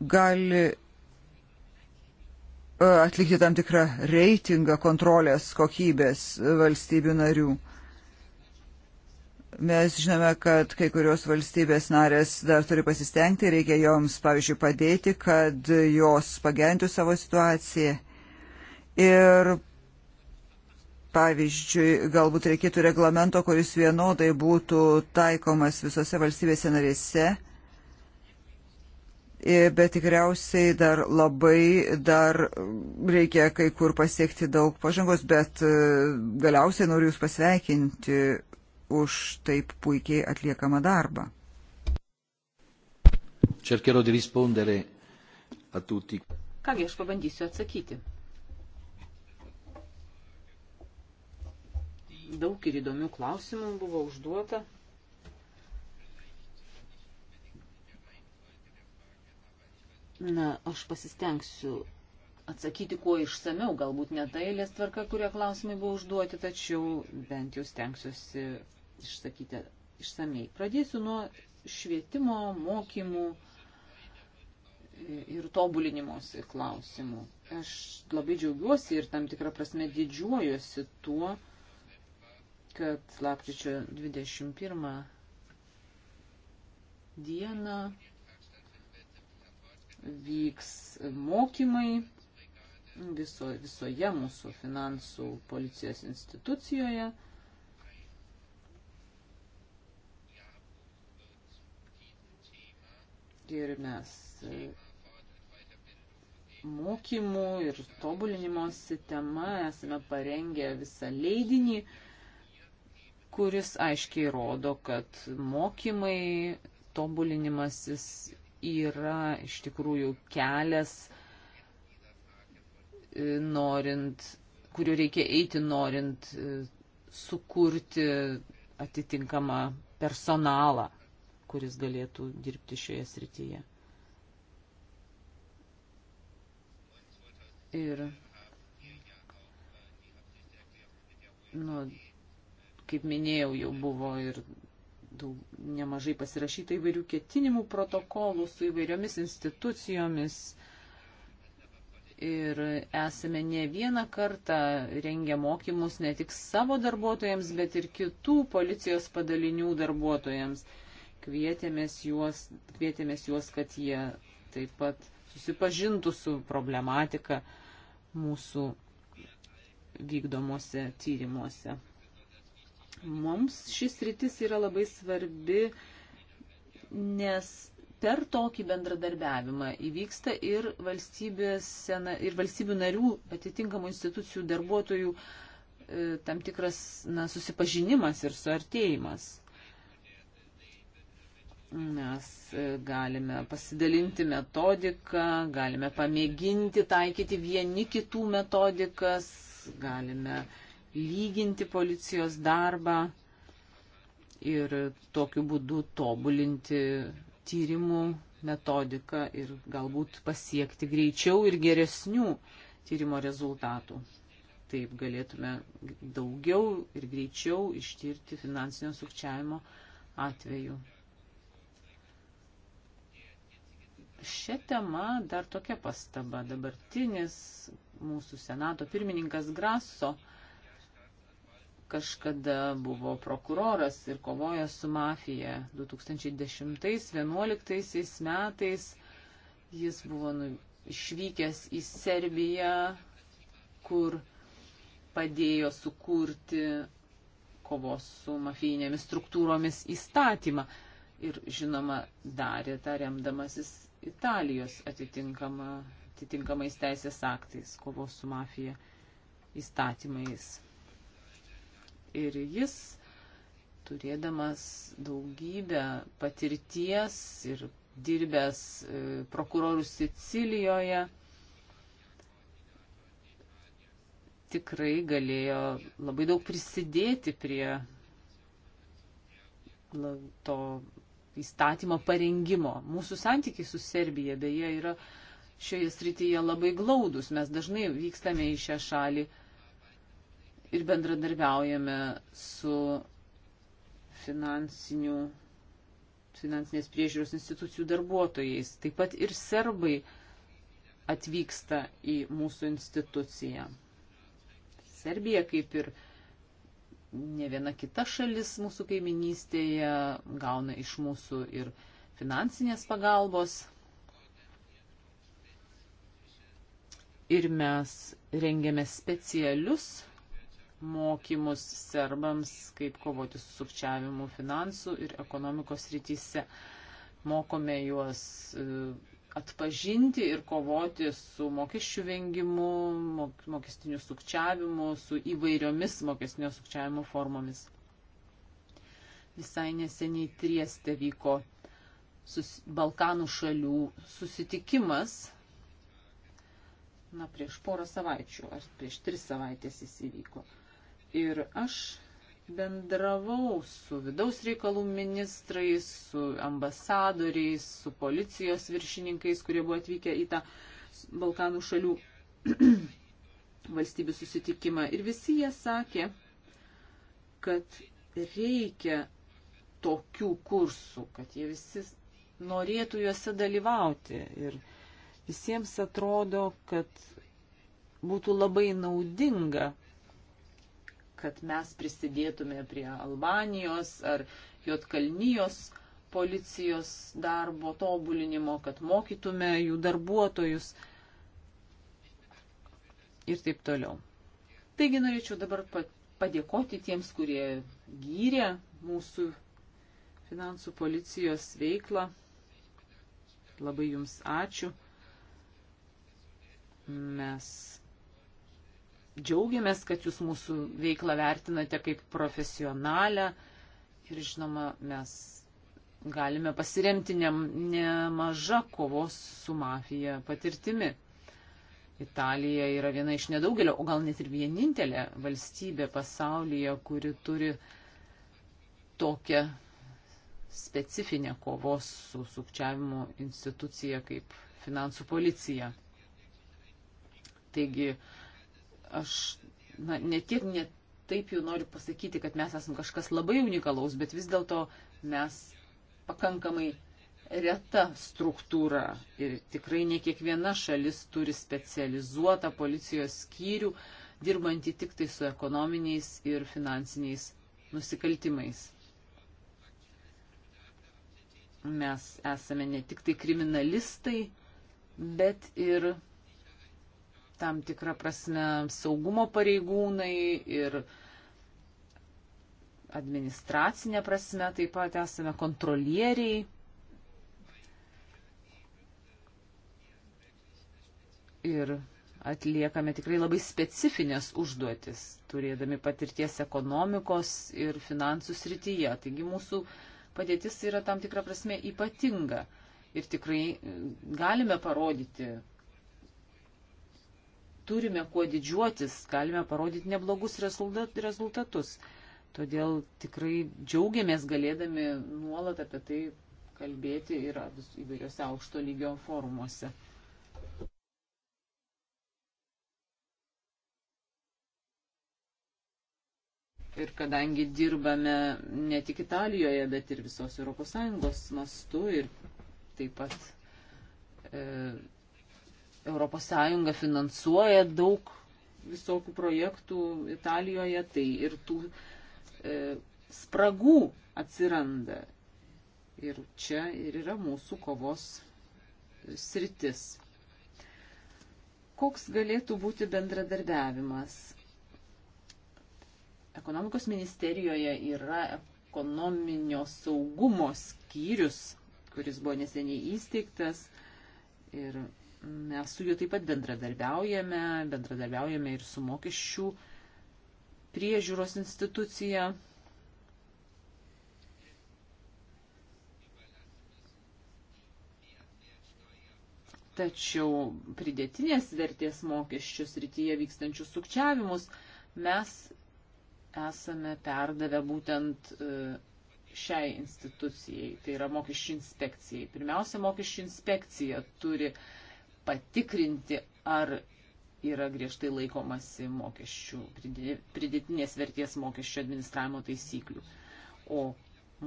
gali e, atlikti tam tikrą reitingą kontrolės kokybės e, valstybių narių. Mes žinome, kad kai kurios valstybės narės dar turi pasistengti, reikia joms, pavyzdžiui, padėti, kad jos pagentų savo situaciją. Ir Pavyzdžiui, galbūt reikėtų reglamento, kuris vienodai būtų taikomas visose valstybėse narėse, e, bet tikriausiai dar labai dar reikia kai kur pasiekti daug pažangos, bet e, galiausiai noriu Jūs pasveikinti už taip puikiai atliekamą darbą. Cercherò di rispondere a tutti. Kągi aš pabandysiu atsakyti Daug ir įdomių klausimų buvo užduota. Na, aš pasistengsiu atsakyti kuo išsameu, galbūt ne ta eilės tvarka, kurie klausimai buvo užduoti, tačiau bent jau stengsiuosi išsakyti išsamei. Pradėsiu nuo švietimo, mokymų ir tobulinimosi klausimų. Aš labai džiaugiuosi ir tam tikrą prasme didžiuojuosi tuo, kad lapkričio 21 dieną vyks mokymai viso, visoje mūsų finansų policijos institucijoje. ir mes e, mokymų ir tobulinimosi tema esame parengę visą leidinį, kuris aiškiai rodo, kad mokymai, tobulinimasis yra iš tikrųjų kelias, e, norint, kuriuo reikia eiti, norint e, sukurti atitinkamą personalą, kuris galėtų dirbti šioje srityje. Ir nuo kaip minėjau, jau buvo ir daug, nemažai pasirašyta įvairių ketinimų protokolų su įvairiomis institucijomis. Ir esame ne vieną kartą rengę mokymus ne tik savo darbuotojams, bet ir kitų policijos padalinių darbuotojams. Kvietėmės juos, kvietėmės juos kad jie taip pat susipažintų su problematika mūsų vykdomuose tyrimuose. Mums šis rytis yra labai svarbi, nes per tokį bendradarbiavimą įvyksta ir, sena, ir valstybių narių atitinkamų institucijų darbuotojų e, tam tikras na, susipažinimas ir suartėjimas. Mes e, galime pasidalinti metodiką, galime pamėginti taikyti vieni kitų metodikas, galime uh, lyginti policijos darbą ir tokiu būdu tobulinti tyrimų metodiką ir galbūt pasiekti greičiau ir geresnių tyrimo rezultatų. Taip galėtume daugiau ir greičiau ištirti finansinio sukčiavimo atveju. Šią temą dar tokia pastaba. Dabartinis mūsų senato pirmininkas Grasso kažkada buvo prokuroras ir kovojo su mafija. 2010-2011 metais jis buvo nu, išvykęs į Serbiją, kur padėjo sukurti kovos su mafijinėmis struktūromis įstatymą. Ir žinoma, darė tą remdamasis Italijos atitinkama, atitinkamais teisės aktais, kovos su mafija įstatymais. Ir jis, turėdamas daugybę patirties ir dirbęs e, prokurorų Sicilijoje, tikrai galėjo labai daug prisidėti prie to įstatymo parengimo. Mūsų santykiai su Serbija beje yra šioje srityje labai glaudus. Mes dažnai vykstame į šią šalį ir bendradarbiaujame su finansinės priežiūros institucijų darbuotojais. Taip pat ir serbai atvyksta į mūsų instituciją. Serbija, kaip ir ne viena kita šalis mūsų kaiminystėje, gauna iš mūsų ir finansinės pagalbos. Ir mes rengiame specialius mokymus serbams, kaip kovoti su sukčiavimu finansų ir ekonomikos rytise. Mokome juos e, atpažinti ir kovoti su mokesčių vengimu, mokestiniu sukčiavimu, su įvairiomis mokestinio sukčiavimo formomis. Visai neseniai Trieste vyko sus, Balkanų šalių susitikimas, na, prieš porą savaičių ar prieš tris savaitės jis įvyko ir aš bendravau su vidaus reikalų ministrais, su ambasadoriais, su policijos viršininkais, kurie buvo atvykę į tą Balkanų šalių valstybių susitikimą. Ir visi jie sakė, kad reikia tokių kursų, kad jie visi norėtų juose dalyvauti. Ir visiems atrodo, kad būtų labai naudinga kad mes prisidėtume prie Albanijos ar Jotkalnyjos policijos darbo tobulinimo, kad mokytume jų darbuotojus ir taip toliau. Taigi norėčiau dabar padėkoti tiems, kurie gyrė mūsų finansų policijos veiklą. Labai jums ačiū. Mes džiaugiamės, kad jūs mūsų veiklą vertinate kaip profesionalę ir žinoma, mes galime pasiremti nemaža ne kovos su mafija patirtimi. Italija yra viena iš nedaugelio, o gal net ir vienintelė valstybė pasaulyje, kuri turi tokią specifinę kovos su sukčiavimu instituciją kaip finansų policija. Taigi, uh, Aš na, netiek net taip jau noriu pasakyti, kad mes esame kažkas labai unikalaus, bet vis dėlto mes pakankamai reta struktūra ir tikrai ne kiekviena šalis turi specializuotą policijos skyrių, dirbantį tik tai su ekonominiais ir finansiniais nusikaltimais. Mes esame ne tik tai kriminalistai, bet ir tam tikrą prasme saugumo pareigūnai ir administracinė prasme taip pat esame kontrolieriai. Ir atliekame tikrai labai specifinės užduotis, turėdami patirties ekonomikos ir finansų srityje. Taigi mūsų padėtis yra tam tikrą prasme ypatinga. Ir tikrai e, galime parodyti turime kuo didžiuotis, galime parodyti neblogus rezultatus. Todėl tikrai džiaugiamės galėdami nuolat apie tai kalbėti ir įvairiose aukšto lygio forumuose. Ir kadangi dirbame ne tik Italijoje, bet ir visos ES mastu ir taip pat e, ES finansuoja daug visokių projektų Italijoje, tai ir tų e, spragų atsiranda. Ir čia ir yra mūsų kovos sritis. Koks galėtų būti bendradarbiavimas? Ekonomikos ministerijoje yra ekonominio saugumo skyrius, kuris buvo neseniai įsteigtas ir mes su juo taip pat bendradarbiaujame, bendradarbiaujame ir su mokesčių priežiūros institucija. Tačiau pridėtinės vertės mokesčių srityje vykstančius sukčiavimus mes esame perdavę būtent e, šiai institucijai, tai yra mokesčių inspekcijai. Pirmiausia, mokesčių inspekcija turi uh, patikrinti, ar yra griežtai laikomasi mokesčių, pridėtinės vertės mokesčių administravimo taisyklių. O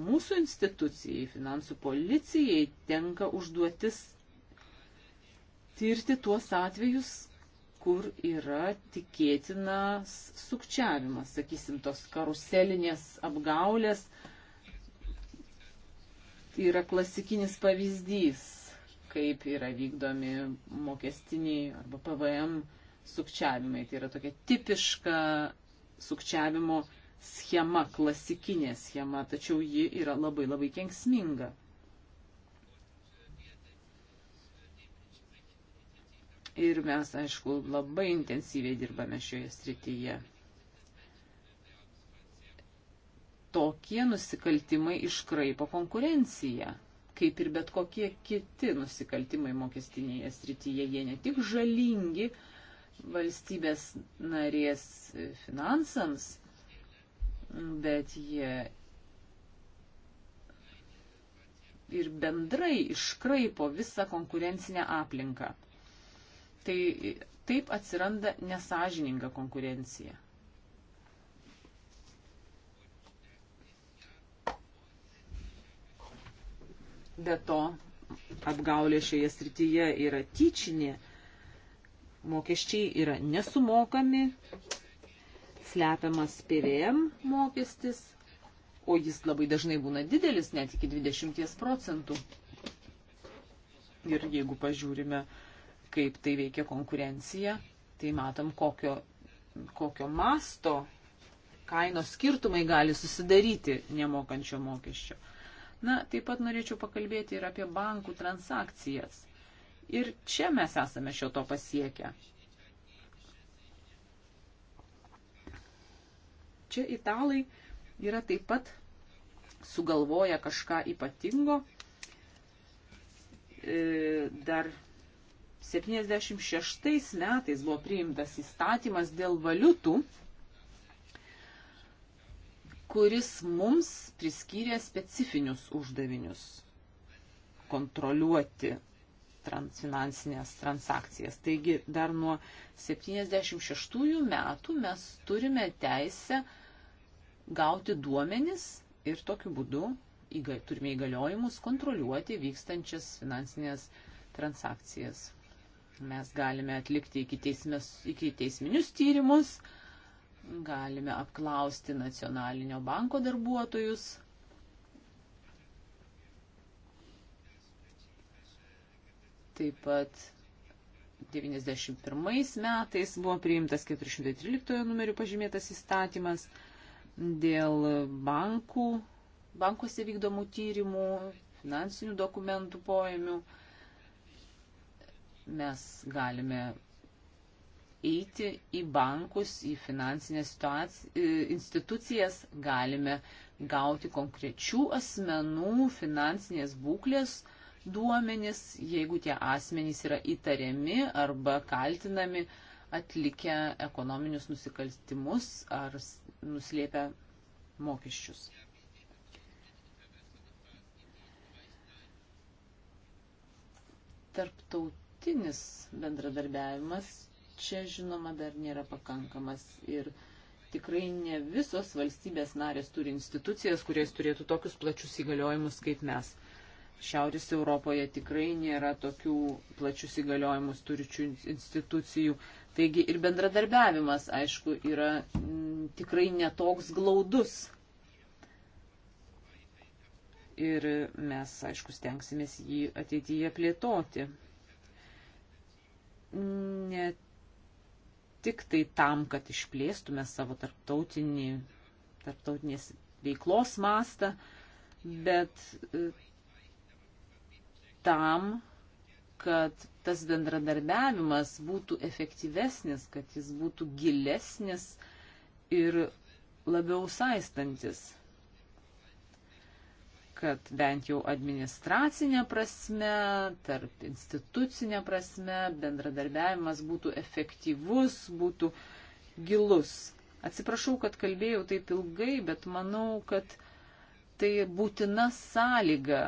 mūsų institucijai, finansų policijai tenka užduotis tirti tuos atvejus, kur yra tikėtinas sukčiavimas, sakysim, tos karuselinės apgaulės. Tai yra klasikinis pavyzdys kaip yra vykdomi mokestiniai arba PVM sukčiavimai. Tai yra tokia tipiška sukčiavimo schema, klasikinė schema, tačiau ji yra labai labai kenksminga. Ir mes, aišku, labai intensyviai dirbame šioje srityje. Tokie nusikaltimai iškraipo konkurenciją kaip ir bet kokie kiti nusikaltimai mokestinėje srityje. Jie ne tik žalingi valstybės narės finansams, bet jie ir bendrai iškraipo visą konkurencinę aplinką. Tai taip atsiranda nesažininga konkurencija. Be to, apgaulė šioje srityje yra tyčinė, mokesčiai yra nesumokami, slepiamas PVM mokestis, o jis labai dažnai būna didelis, net iki 20 procentų. Ir jeigu pažiūrime, kaip tai veikia konkurencija, tai matom, kokio, kokio masto kainos skirtumai gali susidaryti nemokančio mokesčio. Na, taip pat norėčiau pakalbėti ir apie bankų transakcijas. Ir čia mes esame šio to pasiekę. Čia italai yra taip pat sugalvoja kažką ypatingo. E, dar 76 metais buvo priimtas įstatymas dėl valiutų kuris mums priskyrė specifinius uždavinius kontroliuoti transfinansinės transakcijas. Taigi dar nuo 76 metų mes turime teisę gauti duomenis ir tokiu būdu įga, turime įgaliojimus kontroliuoti vykstančias finansinės transakcijas. Mes galime atlikti iki, teismes, iki teisminius tyrimus, Galime apklausti nacionalinio banko darbuotojus. Taip pat 91 metais buvo priimtas 413 numeriu pažymėtas įstatymas dėl bankų, bankuose vykdomų tyrimų, finansinių dokumentų poėmių. Mes galime eiti į bankus, į finansinės institucijas, galime gauti konkrečių asmenų finansinės būklės duomenis, jeigu tie asmenys yra įtariami arba kaltinami atlikę ekonominius nusikaltimus ar nuslėpę mokesčius. Tarptautinis bendradarbiavimas čia, žinoma, dar nėra pakankamas. Ir tikrai ne visos valstybės narės turi institucijas, kuriais turėtų tokius plačius įgaliojimus kaip mes. Šiaurės Europoje tikrai nėra tokių plačius įgaliojimus turičių institucijų. Taigi ir bendradarbiavimas, aišku, yra m, mm, tikrai netoks glaudus. Ir mes, aišku, stengsimės jį ateityje plėtoti. Mm, Net tik tai tam, kad išplėstume savo tarptautinį, tarptautinės veiklos mastą, bet e, tam, kad tas bendradarbiavimas būtų efektyvesnis, kad jis būtų gilesnis ir labiau saistantis kad bent jau administracinė prasme, tarp institucinė prasme bendradarbiavimas būtų efektyvus, būtų gilus. Atsiprašau, kad kalbėjau taip ilgai, bet manau, kad tai būtina sąlyga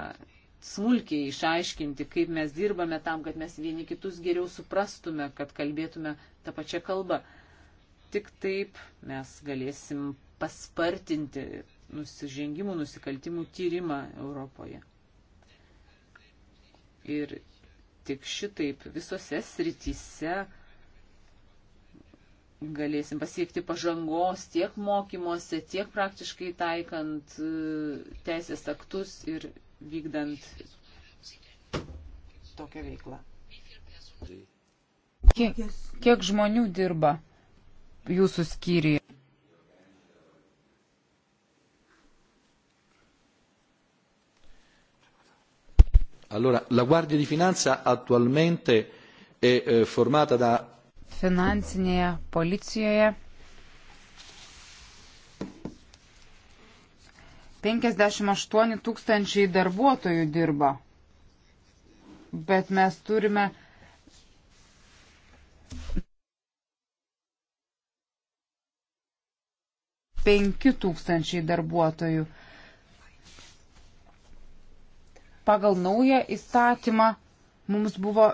smulkiai išaiškinti, kaip mes dirbame tam, kad mes vieni kitus geriau suprastume, kad kalbėtume tą pačią kalbą. Tik taip mes galėsim paspartinti nusižengimų, nusikaltimų tyrimą Europoje. Ir tik šitaip visose srityse galėsim pasiekti pažangos tiek mokymuose, tiek praktiškai taikant e, teisės aktus ir vykdant tokią veiklą. Kiek, kiek žmonių dirba jūsų skyriuje? Allora, la Guardia di Finanza attualmente è eh, formata da. Finansinėje policijoje 58 tūkstančiai darbuotojų dirba, bet mes turime penki tūkstančiai darbuotojų pagal naują įstatymą mums buvo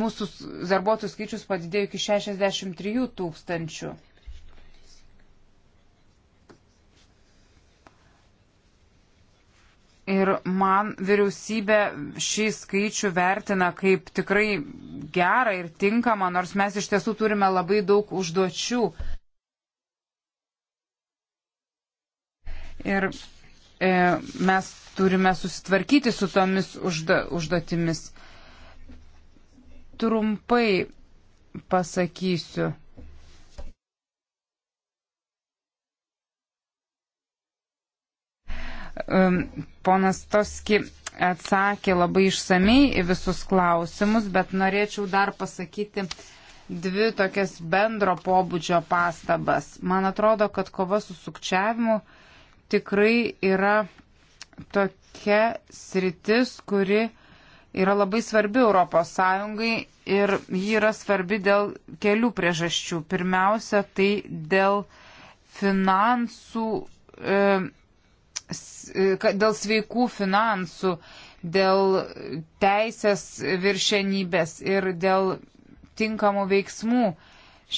mūsų darbuotojų skaičius padidėjo iki 63 tūkstančių. Ir man vyriausybė šį skaičių vertina kaip tikrai gerą ir tinkamą, nors mes iš tiesų turime labai daug užduočių. Ir E, mes turime susitvarkyti su tomis užda, užduotimis. Trumpai pasakysiu. Ponas Toski atsakė labai išsamei į visus klausimus, bet norėčiau dar pasakyti dvi tokias bendro pobūdžio pastabas. Man atrodo, kad kova su sukčiavimu uh, tikrai yra tokia sritis, kuri yra labai svarbi Europos Sąjungai ir ji yra svarbi dėl kelių priežasčių. Pirmiausia, tai dėl finansų, e, e, dėl sveikų finansų, dėl teisės viršenybės ir dėl tinkamų veiksmų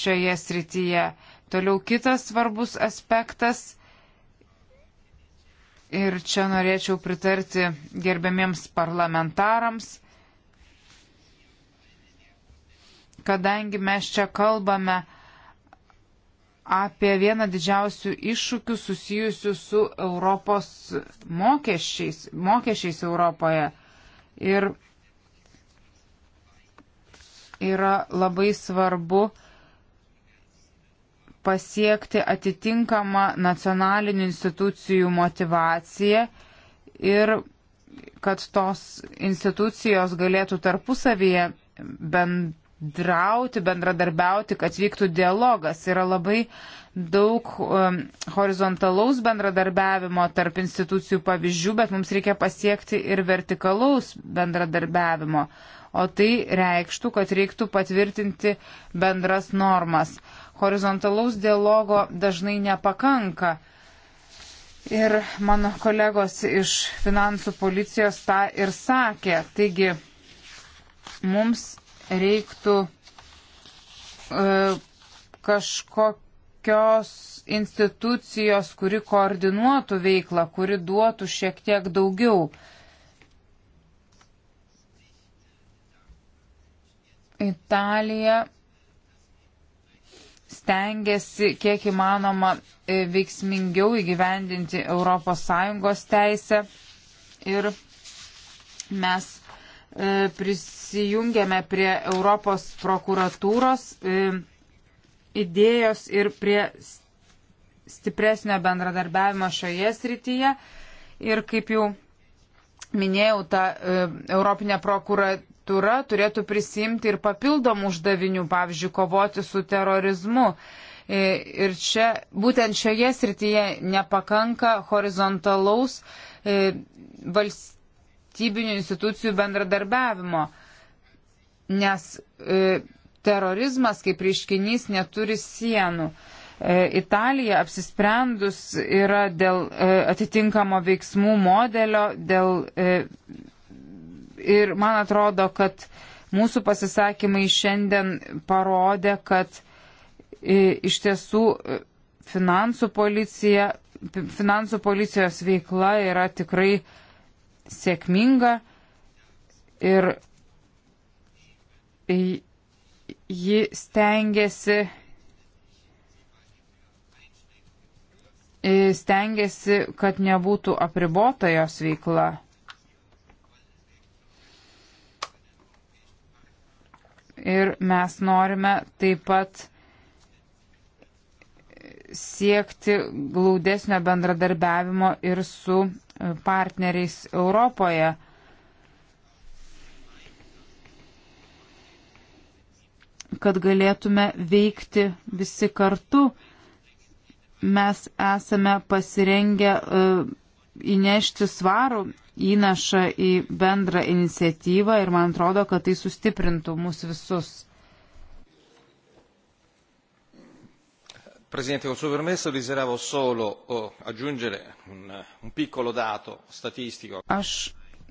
šioje srityje. Toliau kitas svarbus aspektas Ir čia norėčiau pritarti gerbiamiems parlamentarams, kadangi mes čia kalbame apie vieną didžiausių iššūkių susijusių su Europos mokesčiais, mokesčiais Europoje. Ir yra labai svarbu, pasiekti atitinkamą nacionalinių institucijų motivaciją ir kad tos institucijos galėtų tarpusavyje bendrauti, bendradarbiauti, kad vyktų dialogas. Yra labai daug um, horizontalaus bendradarbiavimo tarp institucijų pavyzdžių, bet mums reikia pasiekti ir vertikalaus bendradarbiavimo. O tai reikštų, kad reiktų patvirtinti bendras normas horizontalaus dialogo dažnai nepakanka. Ir mano kolegos iš finansų policijos tą ir sakė. Taigi, mums reiktų e, kažkokios institucijos, kuri koordinuotų veiklą, kuri duotų šiek tiek daugiau. Italija stengiasi kiek įmanoma e, veiksmingiau įgyvendinti ES teisę ir mes e, prisijungėme prie Europos prokuratūros e, idėjos ir prie stipresnio bendradarbiavimo šioje srityje. Ir kaip jau minėjau, ta e, Europinė prokura, agentūra turėtų prisimti ir papildomų uždavinių, pavyzdžiui, kovoti su terorizmu. E, ir čia, būtent šioje srityje nepakanka horizontalaus e, valstybinių institucijų bendradarbiavimo, nes e, terorizmas kaip reiškinys neturi sienų. Italija apsisprendus yra dėl atitinkamo veiksmų modelio, dėl Ir man atrodo, kad mūsų pasisakymai šiandien parodė, kad e, iš tiesų e, finansų, policija, finansų policijos veikla yra tikrai sėkminga ir ji stengiasi, stengiasi, kad nebūtų apribota jos veikla. Ir mes norime taip pat siekti glaudesnio bendradarbiavimo ir su e, partneriais Europoje. kad galėtume veikti visi kartu, mes esame pasirengę uh, įnešti svarų įnašą į bendrą iniciatyvą ir man atrodo, kad tai sustiprintų mus visus. Presidente, con suo permesso desideravo solo oh, aggiungere un, un piccolo dato statistico. Aš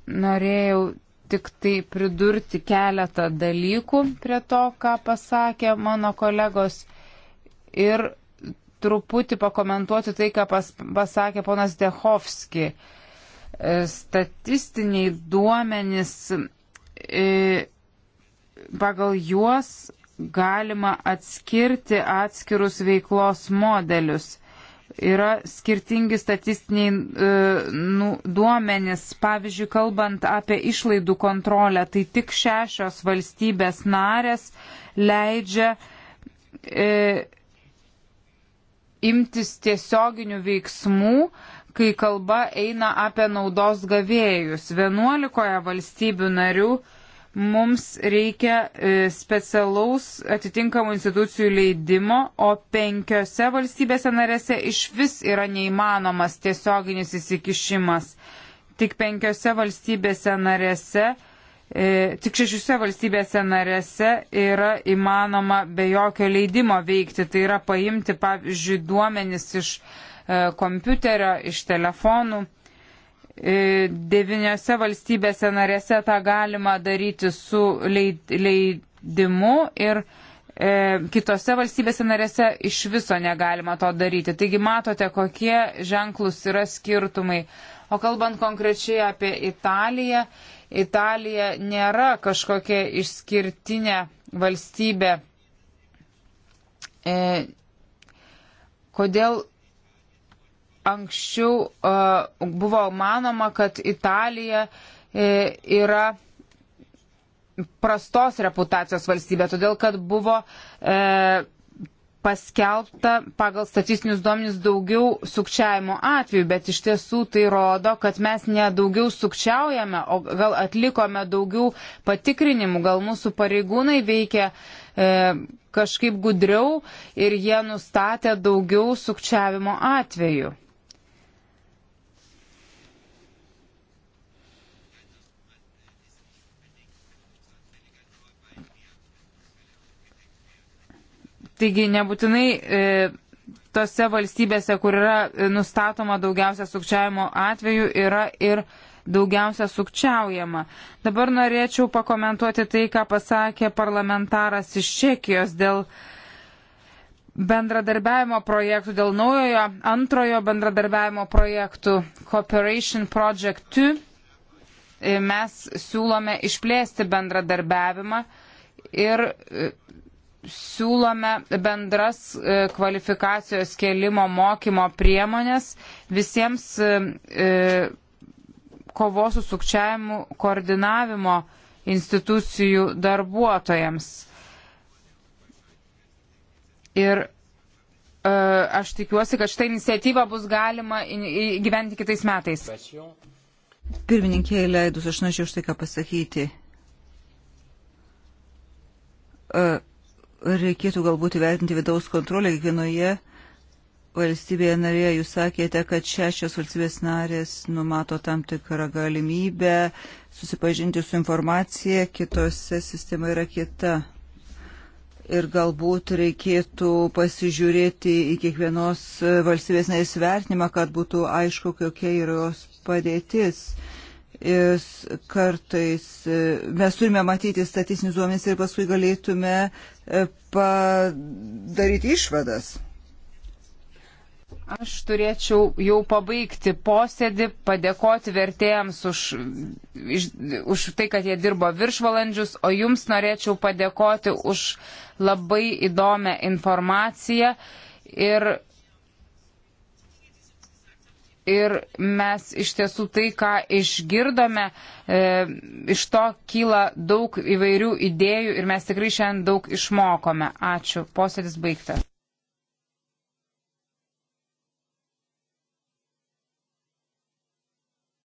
norėjau tik tai pridurti keletą dalykų prie to, ką pasakė mano kolegos ir truputį pakomentuoti tai, ką pas, pasakė ponas Dehovski. Uh, statistiniai duomenys, e, pagal juos galima atskirti atskirus veiklos modelius. Yra skirtingi statistiniai e, nu, duomenys, pavyzdžiui, kalbant apie išlaidų kontrolę, tai tik šešios valstybės narės leidžia e, imtis tiesioginių veiksmų, e, kai kalba eina apie naudos gavėjus. 11 valstybių narių mums reikia e, specialaus atitinkamų institucijų leidimo, o penkiose valstybėse narėse iš vis yra neįmanomas tiesioginis įsikišimas. Tik penkiose valstybėse narėse, e, tik šešiuose valstybėse narėse yra įmanoma be jokio leidimo veikti. Tai yra paimti, pavyzdžiui, duomenis iš E, kompiuterio, iš telefonų. E, Deviniose valstybėse narėse tą galima daryti su leidimu ir e, kitose valstybėse narėse iš viso negalima to daryti. Taigi matote, kokie ženklus yra skirtumai. O kalbant konkrečiai apie Italiją, Italija nėra kažkokia išskirtinė valstybė. E, kodėl anksčiau buvo manoma, kad Italija e, yra prastos reputacijos valstybė, todėl kad buvo e, paskelbta pagal statistinius duomenys daugiau sukčiavimo atvejų, bet iš tiesų tai rodo, kad mes ne daugiau sukčiaujame, o gal atlikome daugiau patikrinimų, gal mūsų pareigūnai veikia e, kažkaip gudriau ir jie nustatė daugiau sukčiavimo atvejų. Taigi nebūtinai e, tose valstybėse, kur yra e, nustatoma daugiausia sukčiavimo atvejų, yra ir daugiausia sukčiaujama. Dabar norėčiau pakomentuoti tai, ką pasakė parlamentaras iš Čekijos dėl bendradarbiavimo projektų, dėl naujojo antrojo bendradarbiavimo projektų Cooperation Project 2. E, mes siūlome išplėsti bendradarbiavimą ir e, siūlome bendras e, kvalifikacijos kelimo mokymo priemonės visiems e, e, kovos su sukčiavimu koordinavimo institucijų darbuotojams. Ir aš tikiuosi, kad šitą iniciatyvą bus galima gyventi kitais metais. Pirmininkė leidus, aš norėčiau štai ką pasakyti. Uh reikėtų galbūt įvertinti vidaus kontrolę kiekvienoje valstybėje narėje. Jūs sakėte, kad šešios valstybės narės numato tam tikrą galimybę susipažinti su informacija, kitose sistema yra kita. Ir galbūt reikėtų pasižiūrėti į kiekvienos valstybės narės vertinimą, kad būtų aišku, kokia yra jos padėtis. Uh, Jis kartais e, mes turime matyti statistinius duomenis ir paskui galėtume e, padaryti išvadas. Aš turėčiau jau pabaigti posėdį, padėkoti vertėjams už, iš, už tai, kad jie dirbo viršvalandžius, o jums norėčiau padėkoti už labai įdomią informaciją. Ir ir mes iš tiesų tai, ką išgirdome, e, iš to kyla daug įvairių idėjų ir mes tikrai šiandien daug išmokome. Ačiū. Posėdis baigtas.